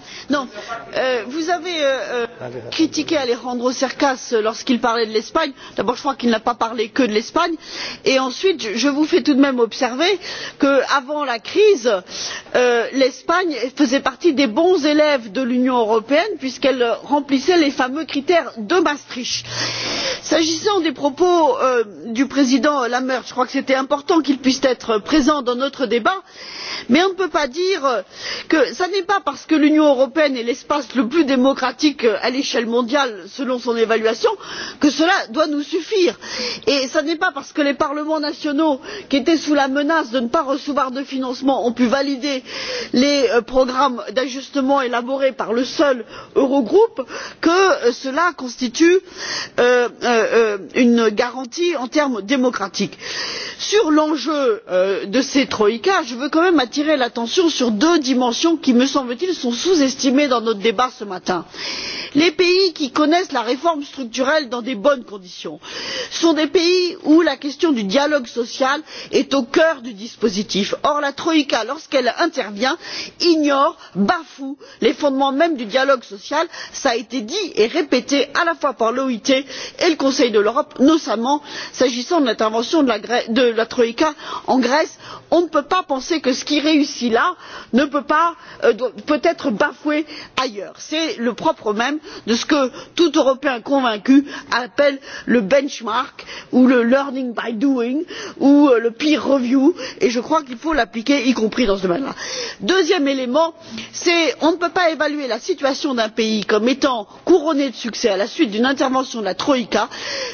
Euh, vous avez euh, critiqué alejandro cercas lorsqu'il parlait de l'espagne. d'abord je crois qu'il n'a pas parlé que de l'espagne et ensuite je vous fais tout de même observer qu'avant la crise l'espagne faisait partie des bons élèves de l'union européenne puisqu'elle remplissait les fameux critères de maastricht tâche. s'agissant des propos euh, du président lamberts je crois que c'était important qu'il puisse être présent dans notre débat mais on ne peut pas dire que ce n'est pas parce que l'union européenne est l'espace le plus démocratique à l'échelle mondiale selon son évaluation que cela doit nous suffire et ce n'est pas parce que les parlements nationaux qui étaient sous la menace de ne pas recevoir de financement ont pu valider les euh, programmes d'ajustement élaborés par le seul eurogroupe que euh, cela constitue Euh, euh, euh, une garantie en termes démocratiques. sur l'enjeu de ces troïkas je veux quand même attirer l'attention sur deux dimensions qui me semble t il sont sous estimées dans notre débat ce matin les pays qui connaissent la réforme structurelle dans de bonnes conditions sont des pays où la question du dialogue social est au cœur du dispositif. or la troïka lorsqu'elle intervient ignore bafoue les fondements mêmes du dialogue social cela a été dit et répété à la fois par l'oit et le conseil de l'europe notamment s'agissant de l'intervention de la troïka en grèce on ne peut pas penser que ce qui réussit là ne peut pas euh, peut être bafoué ailleurs. c'est le propre même de ce que tout européen convaincu appelle le benchmark ou le learning by doing ou euh, le peer review et je crois qu'il faut l'appliquer y compris dans ce domaine là. deuxième élément on ne peut pas évaluer la situation d'un pays comme étant couronnée de succès à la suite d'une intervention de la troïka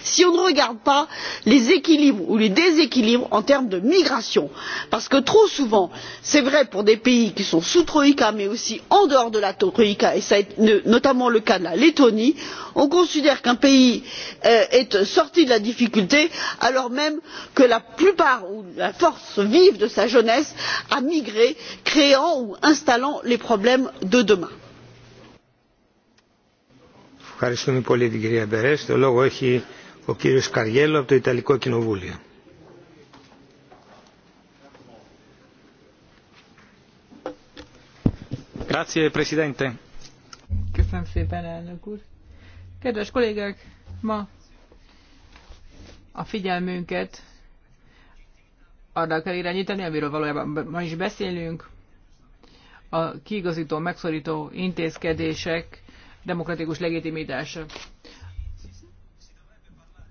si on ne regarde pas les équilibres ou les déséquilibres en termes de migration parce que trop souvent c'est vrai pour des pays qui sont sous troïka mais aussi en dehors de la troïka et c'est notamment le cas de la lettonie on considère qu'un pays euh, est sorti de la difficulté alors même que la plupart ou la force vive de sa jeunesse a migré créant ou installant les problèmes de demain. Grazie, Presidente. Köszönöm szépen, elnök úr. Kedves kollégák, ma a figyelmünket arra kell irányítani, amiről valójában ma is beszélünk, a kiigazító, megszorító intézkedések demokratikus legitimitása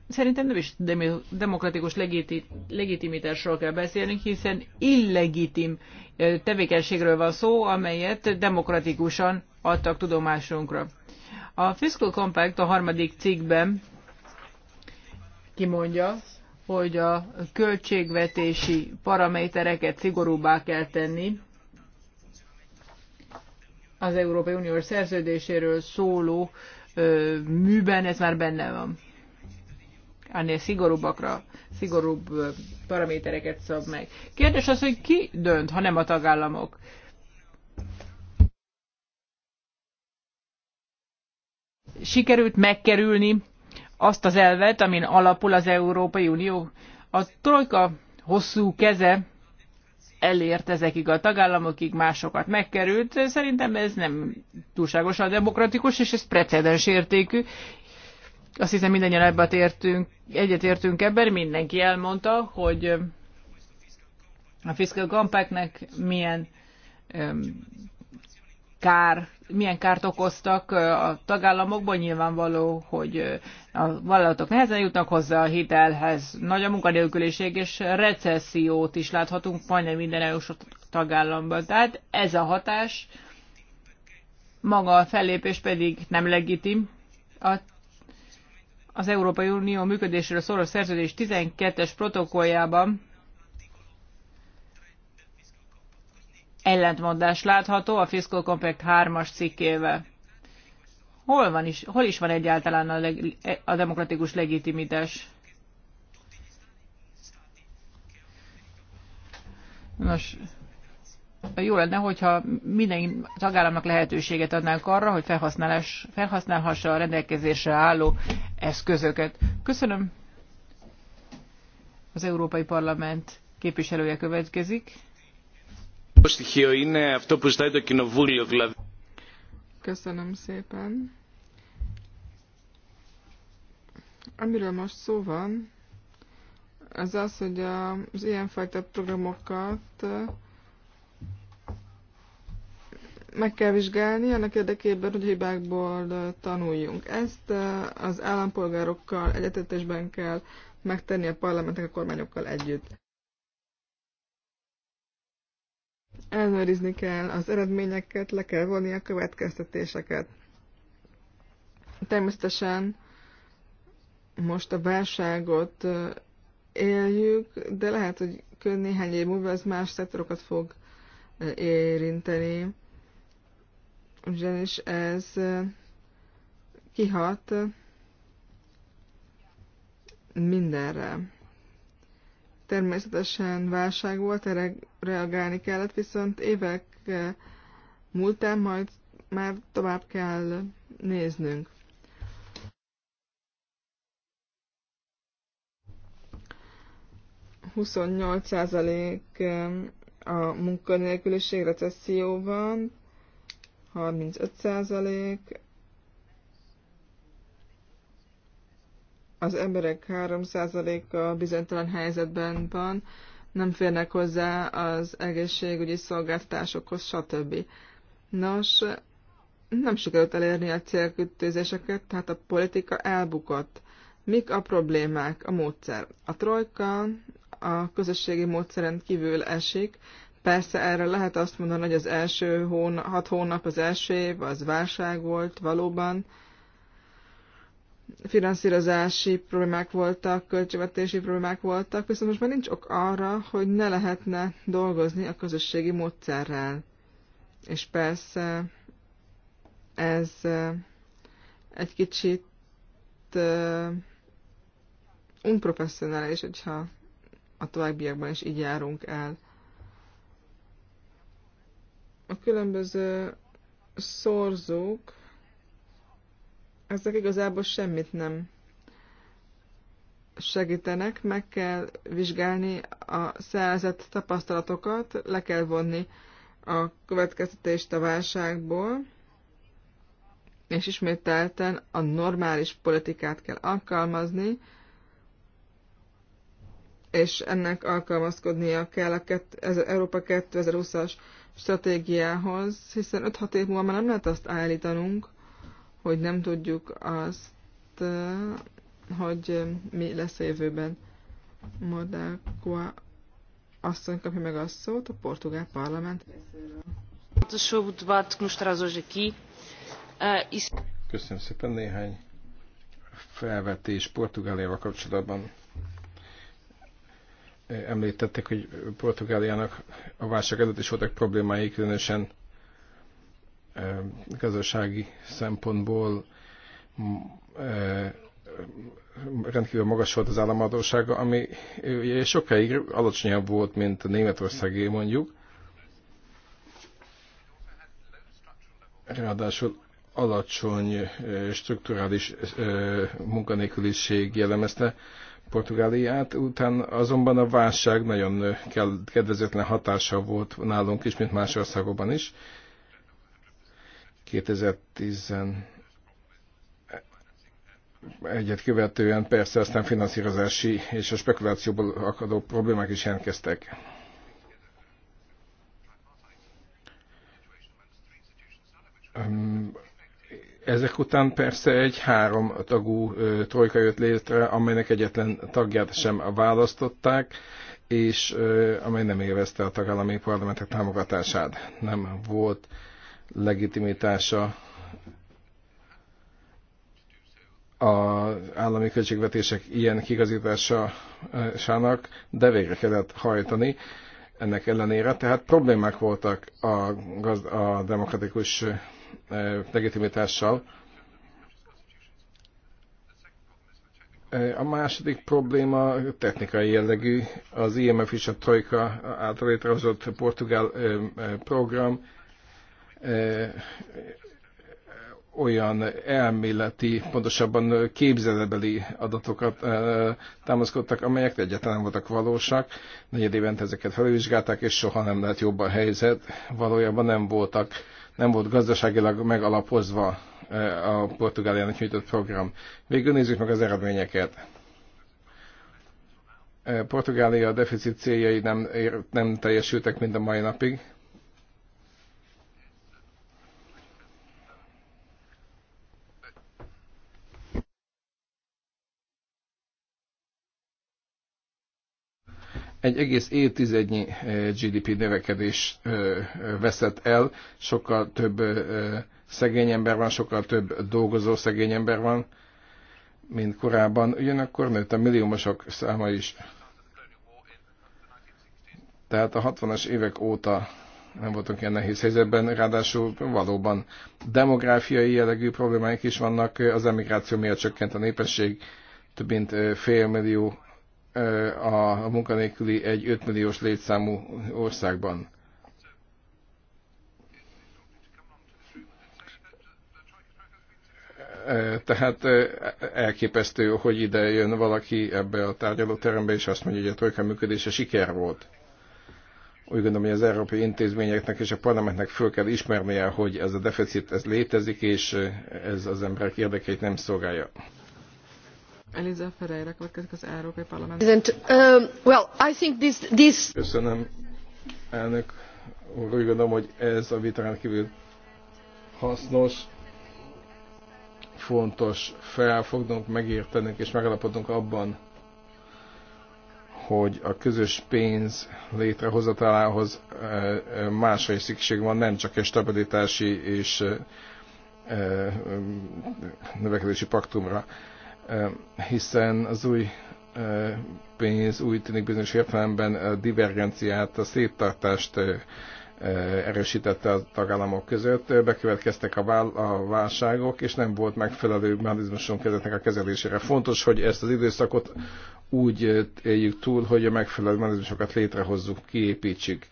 szerintem nem is demokratikus legíti, legitimitásról kell beszélnünk, hiszen illegitim tevékenységről van szó, amelyet demokratikusan adtak tudomásunkra. A Fiscal Compact a harmadik cikkben kimondja, hogy a költségvetési paramétereket szigorúbbá kell tenni, az Európai Unió szerződéséről szóló ö, műben ez már benne van ennél szigorúbbakra, szigorúbb paramétereket szab meg. Kérdés az, hogy ki dönt, ha nem a tagállamok. Sikerült megkerülni azt az elvet, amin alapul az Európai Unió. A trojka hosszú keze elért ezekig a tagállamokig, másokat megkerült. Szerintem ez nem túlságosan demokratikus, és ez precedens értékű, azt hiszem mindannyian ebbet értünk, értünk ebben, mindenki elmondta, hogy a fiscal compactnek milyen kár, milyen kárt okoztak a tagállamokban, nyilvánvaló, hogy a vállalatok nehezen jutnak hozzá a hitelhez. Nagy a munkanélküliség és recessziót is láthatunk majdnem minden eu tagállamban. Tehát ez a hatás, maga a fellépés pedig nem legitim. A az Európai Unió működéséről szóló szerződés 12-es protokolljában ellentmondás látható a Fiscal Compact 3-as cikkével. Hol, van is, hol is van egyáltalán a, leg, a demokratikus legitimitás? Nos, jó lenne, hogyha minden tagállamnak lehetőséget adnánk arra, hogy felhasználás, felhasználhassa a rendelkezésre álló eszközöket. Köszönöm. Az Európai Parlament képviselője következik. Köszönöm szépen. Amiről most szó van, az az, hogy az ilyenfajta programokat meg kell vizsgálni annak érdekében, hogy hibákból tanuljunk. Ezt az állampolgárokkal egyetetésben kell megtenni a parlamentek a kormányokkal együtt. Ellenőrizni kell az eredményeket, le kell vonni a következtetéseket. Természetesen most a válságot éljük, de lehet, hogy néhány év múlva ez más szektorokat fog érinteni ugyanis ez kihat mindenre. Természetesen válság volt, erre reagálni kellett, viszont évek múltán majd már tovább kell néznünk. százalék a munkanélküliség recesszió van, 35%, az emberek 3%-a bizonytalan helyzetben van, nem férnek hozzá az egészségügyi szolgáltatásokhoz, stb. Nos, nem sikerült elérni a célkütőzéseket, tehát a politika elbukott. Mik a problémák? A módszer. A trojka a közösségi módszeren kívül esik, Persze erre lehet azt mondani, hogy az első hóna, hat hónap az első év, az válság volt valóban. Finanszírozási problémák voltak, költségvetési problémák voltak, viszont most már nincs ok arra, hogy ne lehetne dolgozni a közösségi módszerrel. És persze ez egy kicsit unprofessionális, hogyha a továbbiakban is így járunk el a különböző szorzók, ezek igazából semmit nem segítenek, meg kell vizsgálni a szerzett tapasztalatokat, le kell vonni a következtetést a válságból, és ismételten a normális politikát kell alkalmazni, és ennek alkalmazkodnia kell a Európa 2020-as stratégiához, hiszen 5-6 év múlva már nem lehet azt állítanunk, hogy nem tudjuk azt, eh, hogy eh, mi lesz a jövőben. Modákua asszony kapja meg a szót a portugál parlament Köszönöm szépen néhány felvetés Portugáliával kapcsolatban említették, hogy Portugáliának a válság előtt is voltak problémái, különösen gazdasági szempontból rendkívül magas volt az államadósága, ami ugye sokáig alacsonyabb volt, mint a Németországé mondjuk. Ráadásul alacsony strukturális munkanélküliség jellemezte Portugáliát, után azonban a válság nagyon kedvezőtlen hatása volt nálunk is, mint más országokban is. 2011 egyet követően persze aztán finanszírozási és a spekulációból akadó problémák is jelentkeztek. Um, ezek után persze egy három tagú trojka jött létre, amelynek egyetlen tagját sem választották, és amely nem élvezte a tagállami parlamentek támogatását. Nem volt legitimitása az állami költségvetések ilyen kigazításának, de végre kellett hajtani ennek ellenére. Tehát problémák voltak a, gazd- a demokratikus legitimitással. A második probléma technikai jellegű. Az IMF és a Trojka által létrehozott portugál program olyan elméleti, pontosabban képzelebeli adatokat támaszkodtak, amelyek egyáltalán nem voltak valósak. Negyed évente ezeket felvizsgálták, és soha nem lett jobb a helyzet. Valójában nem voltak nem volt gazdaságilag megalapozva e, a Portugáliának nyújtott program. Végül nézzük meg az eredményeket. E, Portugália deficit céljai nem, nem teljesültek mind a mai napig. egy egész évtizednyi eh, GDP növekedés eh, veszett el, sokkal több eh, szegény ember van, sokkal több dolgozó szegény ember van, mint korábban. Ugyanakkor nőtt a milliómosok száma is. Tehát a 60-as évek óta nem voltunk ilyen nehéz helyzetben, ráadásul valóban demográfiai jellegű problémáik is vannak, az emigráció miatt csökkent a népesség, több mint fél millió a, munkanélküli egy 5 milliós létszámú országban. Tehát elképesztő, hogy ide jön valaki ebbe a tárgyalóterembe, és azt mondja, hogy a trojka működése siker volt. Úgy gondolom, hogy az európai intézményeknek és a parlamentnek föl kell ismernie, hogy ez a deficit ez létezik, és ez az emberek érdekeit nem szolgálja. Eliza Ferreira következik az Európai Parlament. Um, well, I think this, this... Köszönöm, elnök úr. Úgy gondolom, hogy ez a vita rendkívül hasznos, fontos felfognunk, megértenünk és megalapodunk abban, hogy a közös pénz létrehozatalához másra is szükség van, nem csak egy stabilitási és növekedési paktumra hiszen az új pénz úgy tűnik bizonyos értelemben a divergenciát, a széttartást erősítette a tagállamok között. Bekövetkeztek a, vál, a válságok, és nem volt megfelelő mechanizmuson kezdetnek a kezelésére. Fontos, hogy ezt az időszakot úgy éljük túl, hogy a megfelelő mechanizmusokat létrehozzuk, kiépítsük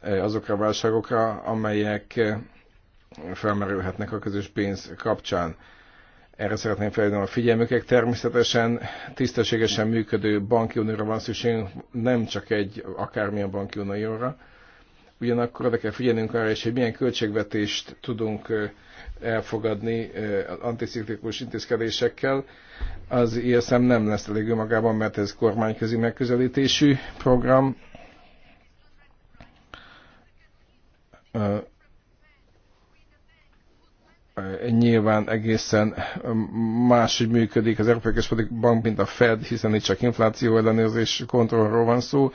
azokra a válságokra, amelyek felmerülhetnek a közös pénz kapcsán erre szeretném felhívni a figyelmüket. Természetesen tisztességesen működő banki unióra van szükség, nem csak egy akármilyen banki unióra. Ugyanakkor oda kell figyelnünk arra is, hogy milyen költségvetést tudunk elfogadni antisziklikus intézkedésekkel. Az ISM nem lesz elég önmagában, mert ez kormányközi megközelítésű program nyilván egészen máshogy működik az Európai Központi Bank, mint a Fed, hiszen itt csak infláció ellenőrzés kontrollról van szó.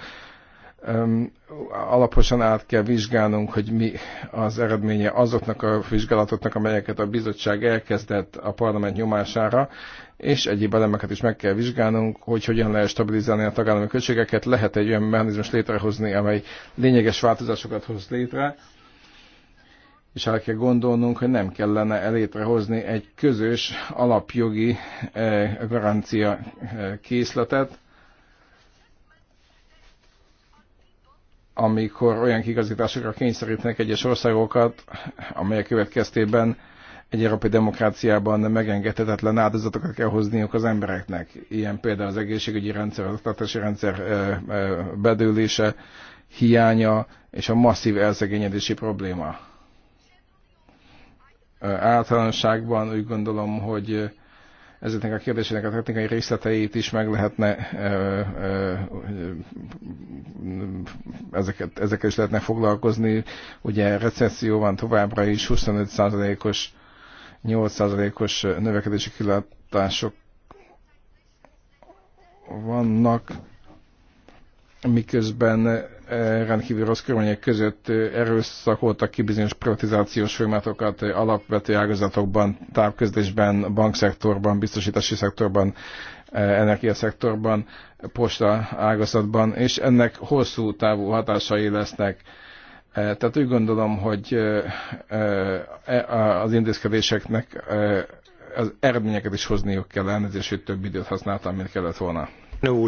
Alaposan át kell vizsgálnunk, hogy mi az eredménye azoknak a vizsgálatoknak, amelyeket a bizottság elkezdett a parlament nyomására, és egyéb elemeket is meg kell vizsgálnunk, hogy hogyan lehet stabilizálni a tagállami költségeket. Lehet egy olyan mechanizmus létrehozni, amely lényeges változásokat hoz létre, és el kell gondolnunk, hogy nem kellene elétrehozni egy közös alapjogi eh, garancia eh, készletet, amikor olyan kigazításokra kényszerítnek egyes országokat, amelyek következtében egy európai demokráciában megengedhetetlen áldozatokat kell hozniuk az embereknek. Ilyen például az egészségügyi rendszer, az oktatási rendszer eh, bedőlése, hiánya és a masszív elszegényedési probléma. Általánosságban úgy gondolom, hogy ezeknek a kérdésének a technikai részleteit is meg lehetne, ezeket, ezeket is lehetne foglalkozni. Ugye recesszió van továbbra is, 25%-os, 8%-os növekedési kilátások vannak miközben eh, rendkívül rossz körülmények között eh, erőszakoltak ki bizonyos privatizációs folyamatokat eh, alapvető ágazatokban, távközlésben, bankszektorban, biztosítási szektorban, energiaszektorban, posta ágazatban, és ennek hosszú távú hatásai lesznek. Tehát úgy gondolom, hogy e, az intézkedéseknek az eredményeket is hozniuk kell, elnézést, hogy több időt használtam, mint kellett volna. No,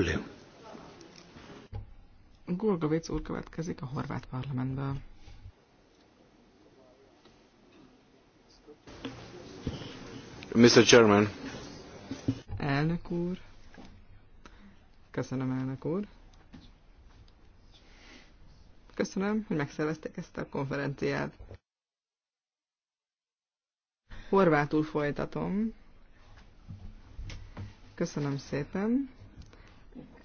Gorgovic úr következik a horvát parlamentből. Mr. Chairman. Elnök úr. Köszönöm, elnök úr. Köszönöm, hogy megszervezték ezt a konferenciát. Horvátul folytatom. Köszönöm szépen.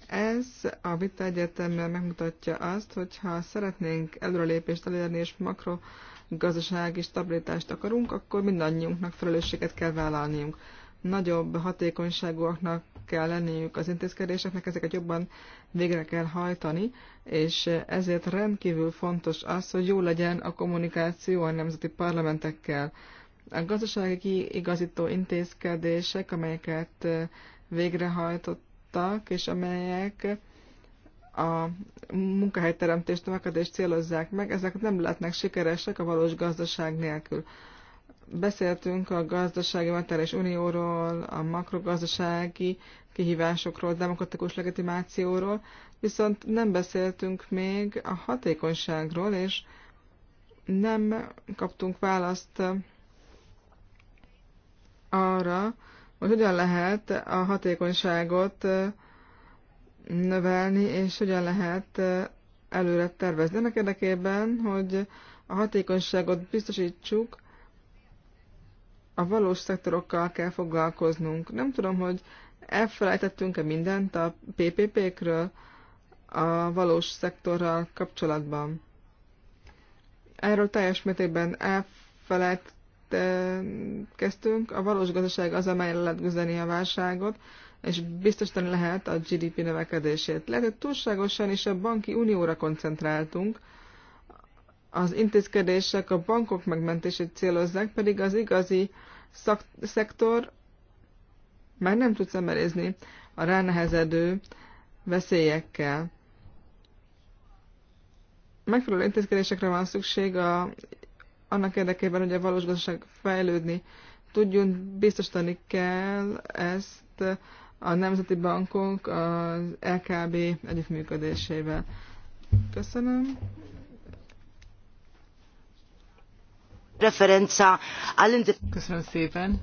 Ez a vita egyértelműen megmutatja azt, hogy ha szeretnénk előrelépést elérni és makrogazdasági stabilitást akarunk, akkor mindannyiunknak felelősséget kell vállalniunk. Nagyobb hatékonyságúaknak kell lenniük az intézkedéseknek, ezeket jobban végre kell hajtani, és ezért rendkívül fontos az, hogy jó legyen a kommunikáció a nemzeti parlamentekkel. A gazdasági igazító intézkedések, amelyeket eh, végrehajtott hoztak, és amelyek a munkahelyteremtés növekedést célozzák meg, ezek nem lehetnek sikeresek a valós gazdaság nélkül. Beszéltünk a gazdasági materiális unióról, a makrogazdasági kihívásokról, demokratikus legitimációról, viszont nem beszéltünk még a hatékonyságról, és nem kaptunk választ arra, hogy hogyan lehet a hatékonyságot növelni, és hogyan lehet előre tervezni. Ennek érdekében, hogy a hatékonyságot biztosítsuk, a valós szektorokkal kell foglalkoznunk. Nem tudom, hogy elfelejtettünk-e mindent a PPP-kről a valós szektorral kapcsolatban. Erről teljes mértékben elfelejtettünk kezdtünk. A valós gazdaság az, amely lehet üzeni a válságot, és biztosan lehet a GDP növekedését. Lehet, hogy túlságosan is a banki unióra koncentráltunk, az intézkedések a bankok megmentését célozzák, pedig az igazi szak- szektor már nem tud szemerézni a ránehezedő veszélyekkel. Megfelelő intézkedésekre van szükség a annak érdekében, hogy a valós gazdaság fejlődni tudjon, biztosítani kell ezt a nemzeti Bankunk az LKB együttműködésével. Köszönöm. Köszönöm szépen.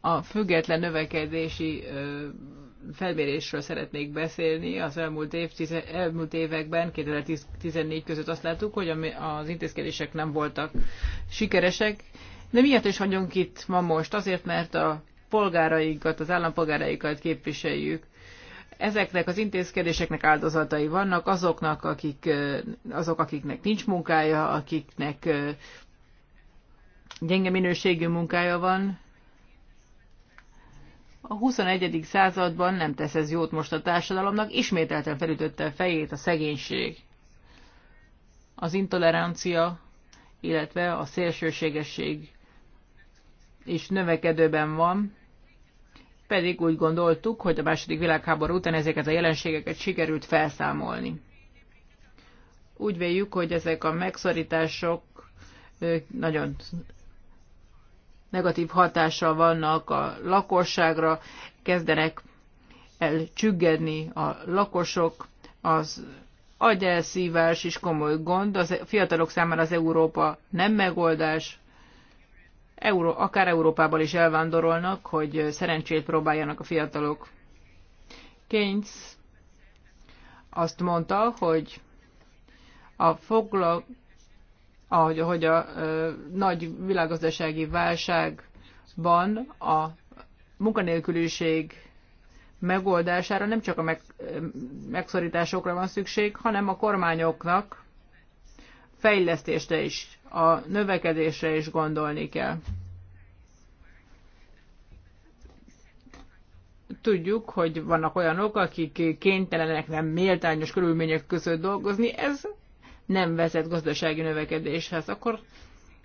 A független növekedési felmérésről szeretnék beszélni. Az elmúlt, év, tize, elmúlt években, 2014 között azt láttuk, hogy az intézkedések nem voltak sikeresek. De miért is hagyunk itt ma most? Azért, mert a polgáraikat, az állampolgáraikat képviseljük. Ezeknek az intézkedéseknek áldozatai vannak, azoknak, akik, azok, akiknek nincs munkája, akiknek gyenge minőségű munkája van, a 21. században nem tesz ez jót most a társadalomnak, ismételten felütötte a fejét a szegénység, az intolerancia, illetve a szélsőségesség is növekedőben van, pedig úgy gondoltuk, hogy a második világháború után ezeket a jelenségeket sikerült felszámolni. Úgy véljük, hogy ezek a megszorítások nagyon negatív hatással vannak a lakosságra, kezdenek el csüggedni a lakosok, az agyelszívás is komoly gond, az fiatalok számára az Európa nem megoldás, Euró, akár Európából is elvándorolnak, hogy szerencsét próbáljanak a fiatalok. Keynes azt mondta, hogy a, fogla, ahogy ahogy a nagy világgazdasági válságban a munkanélküliség megoldására nem csak a meg, megszorításokra van szükség, hanem a kormányoknak fejlesztésre is, a növekedésre is gondolni kell. Tudjuk, hogy vannak olyanok, akik kénytelenek nem méltányos körülmények között dolgozni. Ez nem vezet gazdasági növekedéshez, akkor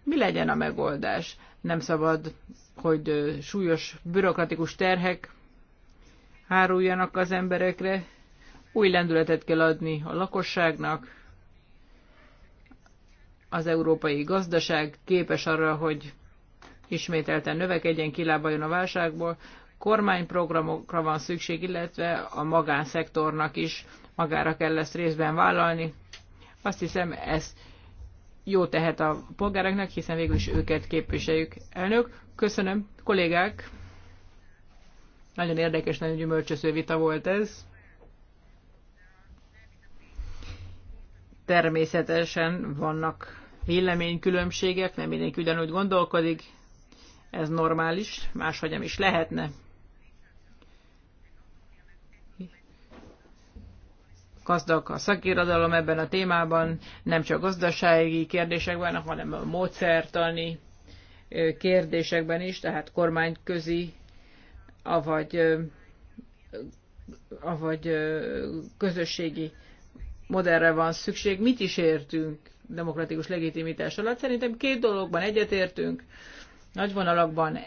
mi legyen a megoldás? Nem szabad, hogy súlyos bürokratikus terhek háruljanak az emberekre, új lendületet kell adni a lakosságnak, az európai gazdaság képes arra, hogy ismételten növekedjen, kilábaljon a válságból, kormányprogramokra van szükség, illetve a magánszektornak is magára kell ezt részben vállalni, azt hiszem, ez jó tehet a polgáraknak, hiszen végül is őket képviseljük. Elnök, köszönöm, kollégák! Nagyon érdekes, nagyon gyümölcsöző vita volt ez. Természetesen vannak véleménykülönbségek, nem mindenki ugyanúgy gondolkodik, ez normális, máshogy nem is lehetne. gazdag a szakirodalom ebben a témában, nem csak gazdasági kérdésekben, hanem a módszertani kérdésekben is, tehát kormányközi, avagy, avagy közösségi modellre van szükség. Mit is értünk demokratikus legitimitás alatt? Szerintem két dologban egyetértünk, nagy vonalakban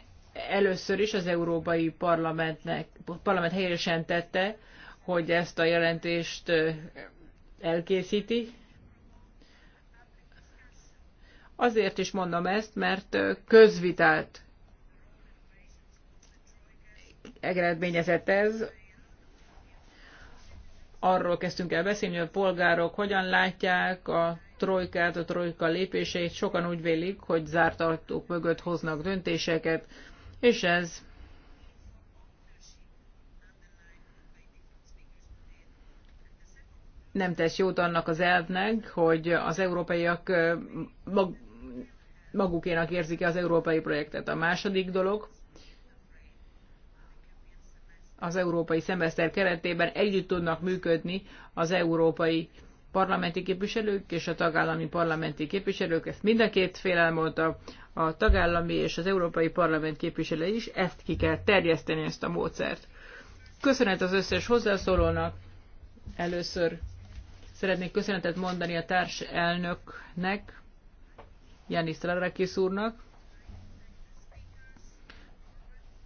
először is az Európai Parlamentnek, parlament helyesen tette, hogy ezt a jelentést elkészíti. Azért is mondom ezt, mert közvitát eredményezett ez. Arról kezdtünk el beszélni, hogy a polgárok hogyan látják a trojkát, a trojka lépéseit. Sokan úgy vélik, hogy zárt mögött hoznak döntéseket, és ez nem tesz jót annak az elvnek, hogy az európaiak mag, magukénak érzik az európai projektet. A második dolog, az európai szemeszter keretében együtt tudnak működni az európai parlamenti képviselők és a tagállami parlamenti képviselők. Ezt mind a két fél elmondta a tagállami és az európai parlament képviselő is. Ezt ki kell terjeszteni, ezt a módszert. Köszönet az összes hozzászólónak. Először Szeretnék köszönetet mondani a társ elnöknek, Janis Radrakis úrnak,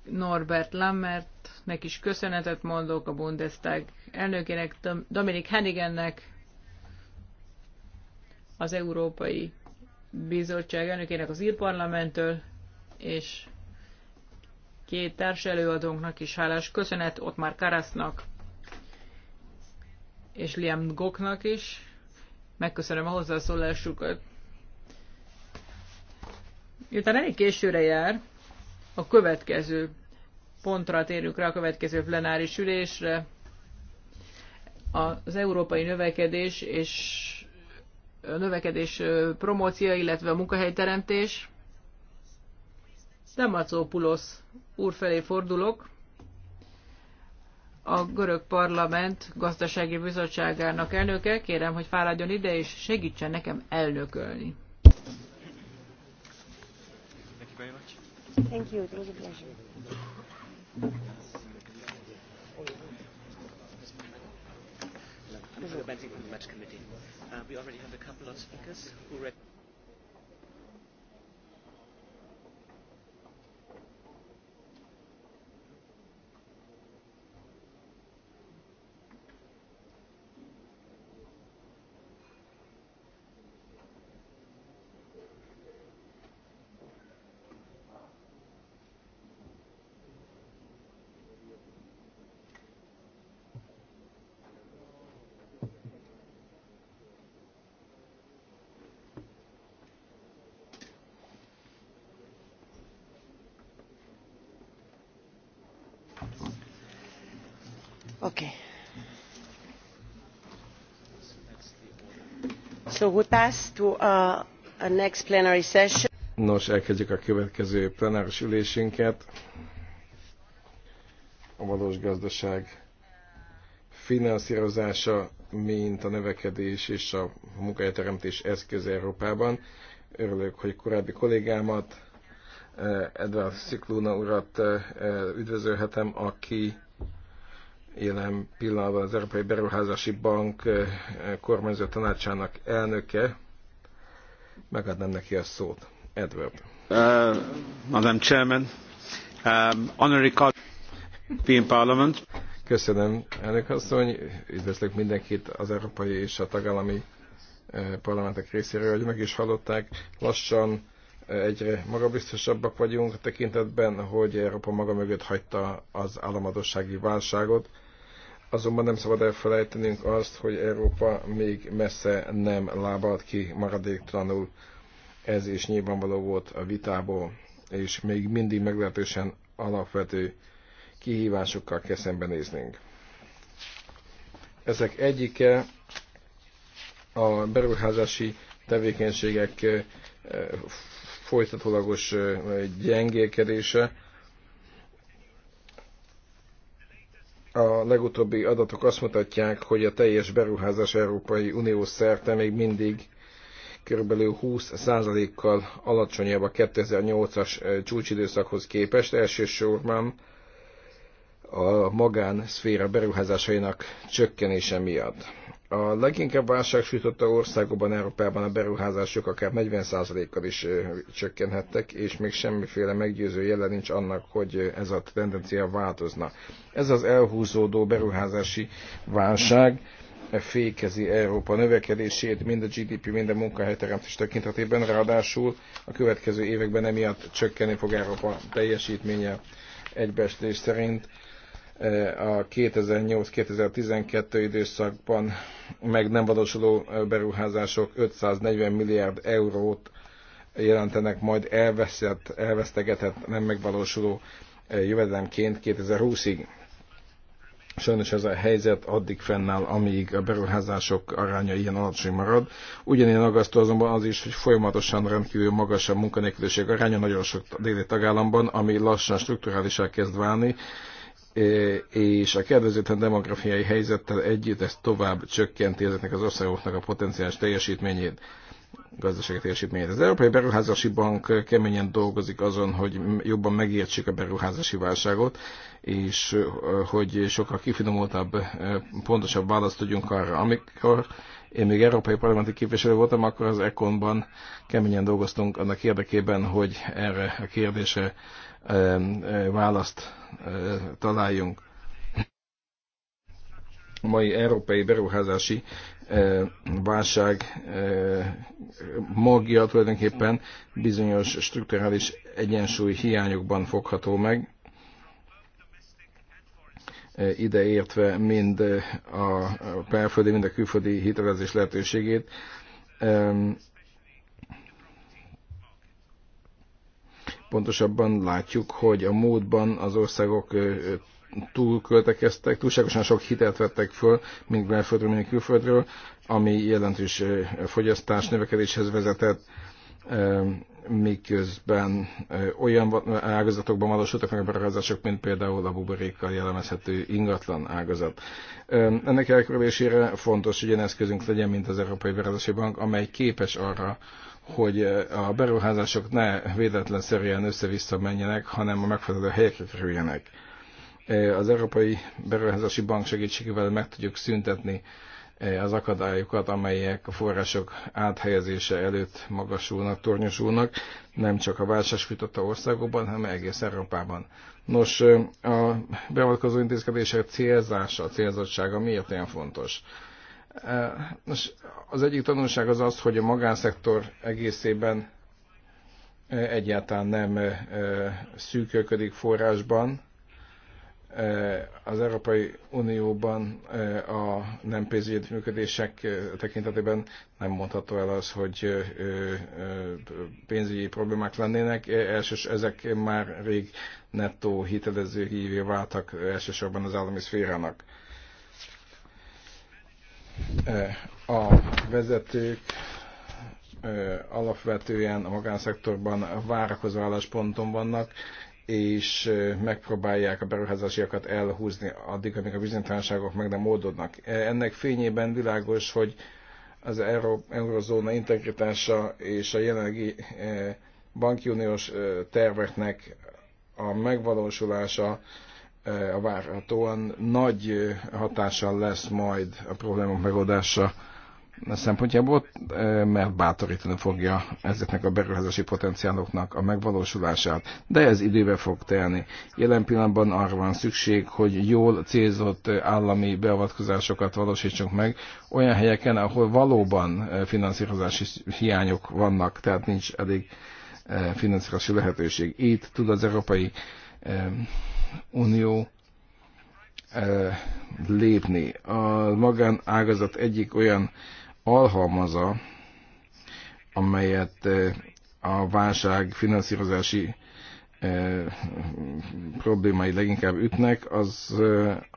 Norbert Lammertnek is köszönetet mondok, a Bundestag elnökének, Dominik Hennigennek, az Európai Bizottság elnökének az írparlamenttől, és két társelőadónknak is hálás köszönet, ott már Karasznak, és Liam Goknak is. Megköszönöm a hozzászólásukat. Miután elég későre jár, a következő pontra térünk rá a következő plenáris ülésre. Az európai növekedés és a növekedés promócia, illetve a munkahelyteremtés. Demacópulosz úr felé fordulok a görög parlament gazdasági bizottságának elnöke. Kérem, hogy fáradjon ide és segítsen nekem elnökölni. Thank you. Thank you. Okay. So we pass to a, uh, a next plenary session. Nos, elkezdjük a következő plenáris ülésünket. A valós gazdaság finanszírozása, mint a növekedés és a munkahelyteremtés eszköz Európában. Örülök, hogy korábbi kollégámat, eh, Edvard Sziklóna urat eh, eh, üdvözölhetem, aki jelen pillanatban az Európai Beruházási Bank eh, eh, kormányzó tanácsának elnöke. Megadnám neki a szót. Edward. Uh, Madam Chairman, um, honorary European Parliament. Köszönöm, elnök asszony. Üdvözlök mindenkit az európai és a tagállami eh, parlamentek részéről, hogy meg is hallották. Lassan egyre magabiztosabbak vagyunk a tekintetben, hogy Európa maga mögött hagyta az államadossági válságot, Azonban nem szabad elfelejtenünk azt, hogy Európa még messze nem lábad ki maradéktalanul. Ez is nyilvánvaló volt a vitából, és még mindig meglehetősen alapvető kihívásokkal kell szembenéznünk. Ezek egyike a beruházási tevékenységek eh, folytatólagos eh, gyengélkedése, A legutóbbi adatok azt mutatják, hogy a teljes beruházás Európai Unió szerte még mindig körülbelül 20%-kal alacsonyabb a 2008-as eh, csúcsidőszakhoz képest, elsősorban a magánszféra beruházásainak csökkenése miatt. A leginkább válság sütötte országokban, Európában a beruházások akár 40%-kal is csökkenhettek, és még semmiféle meggyőző jele nincs annak, hogy ez a tendencia változna. Ez az elhúzódó beruházási válság fékezi Európa növekedését, mind a GDP, mind a munkahelyteremtés tekintetében, ráadásul a következő években emiatt csökkenni fog Európa teljesítménye egybeestés szerint a 2008-2012 időszakban meg nem valósuló beruházások 540 milliárd eurót jelentenek majd elveszett, elvesztegetett, nem megvalósuló eh, jövedelemként 2020-ig. Sajnos ez a helyzet addig fennáll, amíg a beruházások aránya ilyen alacsony marad. Ugyanilyen aggasztó azonban az is, hogy folyamatosan rendkívül magas a munkanélküliség aránya nagyon sok déli tagállamban, ami lassan strukturálisá kezd válni, E, és a kedvezőtlen demográfiai helyzettel együtt ez tovább csökkenti ezeknek az országoknak a potenciális teljesítményét, gazdasági teljesítményét. Az Európai Beruházási Bank keményen dolgozik azon, hogy jobban megértsük a beruházási válságot, és hogy sokkal kifinomultabb, pontosabb választ tudjunk arra. Amikor én még európai parlamenti képviselő voltam, akkor az Econban keményen dolgoztunk annak érdekében, hogy erre a kérdésre választ találjunk. A mai európai beruházási válság magja tulajdonképpen bizonyos strukturális egyensúly hiányokban fogható meg, e, ideértve mind a belföldi, mind a külföldi hitelezés lehetőségét Pontosabban látjuk, hogy a módban az országok túlköltekeztek, túlságosan sok hitelt vettek föl, mind belföldről, mind külföldről, ami jelentős fogyasztás növekedéshez vezetett, miközben olyan ágazatokban valósultak meg a beruházások, mint például a buborékkal jellemezhető ingatlan ágazat. Ennek elkerülésére fontos, hogy ilyen eszközünk legyen, mint az Európai Beruházási Bank, amely képes arra, hogy eh, a beruházások ne védetlenszerűen össze-vissza menjenek, hanem a megfelelő helyekre kerüljenek. Eh, az Európai Beruházási Bank segítségével meg tudjuk szüntetni eh, az akadályokat, amelyek a források áthelyezése előtt magasulnak, tornyosulnak, nem csak a válság sütötte országokban, hanem egész Európában. Nos, a beavatkozó intézkedések célzása, a célzottsága miért olyan fontos? Nos, az egyik tanulság az az, hogy a magánszektor egészében egyáltalán nem szűkölködik forrásban. Az Európai Unióban a nem pénzügyi működések tekintetében nem mondható el az, hogy pénzügyi problémák lennének. Elsős, ezek már rég nettó hívé váltak elsősorban az állami szférának a vezetők alapvetően a magánszektorban várakozó állásponton vannak, és megpróbálják a beruházásiakat elhúzni addig, amíg a bizonytalanságok meg nem oldódnak. E, ennek fényében világos, hogy az eurozóna integritása és a jelenlegi e, banki uniós terveknek a megvalósulása a várhatóan nagy hatással lesz majd a problémák megoldása szempontjából, mert bátorítani fogja ezeknek a beruházási potenciáloknak a megvalósulását. De ez időbe fog telni. Jelen pillanatban arra van szükség, hogy jól célzott állami beavatkozásokat valósítsunk meg olyan helyeken, ahol valóban finanszírozási hiányok vannak, tehát nincs elég finanszírozási lehetőség. Itt tud az európai Unió eh, lépni. A magánágazat egyik olyan alhalmaza, amelyet eh, a válság finanszírozási eh, problémái leginkább ütnek, az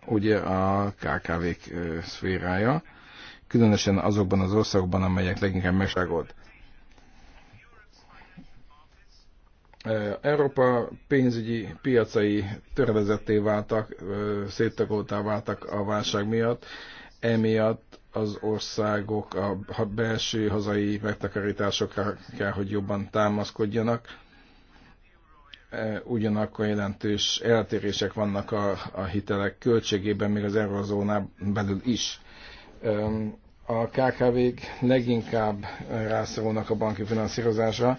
ugye a KKV-k szférája, különösen azokban az országokban, amelyek leginkább megságolt. Európa pénzügyi piacai törvezetté váltak, széttagoltá váltak a válság miatt, emiatt az országok a belső hazai megtakarításokra kell, hogy jobban támaszkodjanak. Ugyanakkor jelentős eltérések vannak a, a hitelek költségében, még az eurozónán belül is. A KKV-k leginkább rászorulnak a banki finanszírozásra,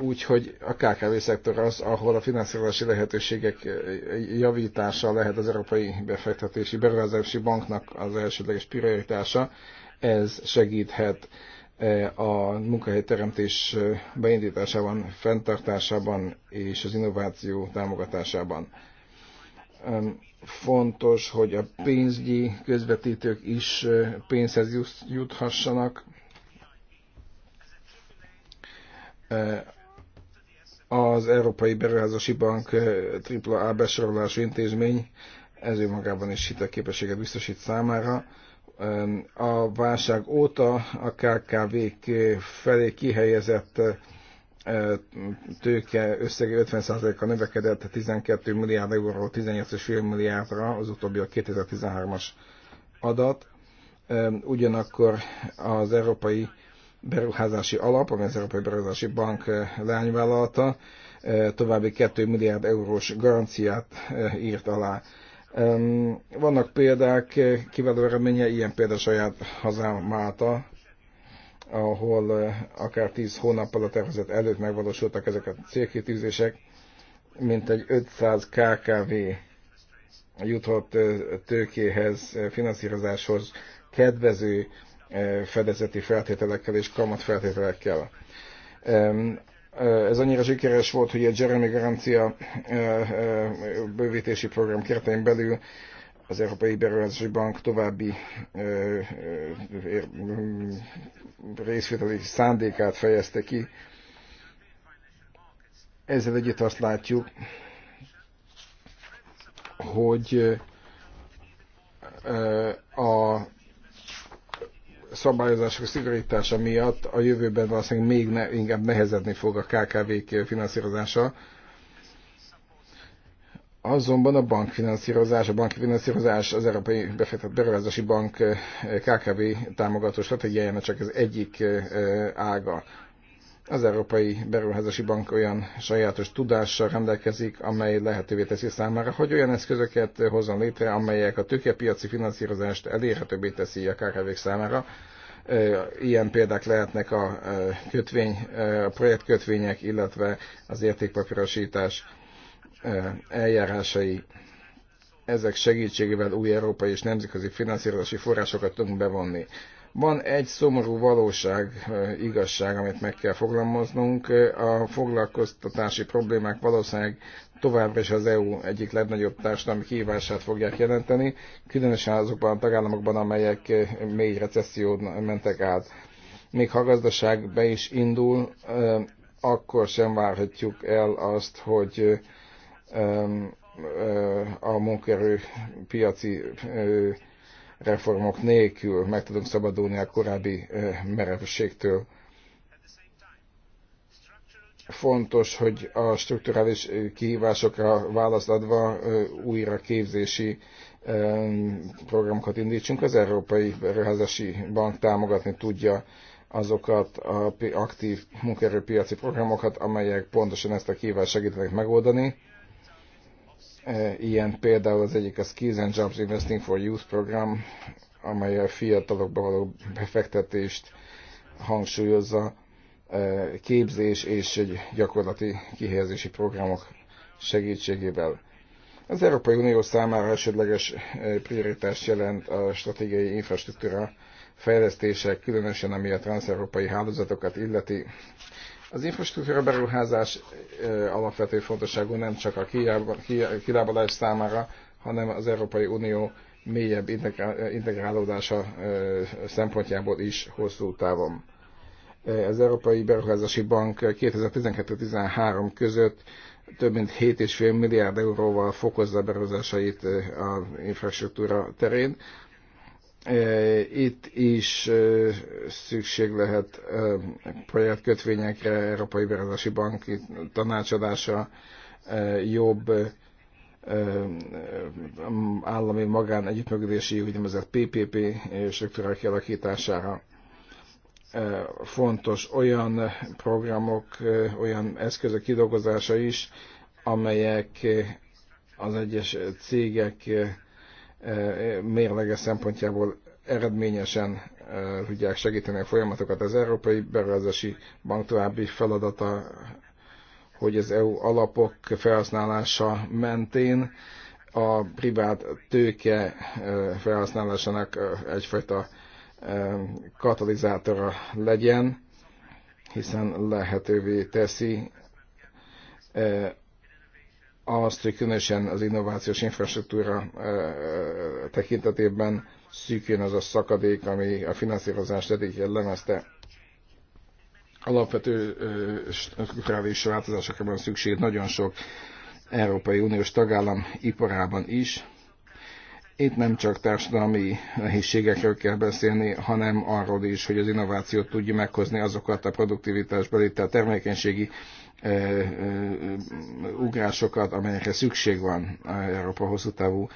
Úgyhogy a KKV szektor az, ahol a finanszírozási lehetőségek eh, javítása lehet az Európai Befektetési Beruházási Banknak az elsődleges prioritása. Ez segíthet eh, a munkahelyteremtés eh, beindításában, fenntartásában és az innováció támogatásában. Fontos, hogy a pénzügyi közvetítők is pénzhez juthassanak, Eh, az Európai Beruházási Bank AAA eh, besorolású intézmény, ez önmagában is hitelképességet biztosít számára. Eh, a válság óta a KKV-k felé kihelyezett tőke összege 50%-a növekedett 12 milliárd euróról 18,5 milliárdra, az utóbbi a 2013-as adat. Ugyanakkor az európai beruházási alap, ami az Európai Beruházási Bank eh, leányvállalta, eh, további 2 milliárd eurós garanciát eh, írt alá. Vannak példák, kiváló eredménye, ilyen példa saját hazám Málta, ahol akár 10 hónappal a tervezet előtt megvalósultak ezek a célkitűzések, mint egy 500 KKV jutott tőkéhez, finanszírozáshoz kedvező fedezeti feltételekkel és kamatfeltételekkel. Ez annyira sikeres volt, hogy a Jeremy Garancia bővítési program keretein belül az Európai Beruházási Bank további mm, részvételi szándékát fejezte ki. Ezzel együtt azt látjuk, hogy a szabályozások szigorítása miatt a jövőben valószínűleg még ne, inkább nehezedni fog a KKV-k finanszírozása. Azonban a bankfinanszírozás, a banki finanszírozás az Európai Beruházási Bank eh, KKV támogató stratégiájának csak az egyik eh, ága. Az Európai Beruházási Bank olyan sajátos tudással rendelkezik, amely lehetővé teszi számára, hogy olyan eszközöket hozzon létre, amelyek a tőkepiaci finanszírozást elérhetőbbé teszi a kkv számára. Ilyen példák lehetnek a kötvény, a projektkötvények, illetve az értékpapírosítás eljárásai. Ezek segítségével új európai és nemzetközi finanszírozási forrásokat tudunk bevonni. Van egy szomorú valóság, igazság, amit meg kell foglalmaznunk. A foglalkoztatási problémák valószínűleg továbbra is az EU egyik legnagyobb társadalmi kihívását fogják jelenteni, különösen azokban a tagállamokban, amelyek mély recessziót mentek át. Még ha a gazdaság be is indul, akkor sem várhatjuk el azt, hogy a munkerő piaci reformok nélkül meg tudunk szabadulni a korábbi merevségtől. Fontos, hogy a strukturális kihívásokra választ adva újra képzési programokat indítsunk. Az Európai Beruházási Bank támogatni tudja azokat a aktív munkaerőpiaci programokat, amelyek pontosan ezt a kihívást segítenek megoldani E, ilyen például az egyik a Skills and Jobs Investing for Youth program, amely a fiatalokba való befektetést hangsúlyozza, e, képzés és egy gyakorlati kihelyezési programok segítségével. Az Európai Unió számára elsődleges e, prioritást jelent a stratégiai infrastruktúra fejlesztése, különösen ami a transzeurópai hálózatokat illeti, az infrastruktúra beruházás alapvető fontosságú nem csak a kilábalás számára, hanem az Európai Unió mélyebb integrálódása szempontjából is hosszú távon. Az Európai Beruházási Bank 2012-13 között több mint 7,5 milliárd euróval fokozza beruházásait az infrastruktúra terén, E, itt is e, szükség lehet e, projektkötvényekre, Európai Beruházási Bank tanácsadása, jobb állami magán együttműködési úgynevezett PPP struktúrák kialakítására. Fontos olyan programok, olyan eszközök kidolgozása is, amelyek az egyes cégek mérlege szempontjából eredményesen tudják segíteni a folyamatokat. Az Európai Beruházási Bank további feladata, hogy az EU alapok felhasználása mentén a privát tőke felhasználásának egyfajta katalizátora legyen, hiszen lehetővé teszi azt, hogy különösen az innovációs infrastruktúra tekintetében szűkjön az a szakadék, ami a finanszírozást eddig jellemezte. Alapvető strukturális változásokra van szükség nagyon sok Európai Uniós tagállam iparában is. Itt nem csak társadalmi nehézségekről kell beszélni, hanem arról is, hogy az innovációt tudja meghozni azokat a produktivitásbeli, tehát termékenységi ugrásokat, amelyekre szükség van Európa hosszú távú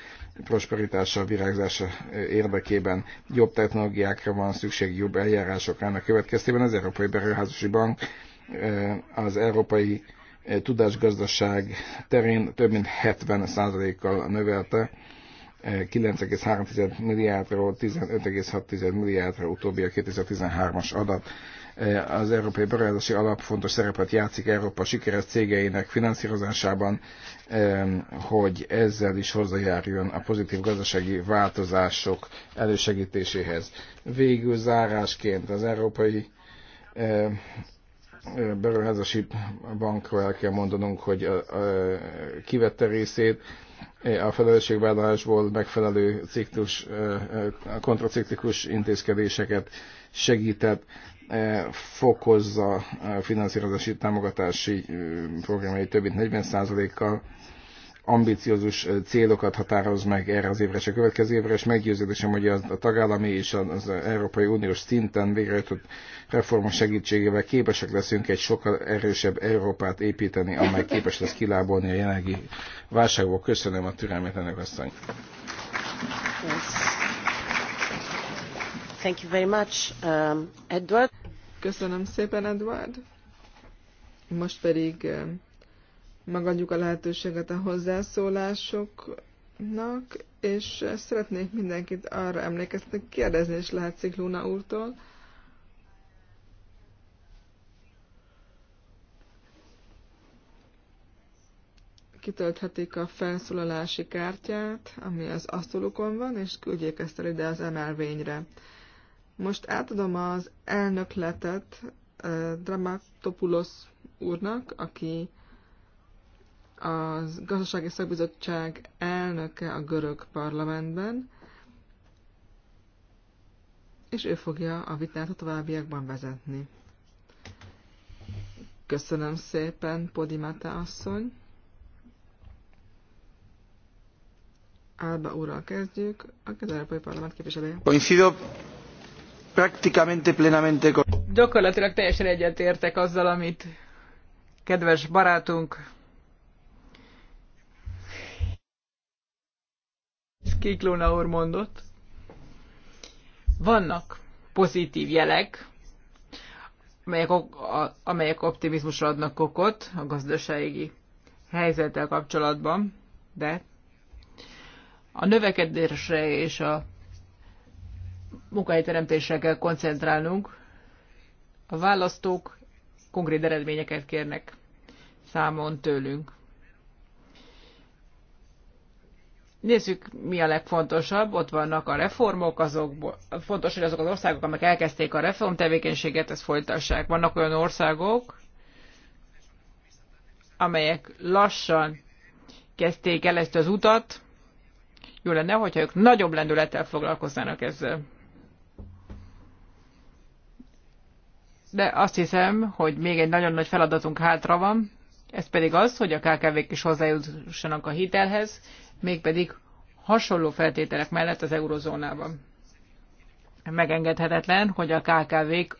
prosperitása, virágzása érdekében. Jobb technológiákra van szükség, jobb eljárásokra. Ennek következtében az Európai Beruházási Bank az Európai Tudásgazdaság terén több mint 70%-kal növelte 9,3 milliárdról 15,6 milliárdra utóbbi a 2013-as adat. Az Európai Beruházási Alap fontos szerepet játszik Európa sikeres cégeinek finanszírozásában, hogy ezzel is hozzájárjon a pozitív gazdasági változások elősegítéséhez. Végül zárásként az Európai beruházási bankról el kell mondanunk, hogy a, a, kivette részét a felelősségvállalásból megfelelő ciklus, kontraciklikus intézkedéseket segített fokozza a finanszírozási támogatási programjai több mint 40%-kal, ambiciózus célokat határoz meg erre az évre és a következő évre, és meggyőződésem, hogy a tagállami és az Európai Uniós szinten végrehajtott reformok segítségével képesek leszünk egy sokkal erősebb Európát építeni, amely képes lesz kilábolni a jelenlegi válságból. Köszönöm a türelmet ennek asszony. Yes. Thank you very much, um, Edward. Köszönöm szépen, Edward. Most pedig um, megadjuk a lehetőséget a hozzászólásoknak, és uh, szeretnék mindenkit arra emlékeztetni, kérdezni is lehet Sziklóna úrtól, kitölthetik a felszólalási kártyát, ami az asztalukon van, és küldjék ezt el ide az emelvényre. Most átadom az elnökletet eh, Dramatopoulos úrnak, aki az Gazdasági Szakbizottság elnöke a görög parlamentben, és ő fogja a vitát a továbbiakban vezetni. Köszönöm szépen, Podimata asszony. Álba úrral kezdjük, a az Európai Parlament képviselője. Coincido prácticamente plenamente... Gyakorlatilag teljesen egyetértek azzal, amit kedves barátunk Kiklóna úr mondott. Vannak pozitív jelek, amelyek, amelyek optimizmusra adnak okot a gazdasági helyzettel kapcsolatban, de a növekedésre és a munkahelyteremtésre kell koncentrálnunk. A választók konkrét eredményeket kérnek számon tőlünk. Nézzük, mi a legfontosabb. Ott vannak a reformok, azok, fontos, hogy azok az országok, amelyek elkezdték a reform tevékenységet, ezt folytassák. Vannak olyan országok, amelyek lassan kezdték el ezt az utat. Jó lenne, hogyha ők nagyobb lendülettel foglalkoznának ezzel. de azt hiszem, hogy még egy nagyon nagy feladatunk hátra van, ez pedig az, hogy a KKV-k is hozzájussanak a hitelhez, mégpedig hasonló feltételek mellett az eurozónában. Megengedhetetlen, hogy a KKV-k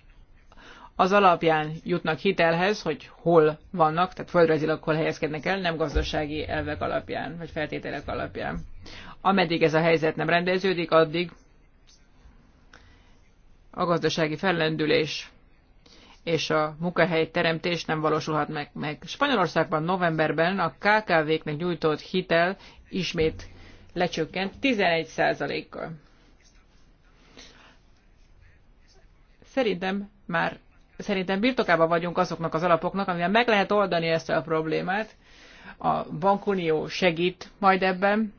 az alapján jutnak hitelhez, hogy hol vannak, tehát földrajzilag hol helyezkednek el, nem gazdasági elvek alapján, vagy feltételek alapján. Ameddig ez a helyzet nem rendeződik, addig a gazdasági fellendülés és a munkahely teremtés nem valósulhat meg. meg. Spanyolországban novemberben a KKV-knek nyújtott hitel ismét lecsökkent 11%-kal. Szerintem már szerintem birtokában vagyunk azoknak az alapoknak, amivel meg lehet oldani ezt a problémát. A bankunió segít majd ebben,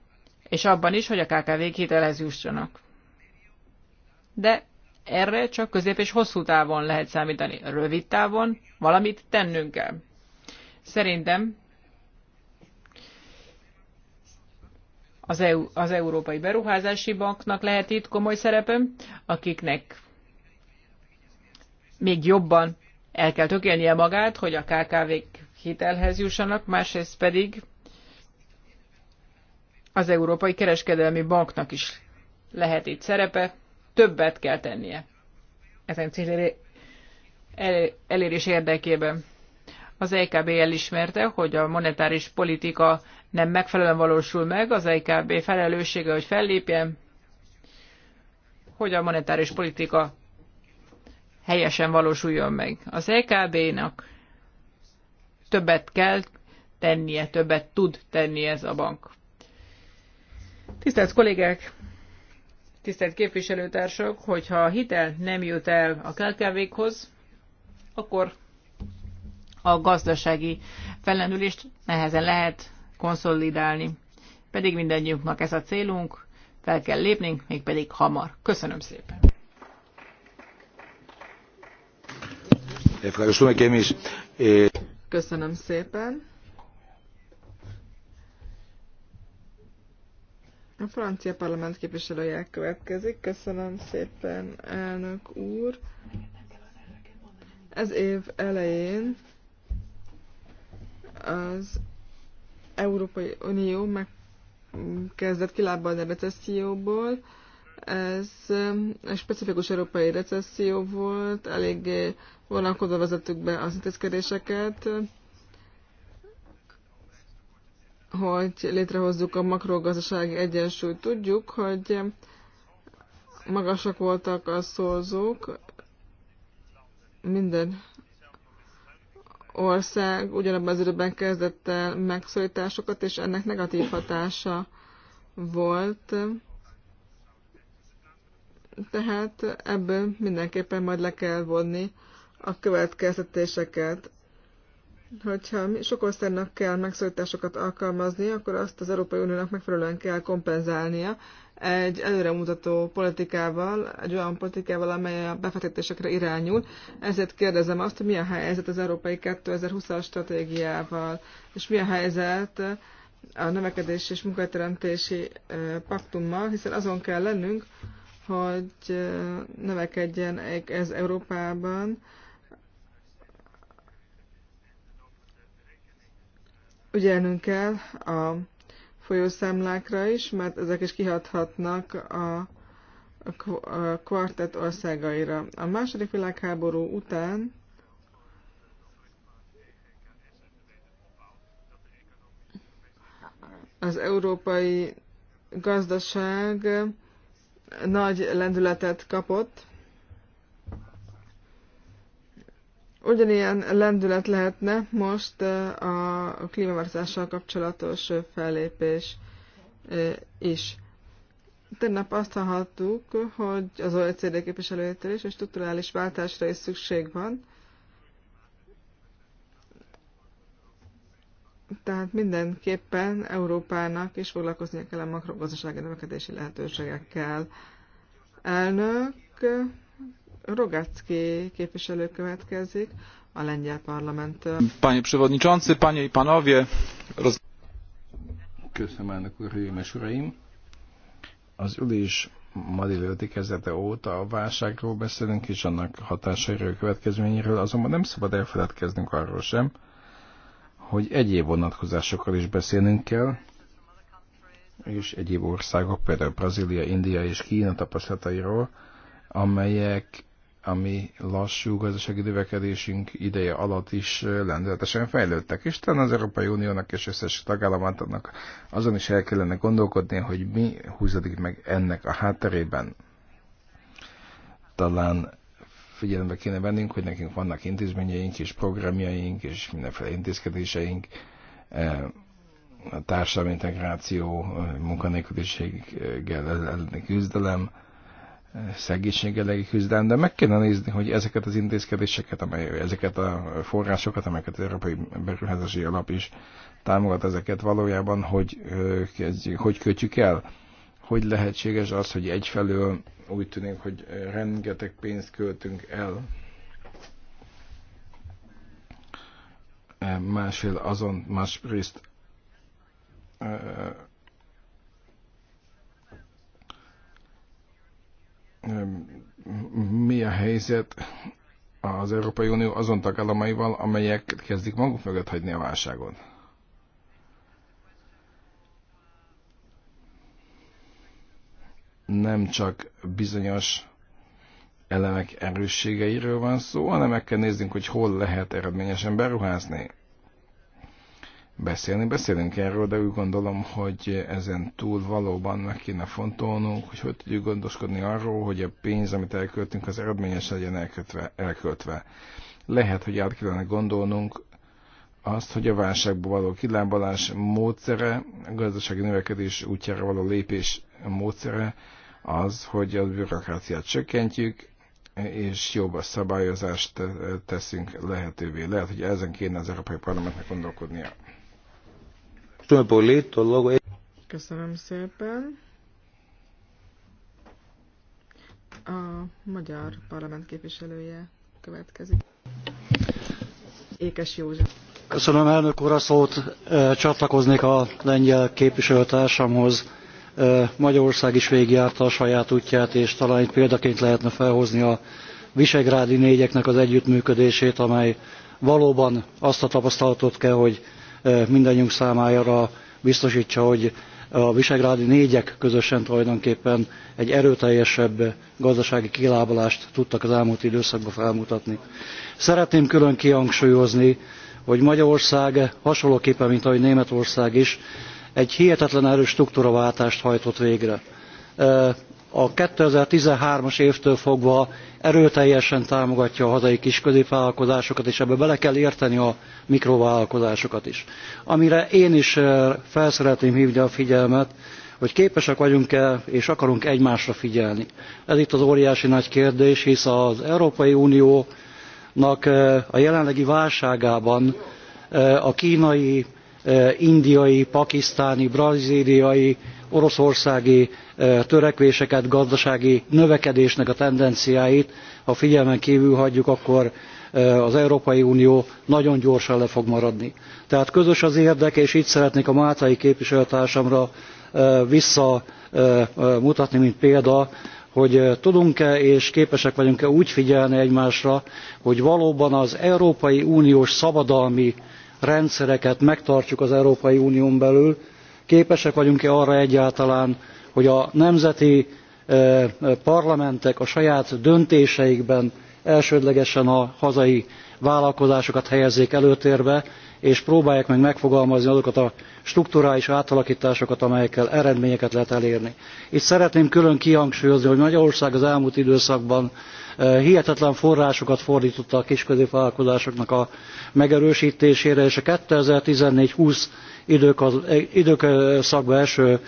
és abban is, hogy a KKV-k hitelhez jussanak. De erre csak közép és hosszú távon lehet számítani. Rövid távon valamit tennünk kell. Szerintem az, EU, az Európai Beruházási Banknak lehet itt komoly szerepe, akiknek még jobban el kell tökélnie magát, hogy a KKV-k hitelhez jussanak, másrészt pedig az Európai Kereskedelmi Banknak is lehet itt szerepe, többet kell tennie ezen cél elérés érdekében. Az EKB elismerte, hogy a monetáris politika nem megfelelően valósul meg, az EKB felelőssége, hogy fellépjen, hogy a monetáris politika helyesen valósuljon meg. Az EKB-nak többet kell tennie, többet tud tenni ez a bank. Tisztelt kollégák, tisztelt képviselőtársak, hogyha a hitel nem jut el a KKV-khoz, akkor a gazdasági fellendülést nehezen lehet konszolidálni. Pedig mindannyiunknak ez a célunk, fel kell lépnünk, mégpedig hamar. Köszönöm szépen! Eh, Köszönöm szépen! A francia parlament képviselője következik. Köszönöm szépen, elnök úr. Ez év elején az Európai Unió megkezdett kilábalni a recesszióból. Ez egy specifikus európai recesszió volt, elég vonakodva vezettük be az intézkedéseket hogy létrehozzuk a makrogazdasági egyensúlyt. Tudjuk, hogy magasak voltak a szózók, minden ország ugyanabban az időben kezdett el megszorításokat, és ennek negatív hatása volt. Tehát ebből mindenképpen majd le kell vonni a következtetéseket hogyha sok országnak kell megszorításokat alkalmazni, akkor azt az Európai Uniónak megfelelően kell kompenzálnia egy előremutató politikával, egy olyan politikával, amely a befektetésekre irányul. Ezért kérdezem azt, hogy mi a helyzet az Európai 2020-as stratégiával, és mi a helyzet a növekedés és munkateremtési paktummal, hiszen azon kell lennünk, hogy növekedjen ez Európában, ügyelnünk kell a folyószámlákra is, mert ezek is kihathatnak a kvartett országaira. A második világháború után az európai gazdaság nagy lendületet kapott, Ugyanilyen lendület lehetne most eh, a klímaváltozással kapcsolatos eh, fellépés eh, is. Tegnap azt hallhattuk, hogy az OECD képviselőjétől is, hogy strukturális váltásra is szükség van. Tehát mindenképpen Európának is foglalkoznia kell a makrogazdasági növekedési lehetőségekkel. Elnök, Rogacki képviselő következik a lengyel parlamenttől. Panie przewodniczący, panie i panowie. Roz... Köszönöm elnök úr, és uraim. Az ülés ma délelőtti kezdete óta a válságról beszélünk, és annak hatásairól, következményéről, azonban nem szabad elfeledkeznünk arról sem, hogy egyéb vonatkozásokkal is beszélnünk kell, és egyéb országok, például Brazília, India és Kína tapasztalatairól, amelyek ami lassú gazdasági növekedésünk ideje alatt is lendületesen fejlődtek, és talán az Európai Uniónak és összes tagállamátoknak azon is el kellene gondolkodni, hogy mi húzódik meg ennek a hátterében. Talán figyelembe kéne vennünk, hogy nekünk vannak intézményeink és programjaink és mindenféle intézkedéseink, a társadalmi integráció, munkanélküliséggel elleni küzdelem, szegénységgel küzdelem, de meg kéne nézni, hogy ezeket az intézkedéseket, amely, ezeket a forrásokat, amelyeket az Európai Beruházási Alap is támogat ezeket valójában, hogy, hogy kötjük el. Hogy lehetséges az, hogy egyfelől úgy tűnik, hogy rengeteg pénzt költünk el, másfél azon, másrészt mi a helyzet az Európai Unió azon tagállamaival, amelyek kezdik maguk mögött hagyni a válságot? Nem csak bizonyos elemek erősségeiről van szó, hanem meg kell néznünk, hogy hol lehet eredményesen beruházni beszélni. Beszélünk erről, de úgy gondolom, hogy ezen túl valóban meg kéne fontolnunk, hogy hogy tudjuk gondoskodni arról, hogy a pénz, amit elköltünk, az eredményes legyen elköltve. elköltve. Lehet, hogy át kellene gondolnunk azt, hogy a válságból való kilábalás módszere, a gazdasági növekedés útjára való lépés módszere az, hogy a bürokráciát csökkentjük, és jobb a szabályozást teszünk lehetővé. Lehet, hogy ezen kéne az Európai Parlamentnek gondolkodnia. Köszönöm szépen. A magyar parlament képviselője következik. Ékes József. Köszönöm elnök úr a szót. E, csatlakoznék a lengyel képviselőtársamhoz. E, Magyarország is végigjárta a saját útját, és talán itt példaként lehetne felhozni a visegrádi négyeknek az együttműködését, amely valóban azt a tapasztalatot kell, hogy mindannyiunk számára biztosítsa, hogy a visegrádi négyek közösen tulajdonképpen egy erőteljesebb gazdasági kilábalást tudtak az elmúlt időszakban felmutatni. Szeretném külön kihangsúlyozni, hogy Magyarország hasonlóképpen, mint ahogy Németország is, egy hihetetlen erős struktúraváltást hajtott végre a thirteen as évtől fogva erőteljesen támogatja a hazai középvállalkozásokat és ebbe bele kell érteni a mikrovállalkozásokat is. Amire én is eh, fel szeretném hívni a figyelmet, hogy képesek vagyunk-e és akarunk egymásra figyelni. Ez itt az óriási nagy kérdés, hisz az Európai Uniónak eh, a jelenlegi válságában eh, a kínai, indiai, pakisztáni, brazíliai, oroszországi eh, törekvéseket, gazdasági növekedésnek a tendenciáit, ha figyelmen kívül hagyjuk, akkor eh, az Európai Unió nagyon gyorsan le fog maradni. Tehát közös az érdek, és itt szeretnék a Máltai képviselőtársamra eh, visszamutatni, mint példa, hogy tudunk-e és képesek vagyunk-e úgy figyelni egymásra, hogy valóban az Európai Uniós szabadalmi rendszereket megtartjuk az Európai Unión belül, képesek vagyunk-e arra egyáltalán, hogy a nemzeti parlamentek a saját döntéseikben elsődlegesen a hazai vállalkozásokat helyezzék előtérbe, és próbálják meg megfogalmazni azokat a strukturális átalakításokat, amelyekkel eredményeket lehet elérni. Itt szeretném külön kihangsúlyozni, hogy Magyarország az elmúlt időszakban hihetetlen forrásokat fordított a kisközépvállalkozásoknak a megerőstésére és a two thousand and fourteen twenty időszakba eső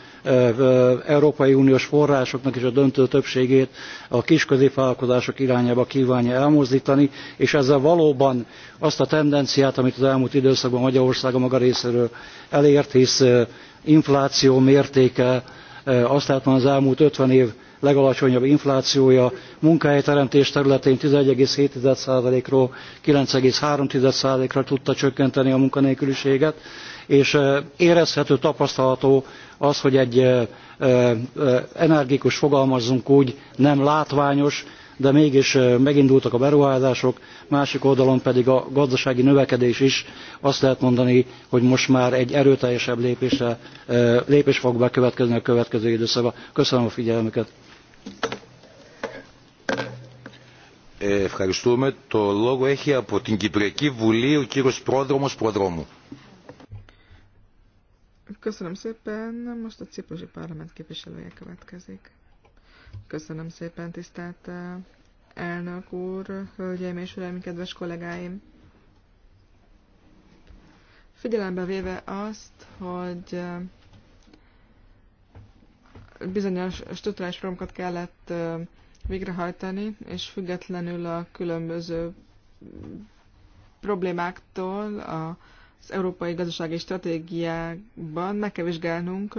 európai uniós forrásoknak is a döntő többségét a kisközépvállalkozások irányába kvánja elmozdtani és ezzel valóban azt a tendenciát amit az elmúlt időszakban magyarország a maga részéről elért hisz infláció mértéke azt láttam az elmúlt fifty év legalacsonyabb inflációja, munkahelyteremtés területén 11,7%-ról 9,3%-ra tudta csökkenteni a munkanélküliséget, és érezhető, tapasztalható az, hogy egy energikus, fogalmazzunk úgy, nem látványos, de mégis megindultak a beruházások, másik oldalon pedig a gazdasági növekedés is azt lehet mondani, hogy most már egy erőteljesebb lépésre, lépés fog bekövetkezni a következő időszakban. Köszönöm a figyelmüket! Ευχαριστούμε. Το λόγο έχει από την Κυπριακή Βουλή ο κύριος Πρόδρομος Προδρόμου. Köszönöm szépen, most a ciprusi parlament képviselője következik. Köszönöm szépen, tisztelt eh, elnök úr, hölgyeim és uraim, kedves kollégáim! Figyelembe véve azt, hogy eh, bizonyos struktúrális programokat kellett végrehajtani, és függetlenül a különböző mm, problémáktól az európai gazdasági stratégiákban meg kell vizsgálnunk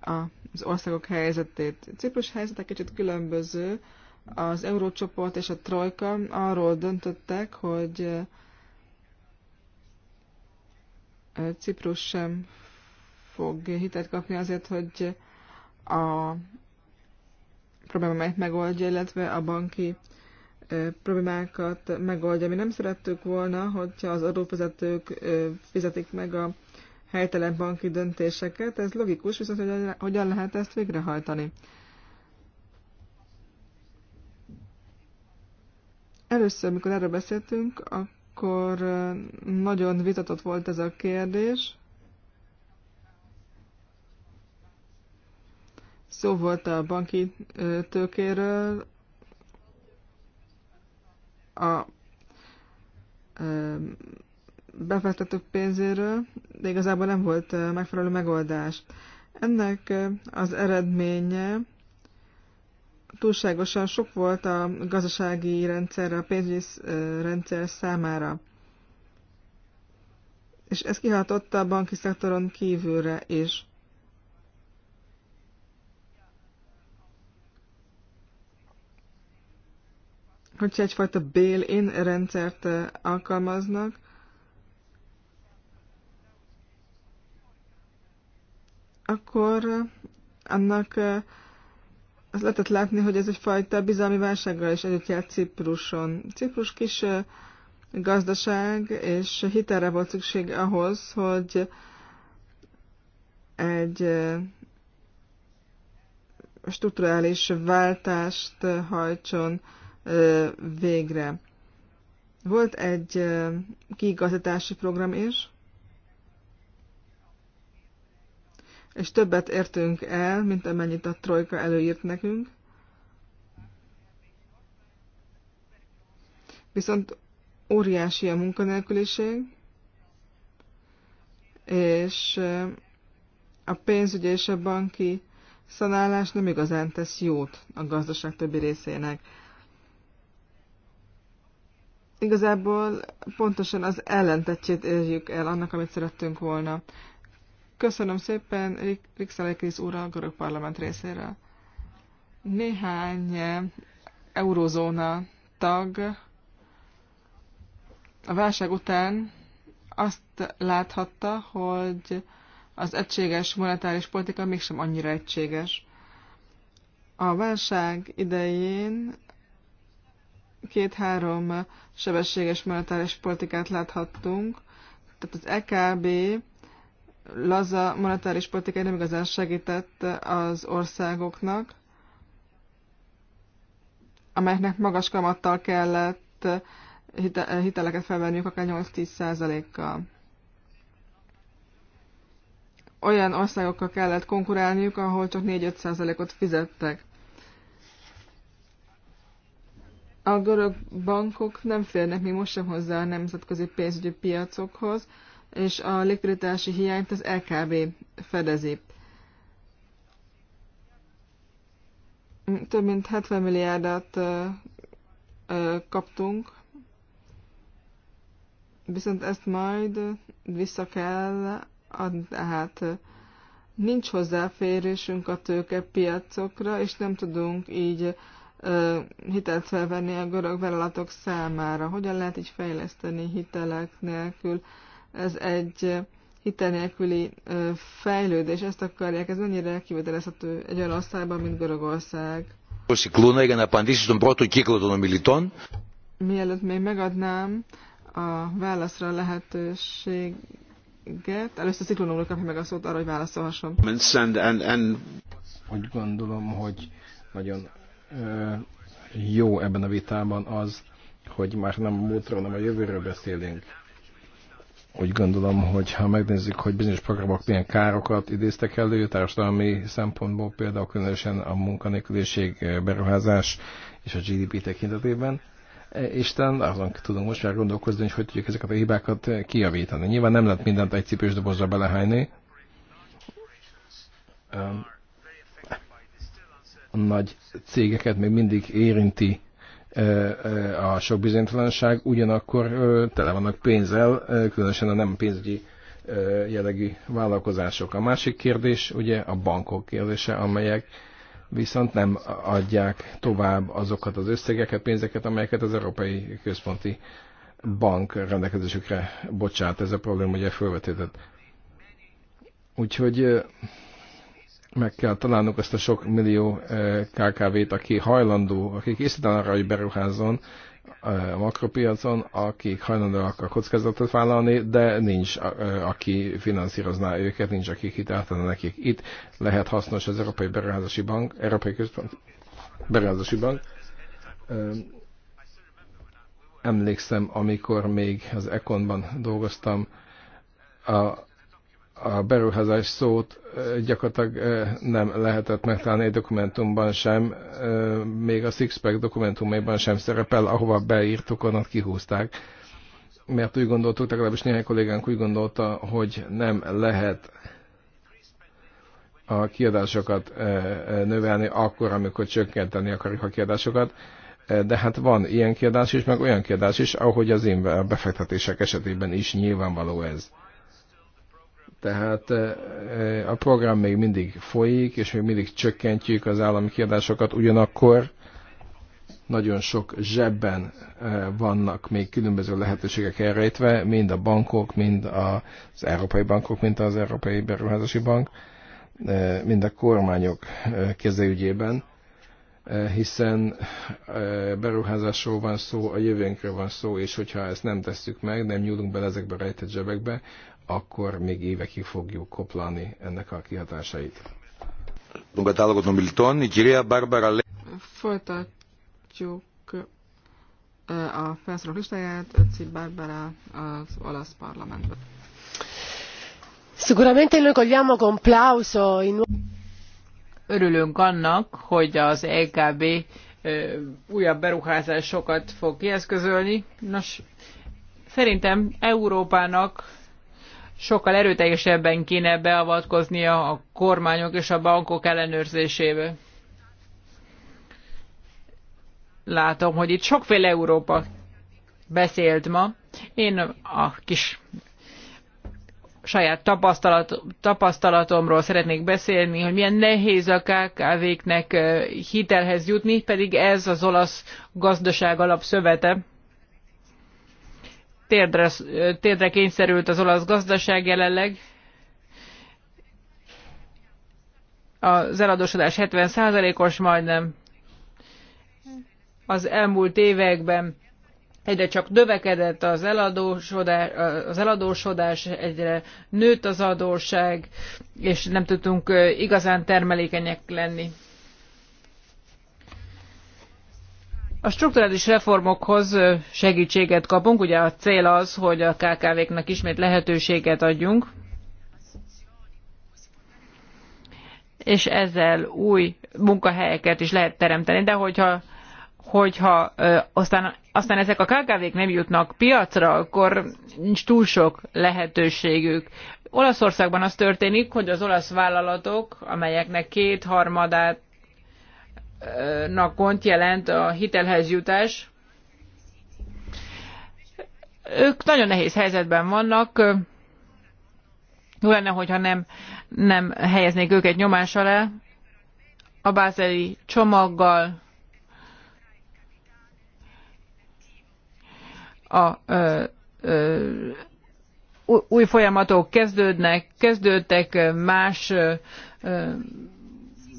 az országok helyzetét. A Ciprus helyzete kicsit különböző. Az eurócsoport és a trojka arról döntöttek, hogy Ciprus sem fog hitet kapni azért, hogy a problémáit megoldja, illetve a banki problémákat megoldja. Mi nem szerettük volna, hogyha az adófizetők fizetik meg a helytelen banki döntéseket. Ez logikus, viszont hogy hogyan lehet ezt végrehajtani? Először, mikor erről beszéltünk, akkor nagyon vitatott volt ez a kérdés. Szó volt a banki tőkéről, a befektetők pénzéről, de igazából nem volt megfelelő megoldás. Ennek az eredménye túlságosan sok volt a gazdasági rendszer, a pénzügyi rendszer számára. És ez kihatott a banki szektoron kívülre is. hogyha egyfajta bail-in rendszert alkalmaznak, akkor annak az lehetett látni, hogy ez egyfajta bizalmi válsággal is együtt jár Cipruson. Ciprus kis gazdaság és hitelre volt szükség ahhoz, hogy egy strukturális váltást hajtson végre. Volt egy kiigazítási program is, és többet értünk el, mint amennyit a trojka előírt nekünk. Viszont óriási a munkanélküliség, és a pénzügyi és a banki szanálás nem igazán tesz jót a gazdaság többi részének igazából pontosan az ellentetjét érjük el annak, amit szerettünk volna. Köszönöm szépen Rik, Rik úr a görög parlament részéről. Néhány eurozóna tag a válság után azt láthatta, hogy az egységes monetáris politika mégsem annyira egységes. A válság idején két-három sebességes monetáris politikát láthattunk, tehát az EKB laza monetáris politikai nem igazán segített az országoknak, amelyeknek magas kamattal kellett hiteleket felvenniük akár 8-10 kal Olyan országokkal kellett konkurálniuk, ahol csak 4-5 ot fizettek. A görög bankok nem férnek még most sem hozzá a nemzetközi pénzügyi piacokhoz, és a likviditási hiányt az LKB fedezi. Több mint 70 milliárdat kaptunk, viszont ezt majd vissza kell adni, tehát nincs hozzáférésünk a tőkepiacokra, és nem tudunk így hitelt felvenni a görög vállalatok számára. Hogyan lehet így fejleszteni hitelek nélkül? Ez egy hitel nélküli fejlődés, ezt akarják, ez mennyire kivitelezhető egy olyan országban, mint Görögország? Mielőtt még megadnám a válaszra a lehetőséget, először Sziklón úr kapja meg a szót arra, hogy válaszolhasson. Úgy gondolom, hogy nagyon jó ebben a vitában az, hogy már nem a múltról, hanem a jövőről beszélünk. Úgy gondolom, hogy ha megnézzük, hogy bizonyos programok milyen károkat idéztek elő, társadalmi szempontból például különösen a munkanélküliség beruházás és a GDP tekintetében, e, Isten, azon tudunk most már gondolkozni, hogy hogy tudjuk ezeket a hibákat kijavítani. Nyilván nem lehet mindent egy cipős dobozra belehányni, a nagy cégeket még mindig érinti a sok bizonytalanság, ugyanakkor tele vannak pénzzel, különösen a nem pénzügyi jellegű vállalkozások. A másik kérdés ugye a bankok kérdése, amelyek viszont nem adják tovább azokat az összegeket, pénzeket, amelyeket az Európai Központi Bank rendelkezésükre bocsát. Ez a probléma ugye felvetődött. Úgyhogy meg kell találnunk ezt a sok millió eh, KKV-t, aki hajlandó, aki készíten arra, hogy beruházzon eh, a makropiacon, akik hajlandóak a kockázatot vállalni, de nincs, eh, aki finanszírozná őket, nincs, aki hitáltaná nekik. Itt lehet hasznos az Európai Beruházási Bank, Európai Központ, Beruházási Bank. Emlékszem, amikor még az Econban dolgoztam, a, a beruházás szót gyakorlatilag nem lehetett megtalálni egy dokumentumban sem, még a Sixpack dokumentumában sem szerepel, ahova beírtuk, onnan kihúzták, mert úgy gondoltuk, legalábbis néhány kollégánk úgy gondolta, hogy nem lehet a kiadásokat növelni akkor, amikor csökkenteni akarjuk a kiadásokat, de hát van ilyen kiadás is, meg olyan kiadás is, ahogy az én befektetések esetében is nyilvánvaló ez tehát e, e, a program még mindig folyik, és még mindig csökkentjük az állami kiadásokat, ugyanakkor nagyon sok zsebben e, vannak még különböző lehetőségek elrejtve, mind a bankok, mind az európai bankok, mind az Európai Beruházási Bank, mind a kormányok kezeügyében, hiszen beruházásról van szó, a jövőnkről van szó, és hogyha ezt nem tesszük meg, nem nyúlunk bele ezekbe a rejtett zsebekbe, akkor még évekig fogjuk koplani ennek a kihatásait. Folytatjuk a felszorok listáját, Öci Barbara az olasz parlamentben. Sicuramente noi cogliamo con plauso in... Örülünk annak, hogy az EKB újabb beruházásokat fog kieszközölni. Nos, szerintem Európának sokkal erőteljesebben kéne beavatkoznia a kormányok és a bankok ellenőrzésébe. Látom, hogy itt sokféle Európa beszélt ma. Én a kis saját tapasztalat, tapasztalatomról szeretnék beszélni, hogy milyen nehéz a KKV-knek hitelhez jutni, pedig ez az olasz gazdaság alapszövete térdre, térdre kényszerült az olasz gazdaság jelenleg. Az eladósodás 70%-os majdnem. Az elmúlt években egyre csak növekedett az eladósodás, az eladósodás, egyre nőtt az adósság, és nem tudtunk igazán termelékenyek lenni. A strukturális reformokhoz segítséget kapunk, ugye a cél az, hogy a KKV-knak ismét lehetőséget adjunk, és ezzel új munkahelyeket is lehet teremteni, de hogyha, hogyha aztán, aztán ezek a KKV-k nem jutnak piacra, akkor nincs túl sok lehetőségük. Olaszországban az történik, hogy az olasz vállalatok, amelyeknek kétharmadát nak gond jelent a hitelhez jutás. Ők nagyon nehéz helyzetben vannak. Jó lenne, hogyha nem, nem helyeznék őket nyomás alá. A bázeli csomaggal a ö, ö, új folyamatok kezdődnek, kezdődtek, más ö,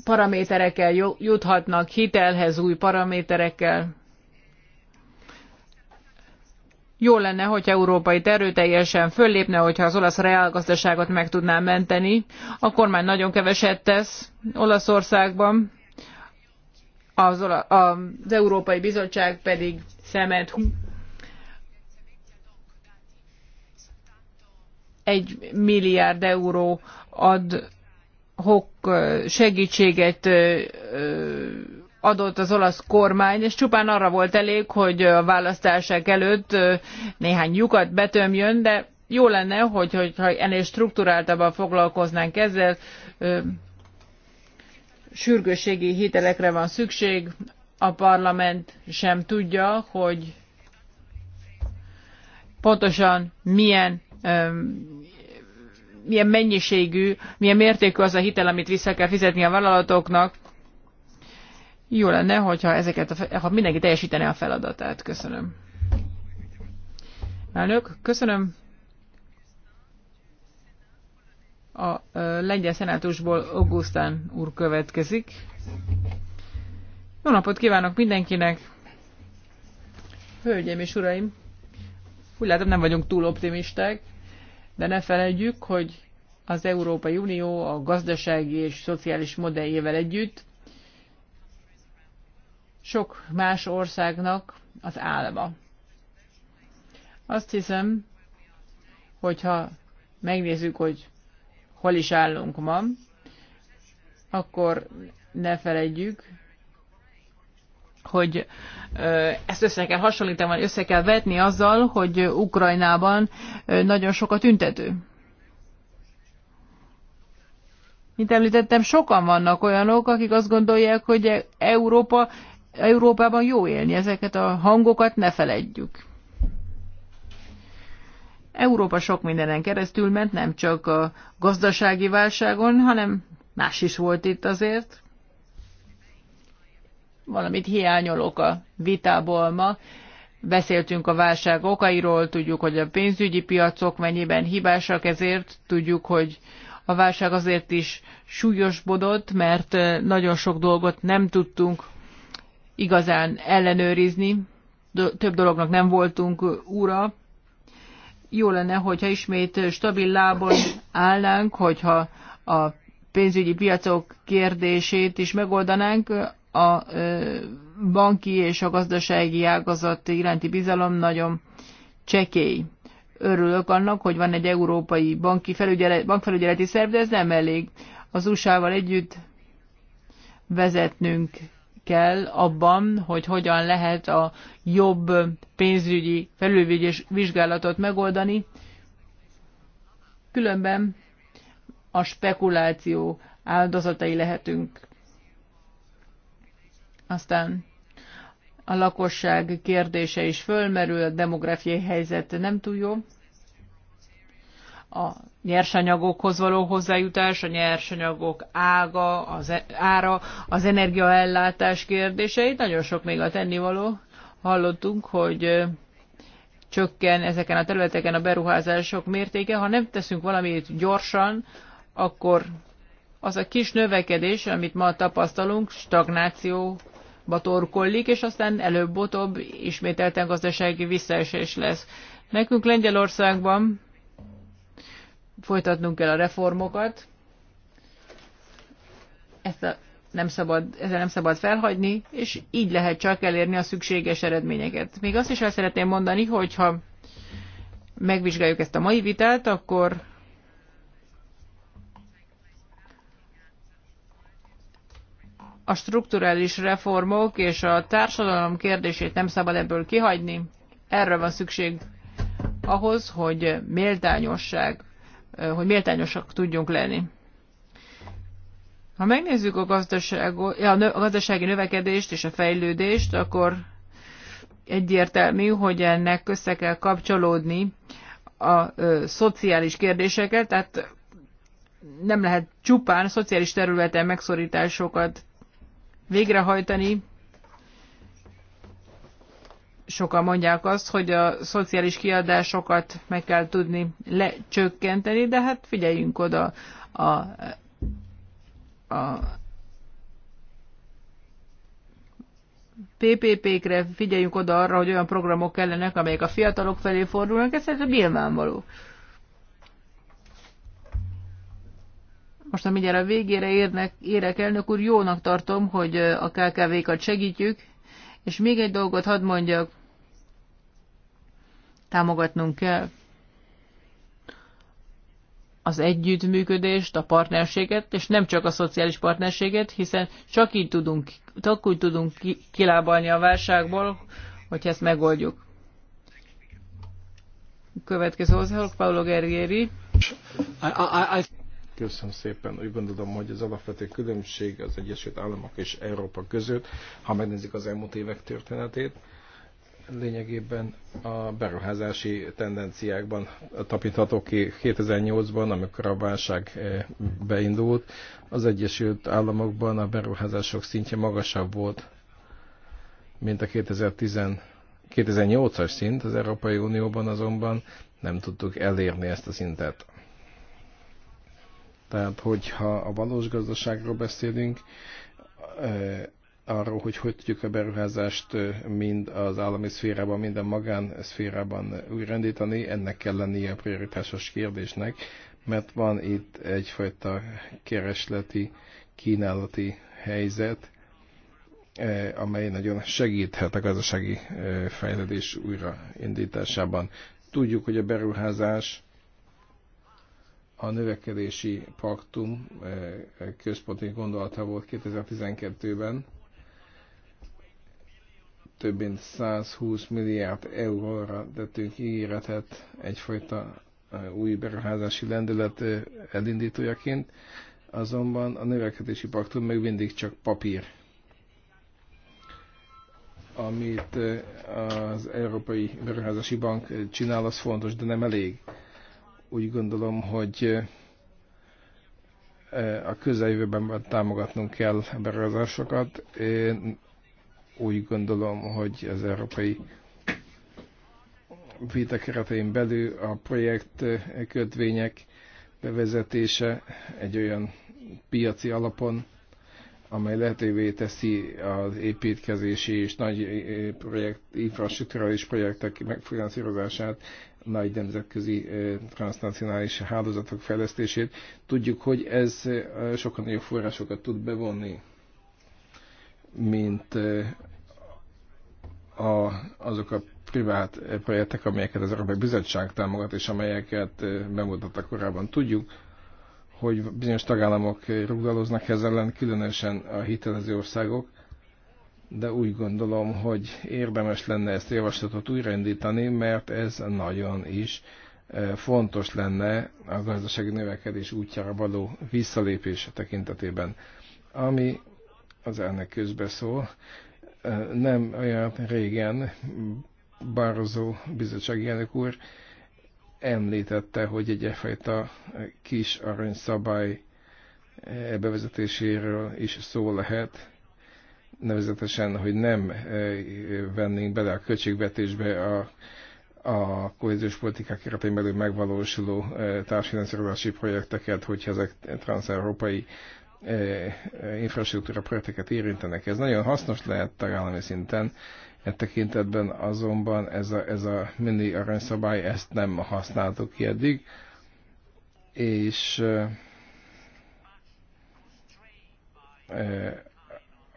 paraméterekkel juthatnak hitelhez, új paraméterekkel. Jó lenne, hogyha európai erőteljesen föllépne, hogyha az olasz reálgazdaságot meg tudná menteni. A kormány nagyon keveset tesz Olaszországban, az, az Európai Bizottság pedig szemet egy milliárd euró ad Hok segítséget adott az olasz kormány, és csupán arra volt elég, hogy a választások előtt néhány lyukat betömjön, de jó lenne, hogy, hogyha ennél struktúráltabban foglalkoznánk ezzel, sürgősségi hitelekre van szükség, a parlament sem tudja, hogy pontosan milyen milyen mennyiségű, milyen mértékű az a hitel, amit vissza kell fizetni a vállalatoknak. Jó lenne, hogyha ezeket a, ha mindenki teljesítené a feladatát. Köszönöm. Elnök, köszönöm. A lengyel szenátusból Augustán úr következik. Jó napot kívánok mindenkinek! Hölgyeim és uraim! Úgy látom, nem vagyunk túl optimisták. De ne felejtjük, hogy az Európai Unió a gazdasági és szociális modelljével együtt sok más országnak az álma. Azt hiszem, hogyha megnézzük, hogy hol is állunk ma, akkor ne felejtjük, hogy ezt össze kell hasonlítani, vagy össze kell vetni azzal, hogy Ukrajnában nagyon sok a tüntető. Mint említettem, sokan vannak olyanok, akik azt gondolják, hogy Európa, Európában jó élni. Ezeket a hangokat ne feledjük. Európa sok mindenen keresztül ment, nem csak a gazdasági válságon, hanem más is volt itt azért valamit hiányolok a vitából ma. Beszéltünk a válság okairól, tudjuk, hogy a pénzügyi piacok mennyiben hibásak, ezért tudjuk, hogy a válság azért is súlyosbodott, mert nagyon sok dolgot nem tudtunk igazán ellenőrizni, több dolognak nem voltunk úra. Jó lenne, hogyha ismét stabil lábon állnánk, hogyha a pénzügyi piacok kérdését is megoldanánk, a banki és a gazdasági ágazat iránti bizalom nagyon csekély. Örülök annak, hogy van egy európai banki felügyelet, bankfelügyeleti szerv, de ez nem elég. Az USA-val együtt vezetnünk kell abban, hogy hogyan lehet a jobb pénzügyi felülvizsgálatot megoldani. Különben a spekuláció áldozatai lehetünk. Aztán a lakosság kérdése is fölmerül, a demográfiai helyzet nem túl jó. A nyersanyagokhoz való hozzájutás, a nyersanyagok ága, az e- ára, az energiaellátás kérdéseit, nagyon sok még a tennivaló. Hallottunk, hogy csökken ezeken a területeken a beruházások mértéke. Ha nem teszünk valamit gyorsan, akkor az a kis növekedés, amit ma tapasztalunk, stagnáció torkollik, és aztán előbb-utóbb ismételten gazdasági visszaesés lesz. Nekünk Lengyelországban folytatnunk kell a reformokat, ezt a, nem szabad, ezzel nem szabad felhagyni, és így lehet csak elérni a szükséges eredményeket. Még azt is el szeretném mondani, hogyha megvizsgáljuk ezt a mai vitát, akkor a strukturális reformok és a társadalom kérdését nem szabad ebből kihagyni. Erre van szükség ahhoz, hogy méltányosság, hogy méltányosak tudjunk lenni. Ha megnézzük a, a gazdasági növekedést és a fejlődést, akkor egyértelmű, hogy ennek össze kell kapcsolódni a ö, szociális kérdésekkel, tehát nem lehet csupán szociális területen megszorításokat végrehajtani. Sokan mondják azt, hogy a szociális kiadásokat meg kell tudni lecsökkenteni, de hát figyeljünk oda a, a PPP-kre, figyeljünk oda arra, hogy olyan programok kellenek, amelyek a fiatalok felé fordulnak, ez szerintem nyilvánvaló. Most, ha mindjárt a végére érnek, érek, elnök úr, jónak tartom, hogy a KKV-kat segítjük, és még egy dolgot hadd mondjak, támogatnunk kell az együttműködést, a partnerséget, és nem csak a szociális partnerséget, hiszen csak így tudunk, csak úgy tudunk kilábalni a válságból, hogy ezt megoldjuk. Következő hozzá, Paulo Gergéri. I, I, I... Köszönöm szépen. Úgy gondolom, hogy az alapvető különbség az Egyesült Államok és Európa között, ha megnézzük az elmúlt évek történetét, lényegében a beruházási tendenciákban tapítható ki 2008-ban, amikor a válság eh, beindult. Az Egyesült Államokban a beruházások szintje magasabb volt, mint a 2010 2008-as szint, az Európai Unióban azonban nem tudtuk elérni ezt a szintet. Tehát, hogyha a valós gazdaságról beszélünk, eh, arról, hogy hogy tudjuk a beruházást eh, mind az állami szférában, mind a magán szférában újrendítani, ennek kell lennie a prioritásos kérdésnek, mert van itt egyfajta keresleti, kínálati helyzet, eh, amely nagyon segíthet a gazdasági fejlődés újraindításában. Tudjuk, hogy a beruházás a növekedési paktum eh, eh, központi gondolata volt 2012-ben. Több mint 120 milliárd euróra tettünk ígéretet egyfajta eh, új beruházási lendület elindítójaként, azonban a növekedési paktum még mindig csak papír amit az Európai Beruházási Bank csinál, az fontos, de nem elég úgy gondolom, hogy eh, a közeljövőben támogatnunk kell beruházásokat. Én úgy gondolom, hogy az európai vita keretein belül a projekt eh, kötvények bevezetése egy olyan piaci alapon, amely lehetővé teszi az építkezési és nagy eh, projekt, infrastruktúrális projektek megfinanszírozását nagy nemzetközi transnacionális hálózatok fejlesztését. Tudjuk, hogy ez sokkal nagyobb forrásokat tud bevonni, mint a, azok a privát projektek, amelyeket az Európai Bizottság támogat, és amelyeket bemutattak korábban. Tudjuk, hogy bizonyos tagállamok rugdaloznak ezzel ellen, különösen a hitelező országok, de úgy gondolom, hogy érdemes lenne ezt a javaslatot újraindítani, mert ez nagyon is e, fontos lenne a gazdasági növekedés útjára való visszalépés tekintetében. Ami az elnök közbeszól, e, nem olyan régen Barzó bizottsági elnök úr említette, hogy egyfajta kis aranyszabály e, bevezetéséről is szó lehet, nevezetesen, hogy nem eh, vennénk bele a költségvetésbe a, a kohéziós politikák keretein belül megvalósuló eh, társfinanszírozási projekteket, hogyha ezek transzeurópai eh, infrastruktúra projekteket érintenek. Ez nagyon hasznos lehet tagállami szinten, e tekintetben azonban ez a, ez a mini aranyszabály, ezt nem használtuk ki eddig, és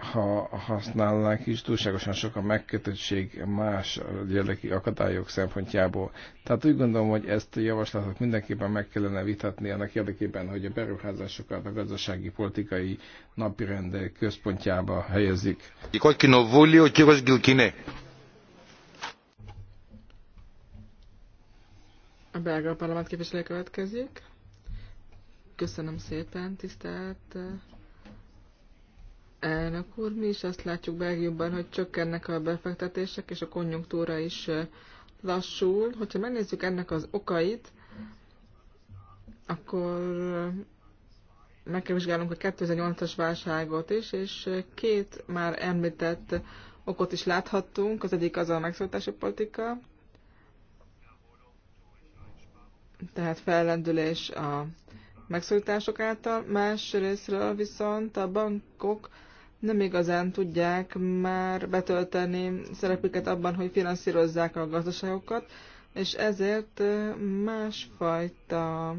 ha használnánk is, túlságosan sok a megkötöttség más gyerleki akadályok szempontjából. Tehát úgy gondolom, hogy ezt a javaslatot mindenképpen meg kellene vitatni annak érdekében, hogy a beruházásokat a gazdasági politikai napirend központjába helyezik. A belga parlament képviselő következik. Köszönöm szépen, tisztelt Elnök úr, mi is azt látjuk Belgiumban, hogy csökkennek a befektetések, és a konjunktúra is lassul. Hogyha megnézzük ennek az okait, akkor meg kell vizsgálnunk a 2008-as válságot is, és két már említett okot is láthattunk. Az egyik az a megszólítási politika, tehát fellendülés a megszólítások által, másrésztről viszont a bankok nem igazán tudják már betölteni szerepüket abban, hogy finanszírozzák a gazdaságokat, és ezért másfajta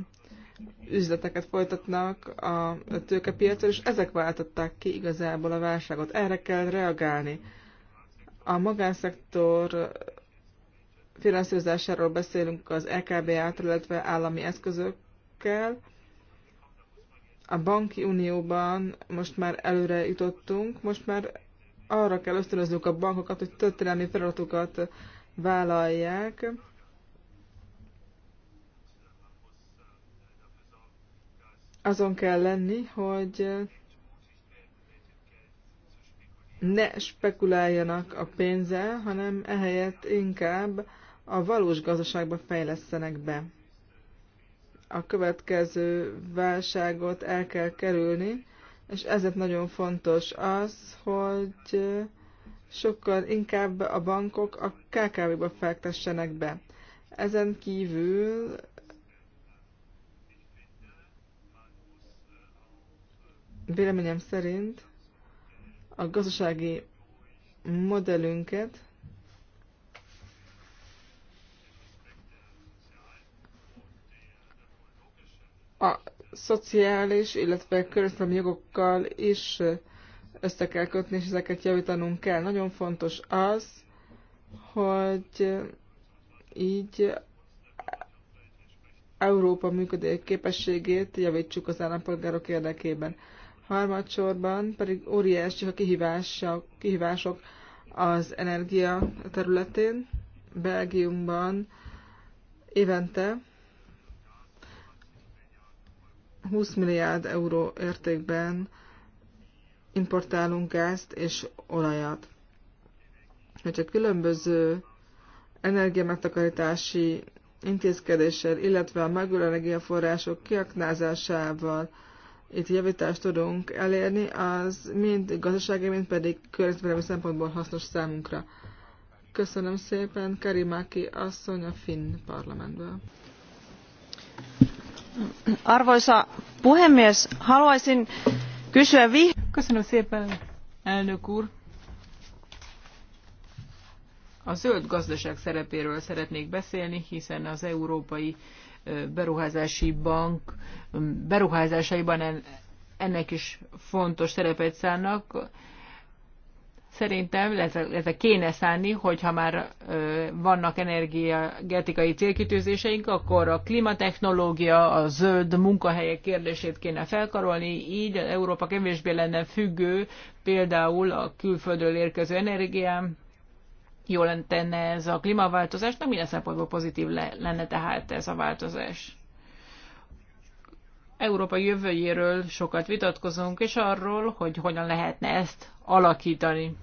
üzleteket folytatnak a tőkepiacon, és ezek váltották ki igazából a válságot. Erre kell reagálni. A magánszektor finanszírozásáról beszélünk az EKB által, illetve állami eszközökkel, a banki unióban most már előre jutottunk, most már arra kell ösztönöznünk a bankokat, hogy történelmi feladatokat vállalják. Azon kell lenni, hogy ne spekuláljanak a pénzzel, hanem ehelyett inkább a valós gazdaságba fejlesztenek be a következő válságot el kell kerülni, és ezért nagyon fontos az, hogy sokkal inkább a bankok a KKV-ba fektessenek be. Ezen kívül véleményem szerint a gazdasági modellünket a szociális, illetve környezetemi jogokkal is össze kell kötni, és ezeket javítanunk kell. Nagyon fontos az, hogy így Európa működő képességét javítsuk az állampolgárok érdekében. Harmadsorban pedig óriási a kihívások az energia területén. Belgiumban évente 20 milliárd euró értékben importálunk gázt és olajat. Hogyha különböző energiamegtakarítási intézkedéssel, illetve a megújuló energiaforrások kiaknázásával itt javítást tudunk elérni, az mind gazdasági, mind pedig környezetvédelmi szempontból hasznos számunkra. Köszönöm szépen, Karimáki asszony a Finn parlamentből. Arvoisa puhemies, haluaisin kysyä vih... Köszönöm A zöld gazdaság szerepéről szeretnék beszélni, hiszen az Európai Beruházási Bank beruházásaiban ennek is fontos szerepet szánnak. Szerintem a kéne szállni, hogyha már vannak energiagetikai célkitűzéseink, akkor a klimatechnológia, a zöld munkahelyek kérdését kéne felkarolni, így Európa kevésbé lenne függő például a külföldről érkező energiám, jól tenne ez a klímaváltozás, nem minden szempontból pozitív lenne tehát ez a változás. Európa jövőjéről sokat vitatkozunk, és arról, hogy hogyan lehetne ezt alakítani.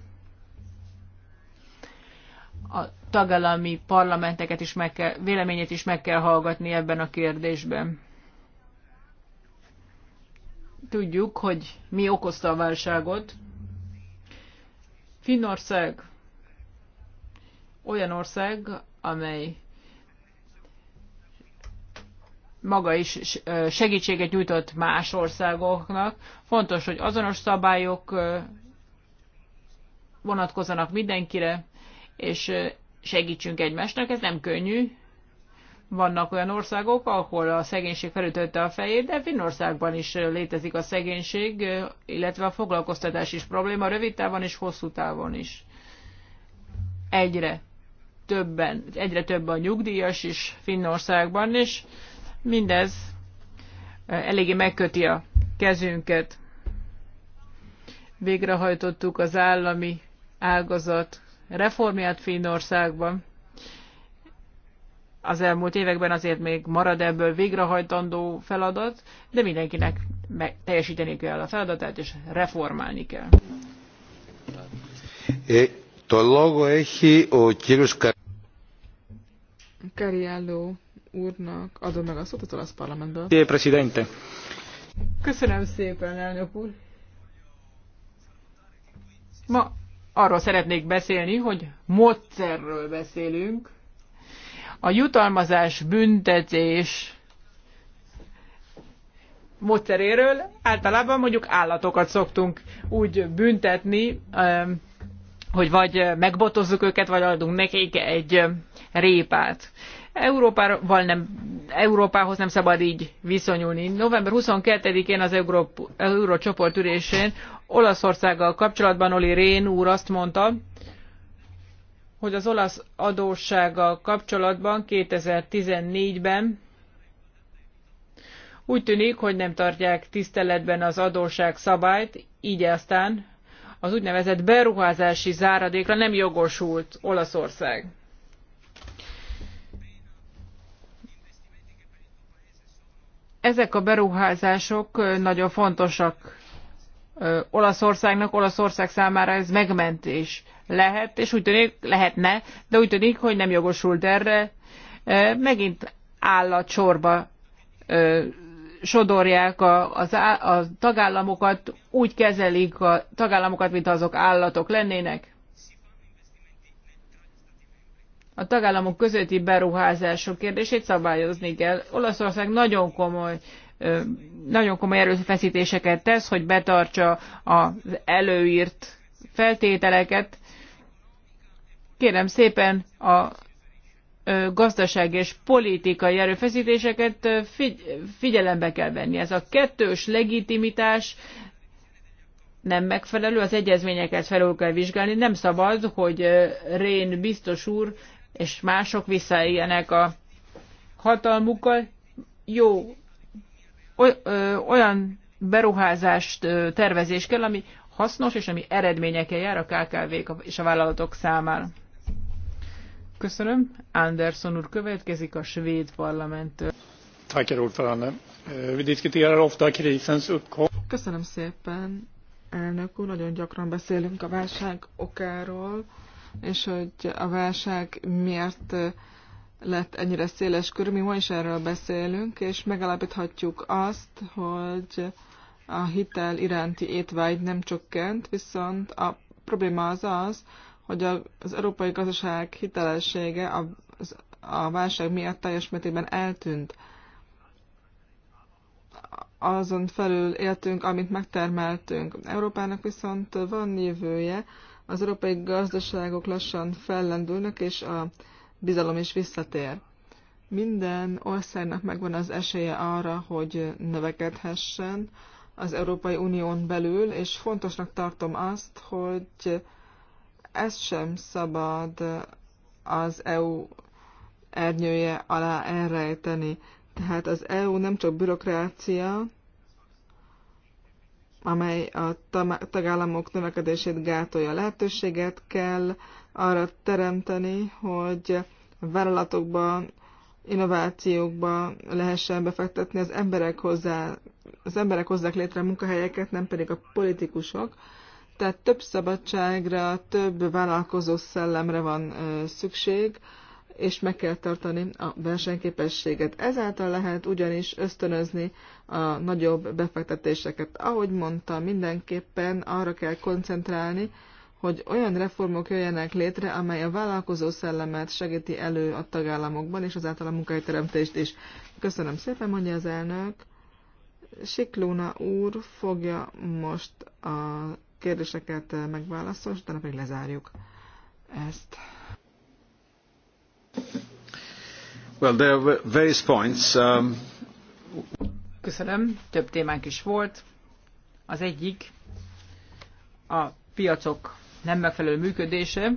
A tagállami parlamenteket is meg kell, véleményét is meg kell hallgatni ebben a kérdésben. Tudjuk, hogy mi okozta a válságot. Finnország olyan ország, amely maga is segítséget nyújtott más országoknak. Fontos, hogy azonos szabályok vonatkozanak mindenkire, és segítsünk egymásnak. Ez nem könnyű. Vannak olyan országok, ahol a szegénység felütötte a fejét, de Finnországban is létezik a szegénység, illetve a foglalkoztatás is probléma, rövid távon és hosszú távon is. Egyre többen, egyre több a nyugdíjas is Finnországban, és Mindez eléggé megköti a kezünket. Végrehajtottuk az állami ágazat reformját Finnországban. Az elmúlt években azért még marad ebből végrehajtandó feladat, de mindenkinek teljesíteni kell a feladatát, és reformálni kell. Kariálló úrnak adom meg a szót az olasz parlamentből. Presidente. Köszönöm szépen, elnök úr. Ma arról szeretnék beszélni, hogy módszerről beszélünk. A jutalmazás, büntetés módszeréről általában mondjuk állatokat szoktunk úgy büntetni, hogy vagy megbotozzuk őket, vagy adunk nekik egy répát. Európával nem, Európához nem szabad így viszonyulni. November 22-én az Eurócsoport Euró ülésén Olaszországgal kapcsolatban Oli Rén úr azt mondta, hogy az olasz adóssággal kapcsolatban 2014-ben úgy tűnik, hogy nem tartják tiszteletben az adósság szabályt, így aztán az úgynevezett beruházási záradékra nem jogosult Olaszország. Ezek a beruházások nagyon fontosak Olaszországnak, Olaszország számára ez megmentés lehet, és úgy tűnik, lehetne, de úgy tűnik, hogy nem jogosult erre. Megint áll a csorba sodorják a, az, a tagállamokat, úgy kezelik a tagállamokat, mint azok állatok lennének a tagállamok közötti beruházások kérdését szabályozni kell. Olaszország nagyon komoly nagyon komoly erőfeszítéseket tesz, hogy betartsa az előírt feltételeket. Kérem szépen a gazdaság és politikai erőfeszítéseket figy figyelembe kell venni. Ez a kettős legitimitás nem megfelelő, az egyezményeket felül kell vizsgálni. Nem szabad, hogy Rén biztos úr és mások visszaéljenek a hatalmukkal. Jó, olyan beruházást tervezés kell, ami hasznos és ami eredményekkel jár a kkv és a vállalatok számára. Köszönöm. Anderson úr következik a svéd parlamenttől. Köszönöm szépen, elnök úr. Nagyon gyakran beszélünk a válság okáról, és hogy a válság miért lett ennyire széles körű. Mi ma is erről beszélünk, és megalapíthatjuk azt, hogy a hitel iránti étvágy nem csökkent, viszont a probléma az az, hogy az európai gazdaság hitelessége a, a válság miatt teljes mértékben eltűnt. Azon felül éltünk, amit megtermeltünk. Európának viszont van jövője, az európai gazdaságok lassan fellendülnek, és a bizalom is visszatér. Minden országnak megvan az esélye arra, hogy növekedhessen az Európai Unión belül, és fontosnak tartom azt, hogy ezt sem szabad az EU ernyője alá elrejteni. Tehát az EU nem csak bürokrácia, amely a tagállamok növekedését gátolja. Lehetőséget kell arra teremteni, hogy vállalatokba, innovációkba lehessen befektetni az emberek hozzá, az emberek hozzák létre a munkahelyeket, nem pedig a politikusok. Tehát több szabadságra, több vállalkozó szellemre van szükség, és meg kell tartani a versenyképességet. Ezáltal lehet ugyanis ösztönözni a nagyobb befektetéseket. Ahogy mondtam, mindenképpen arra kell koncentrálni, hogy olyan reformok jöjjenek létre, amely a vállalkozó szellemet segíti elő a tagállamokban, és azáltal a munkahelyteremtést is. Köszönöm szépen, mondja az elnök. Siklóna úr fogja most a kérdéseket megválaszolni, és utána pedig lezárjuk ezt. Well, there various points. Um... Köszönöm. Több témánk is volt. Az egyik a piacok nem megfelelő működése.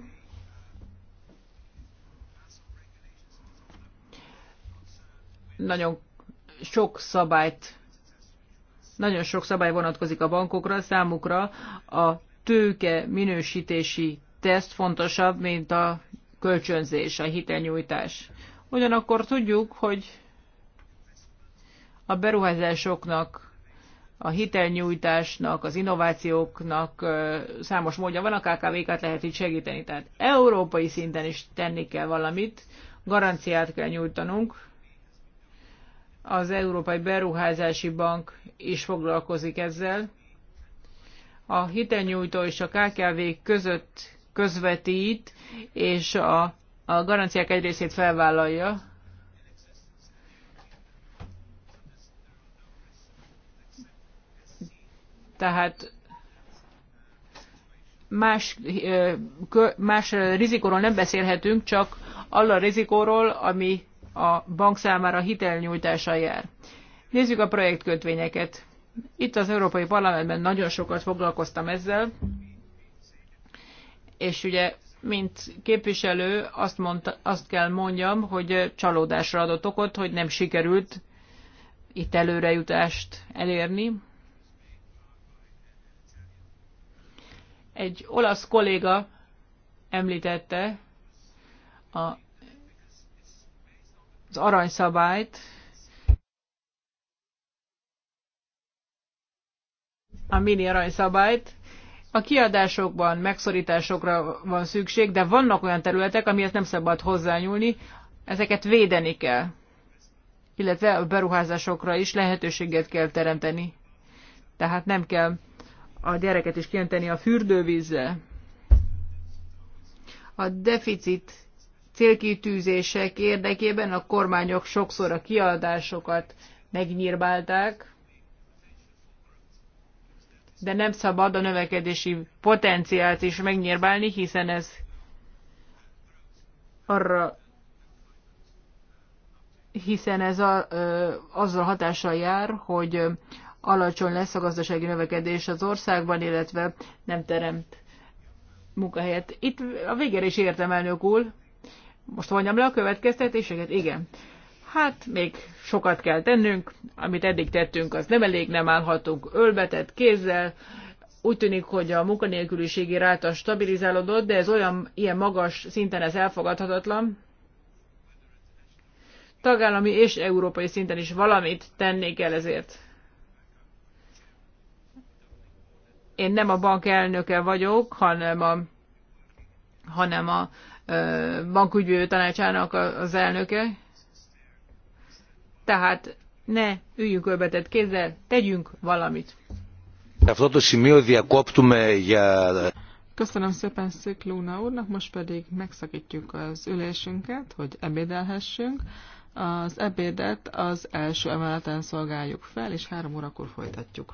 Nagyon sok szabályt, nagyon sok szabály vonatkozik a bankokra, számukra a tőke minősítési teszt fontosabb, mint a kölcsönzés, a hitelnyújtás. Ugyanakkor tudjuk, hogy a beruházásoknak, a hitelnyújtásnak, az innovációknak számos módja van, a KKV-kat lehet így segíteni. Tehát európai szinten is tenni kell valamit, garanciát kell nyújtanunk. Az Európai Beruházási Bank is foglalkozik ezzel. A hitelnyújtó és a KKV között közvetít, és a, a garanciák egy részét felvállalja. Tehát más, más rizikóról nem beszélhetünk, csak arra a rizikóról, ami a bank számára hitelnyújtása jár. Nézzük a projektkötvényeket. Itt az Európai Parlamentben nagyon sokat foglalkoztam ezzel és ugye mint képviselő azt, mondta, azt kell mondjam, hogy csalódásra adott okot, hogy nem sikerült itt előrejutást elérni. Egy olasz kolléga említette a, az aranyszabályt, a mini aranyszabályt, a kiadásokban megszorításokra van szükség, de vannak olyan területek, amihez nem szabad hozzányúlni, ezeket védeni kell, illetve a beruházásokra is lehetőséget kell teremteni. Tehát nem kell a gyereket is kiönteni a fürdővízzel. A deficit célkitűzések érdekében a kormányok sokszor a kiadásokat megnyírbálták, de nem szabad a növekedési potenciált is megnyírbálni, hiszen ez arra hiszen ez a, ö, azzal hatással jár, hogy ö, alacsony lesz a gazdasági növekedés az országban, illetve nem teremt munkahelyet. Itt a végére is értem, elnök úr. Most mondjam le a következtetéseket? Igen. Hát még sokat kell tennünk, amit eddig tettünk, az nem elég, nem állhatunk ölbetett kézzel. Úgy tűnik, hogy a munkanélküliségi ráta stabilizálódott, de ez olyan ilyen magas szinten ez elfogadhatatlan. Tagállami és európai szinten is valamit tenni kell ezért. Én nem a bank elnöke vagyok, hanem a, hanem a bankügyvő tanácsának az elnöke, tehát ne üljünk ölbetett kézzel, tegyünk valamit. Köszönöm szépen Sziklóna úrnak, most pedig megszakítjuk az ülésünket, hogy ebédelhessünk. Az ebédet az első emeleten szolgáljuk fel, és három órakor folytatjuk.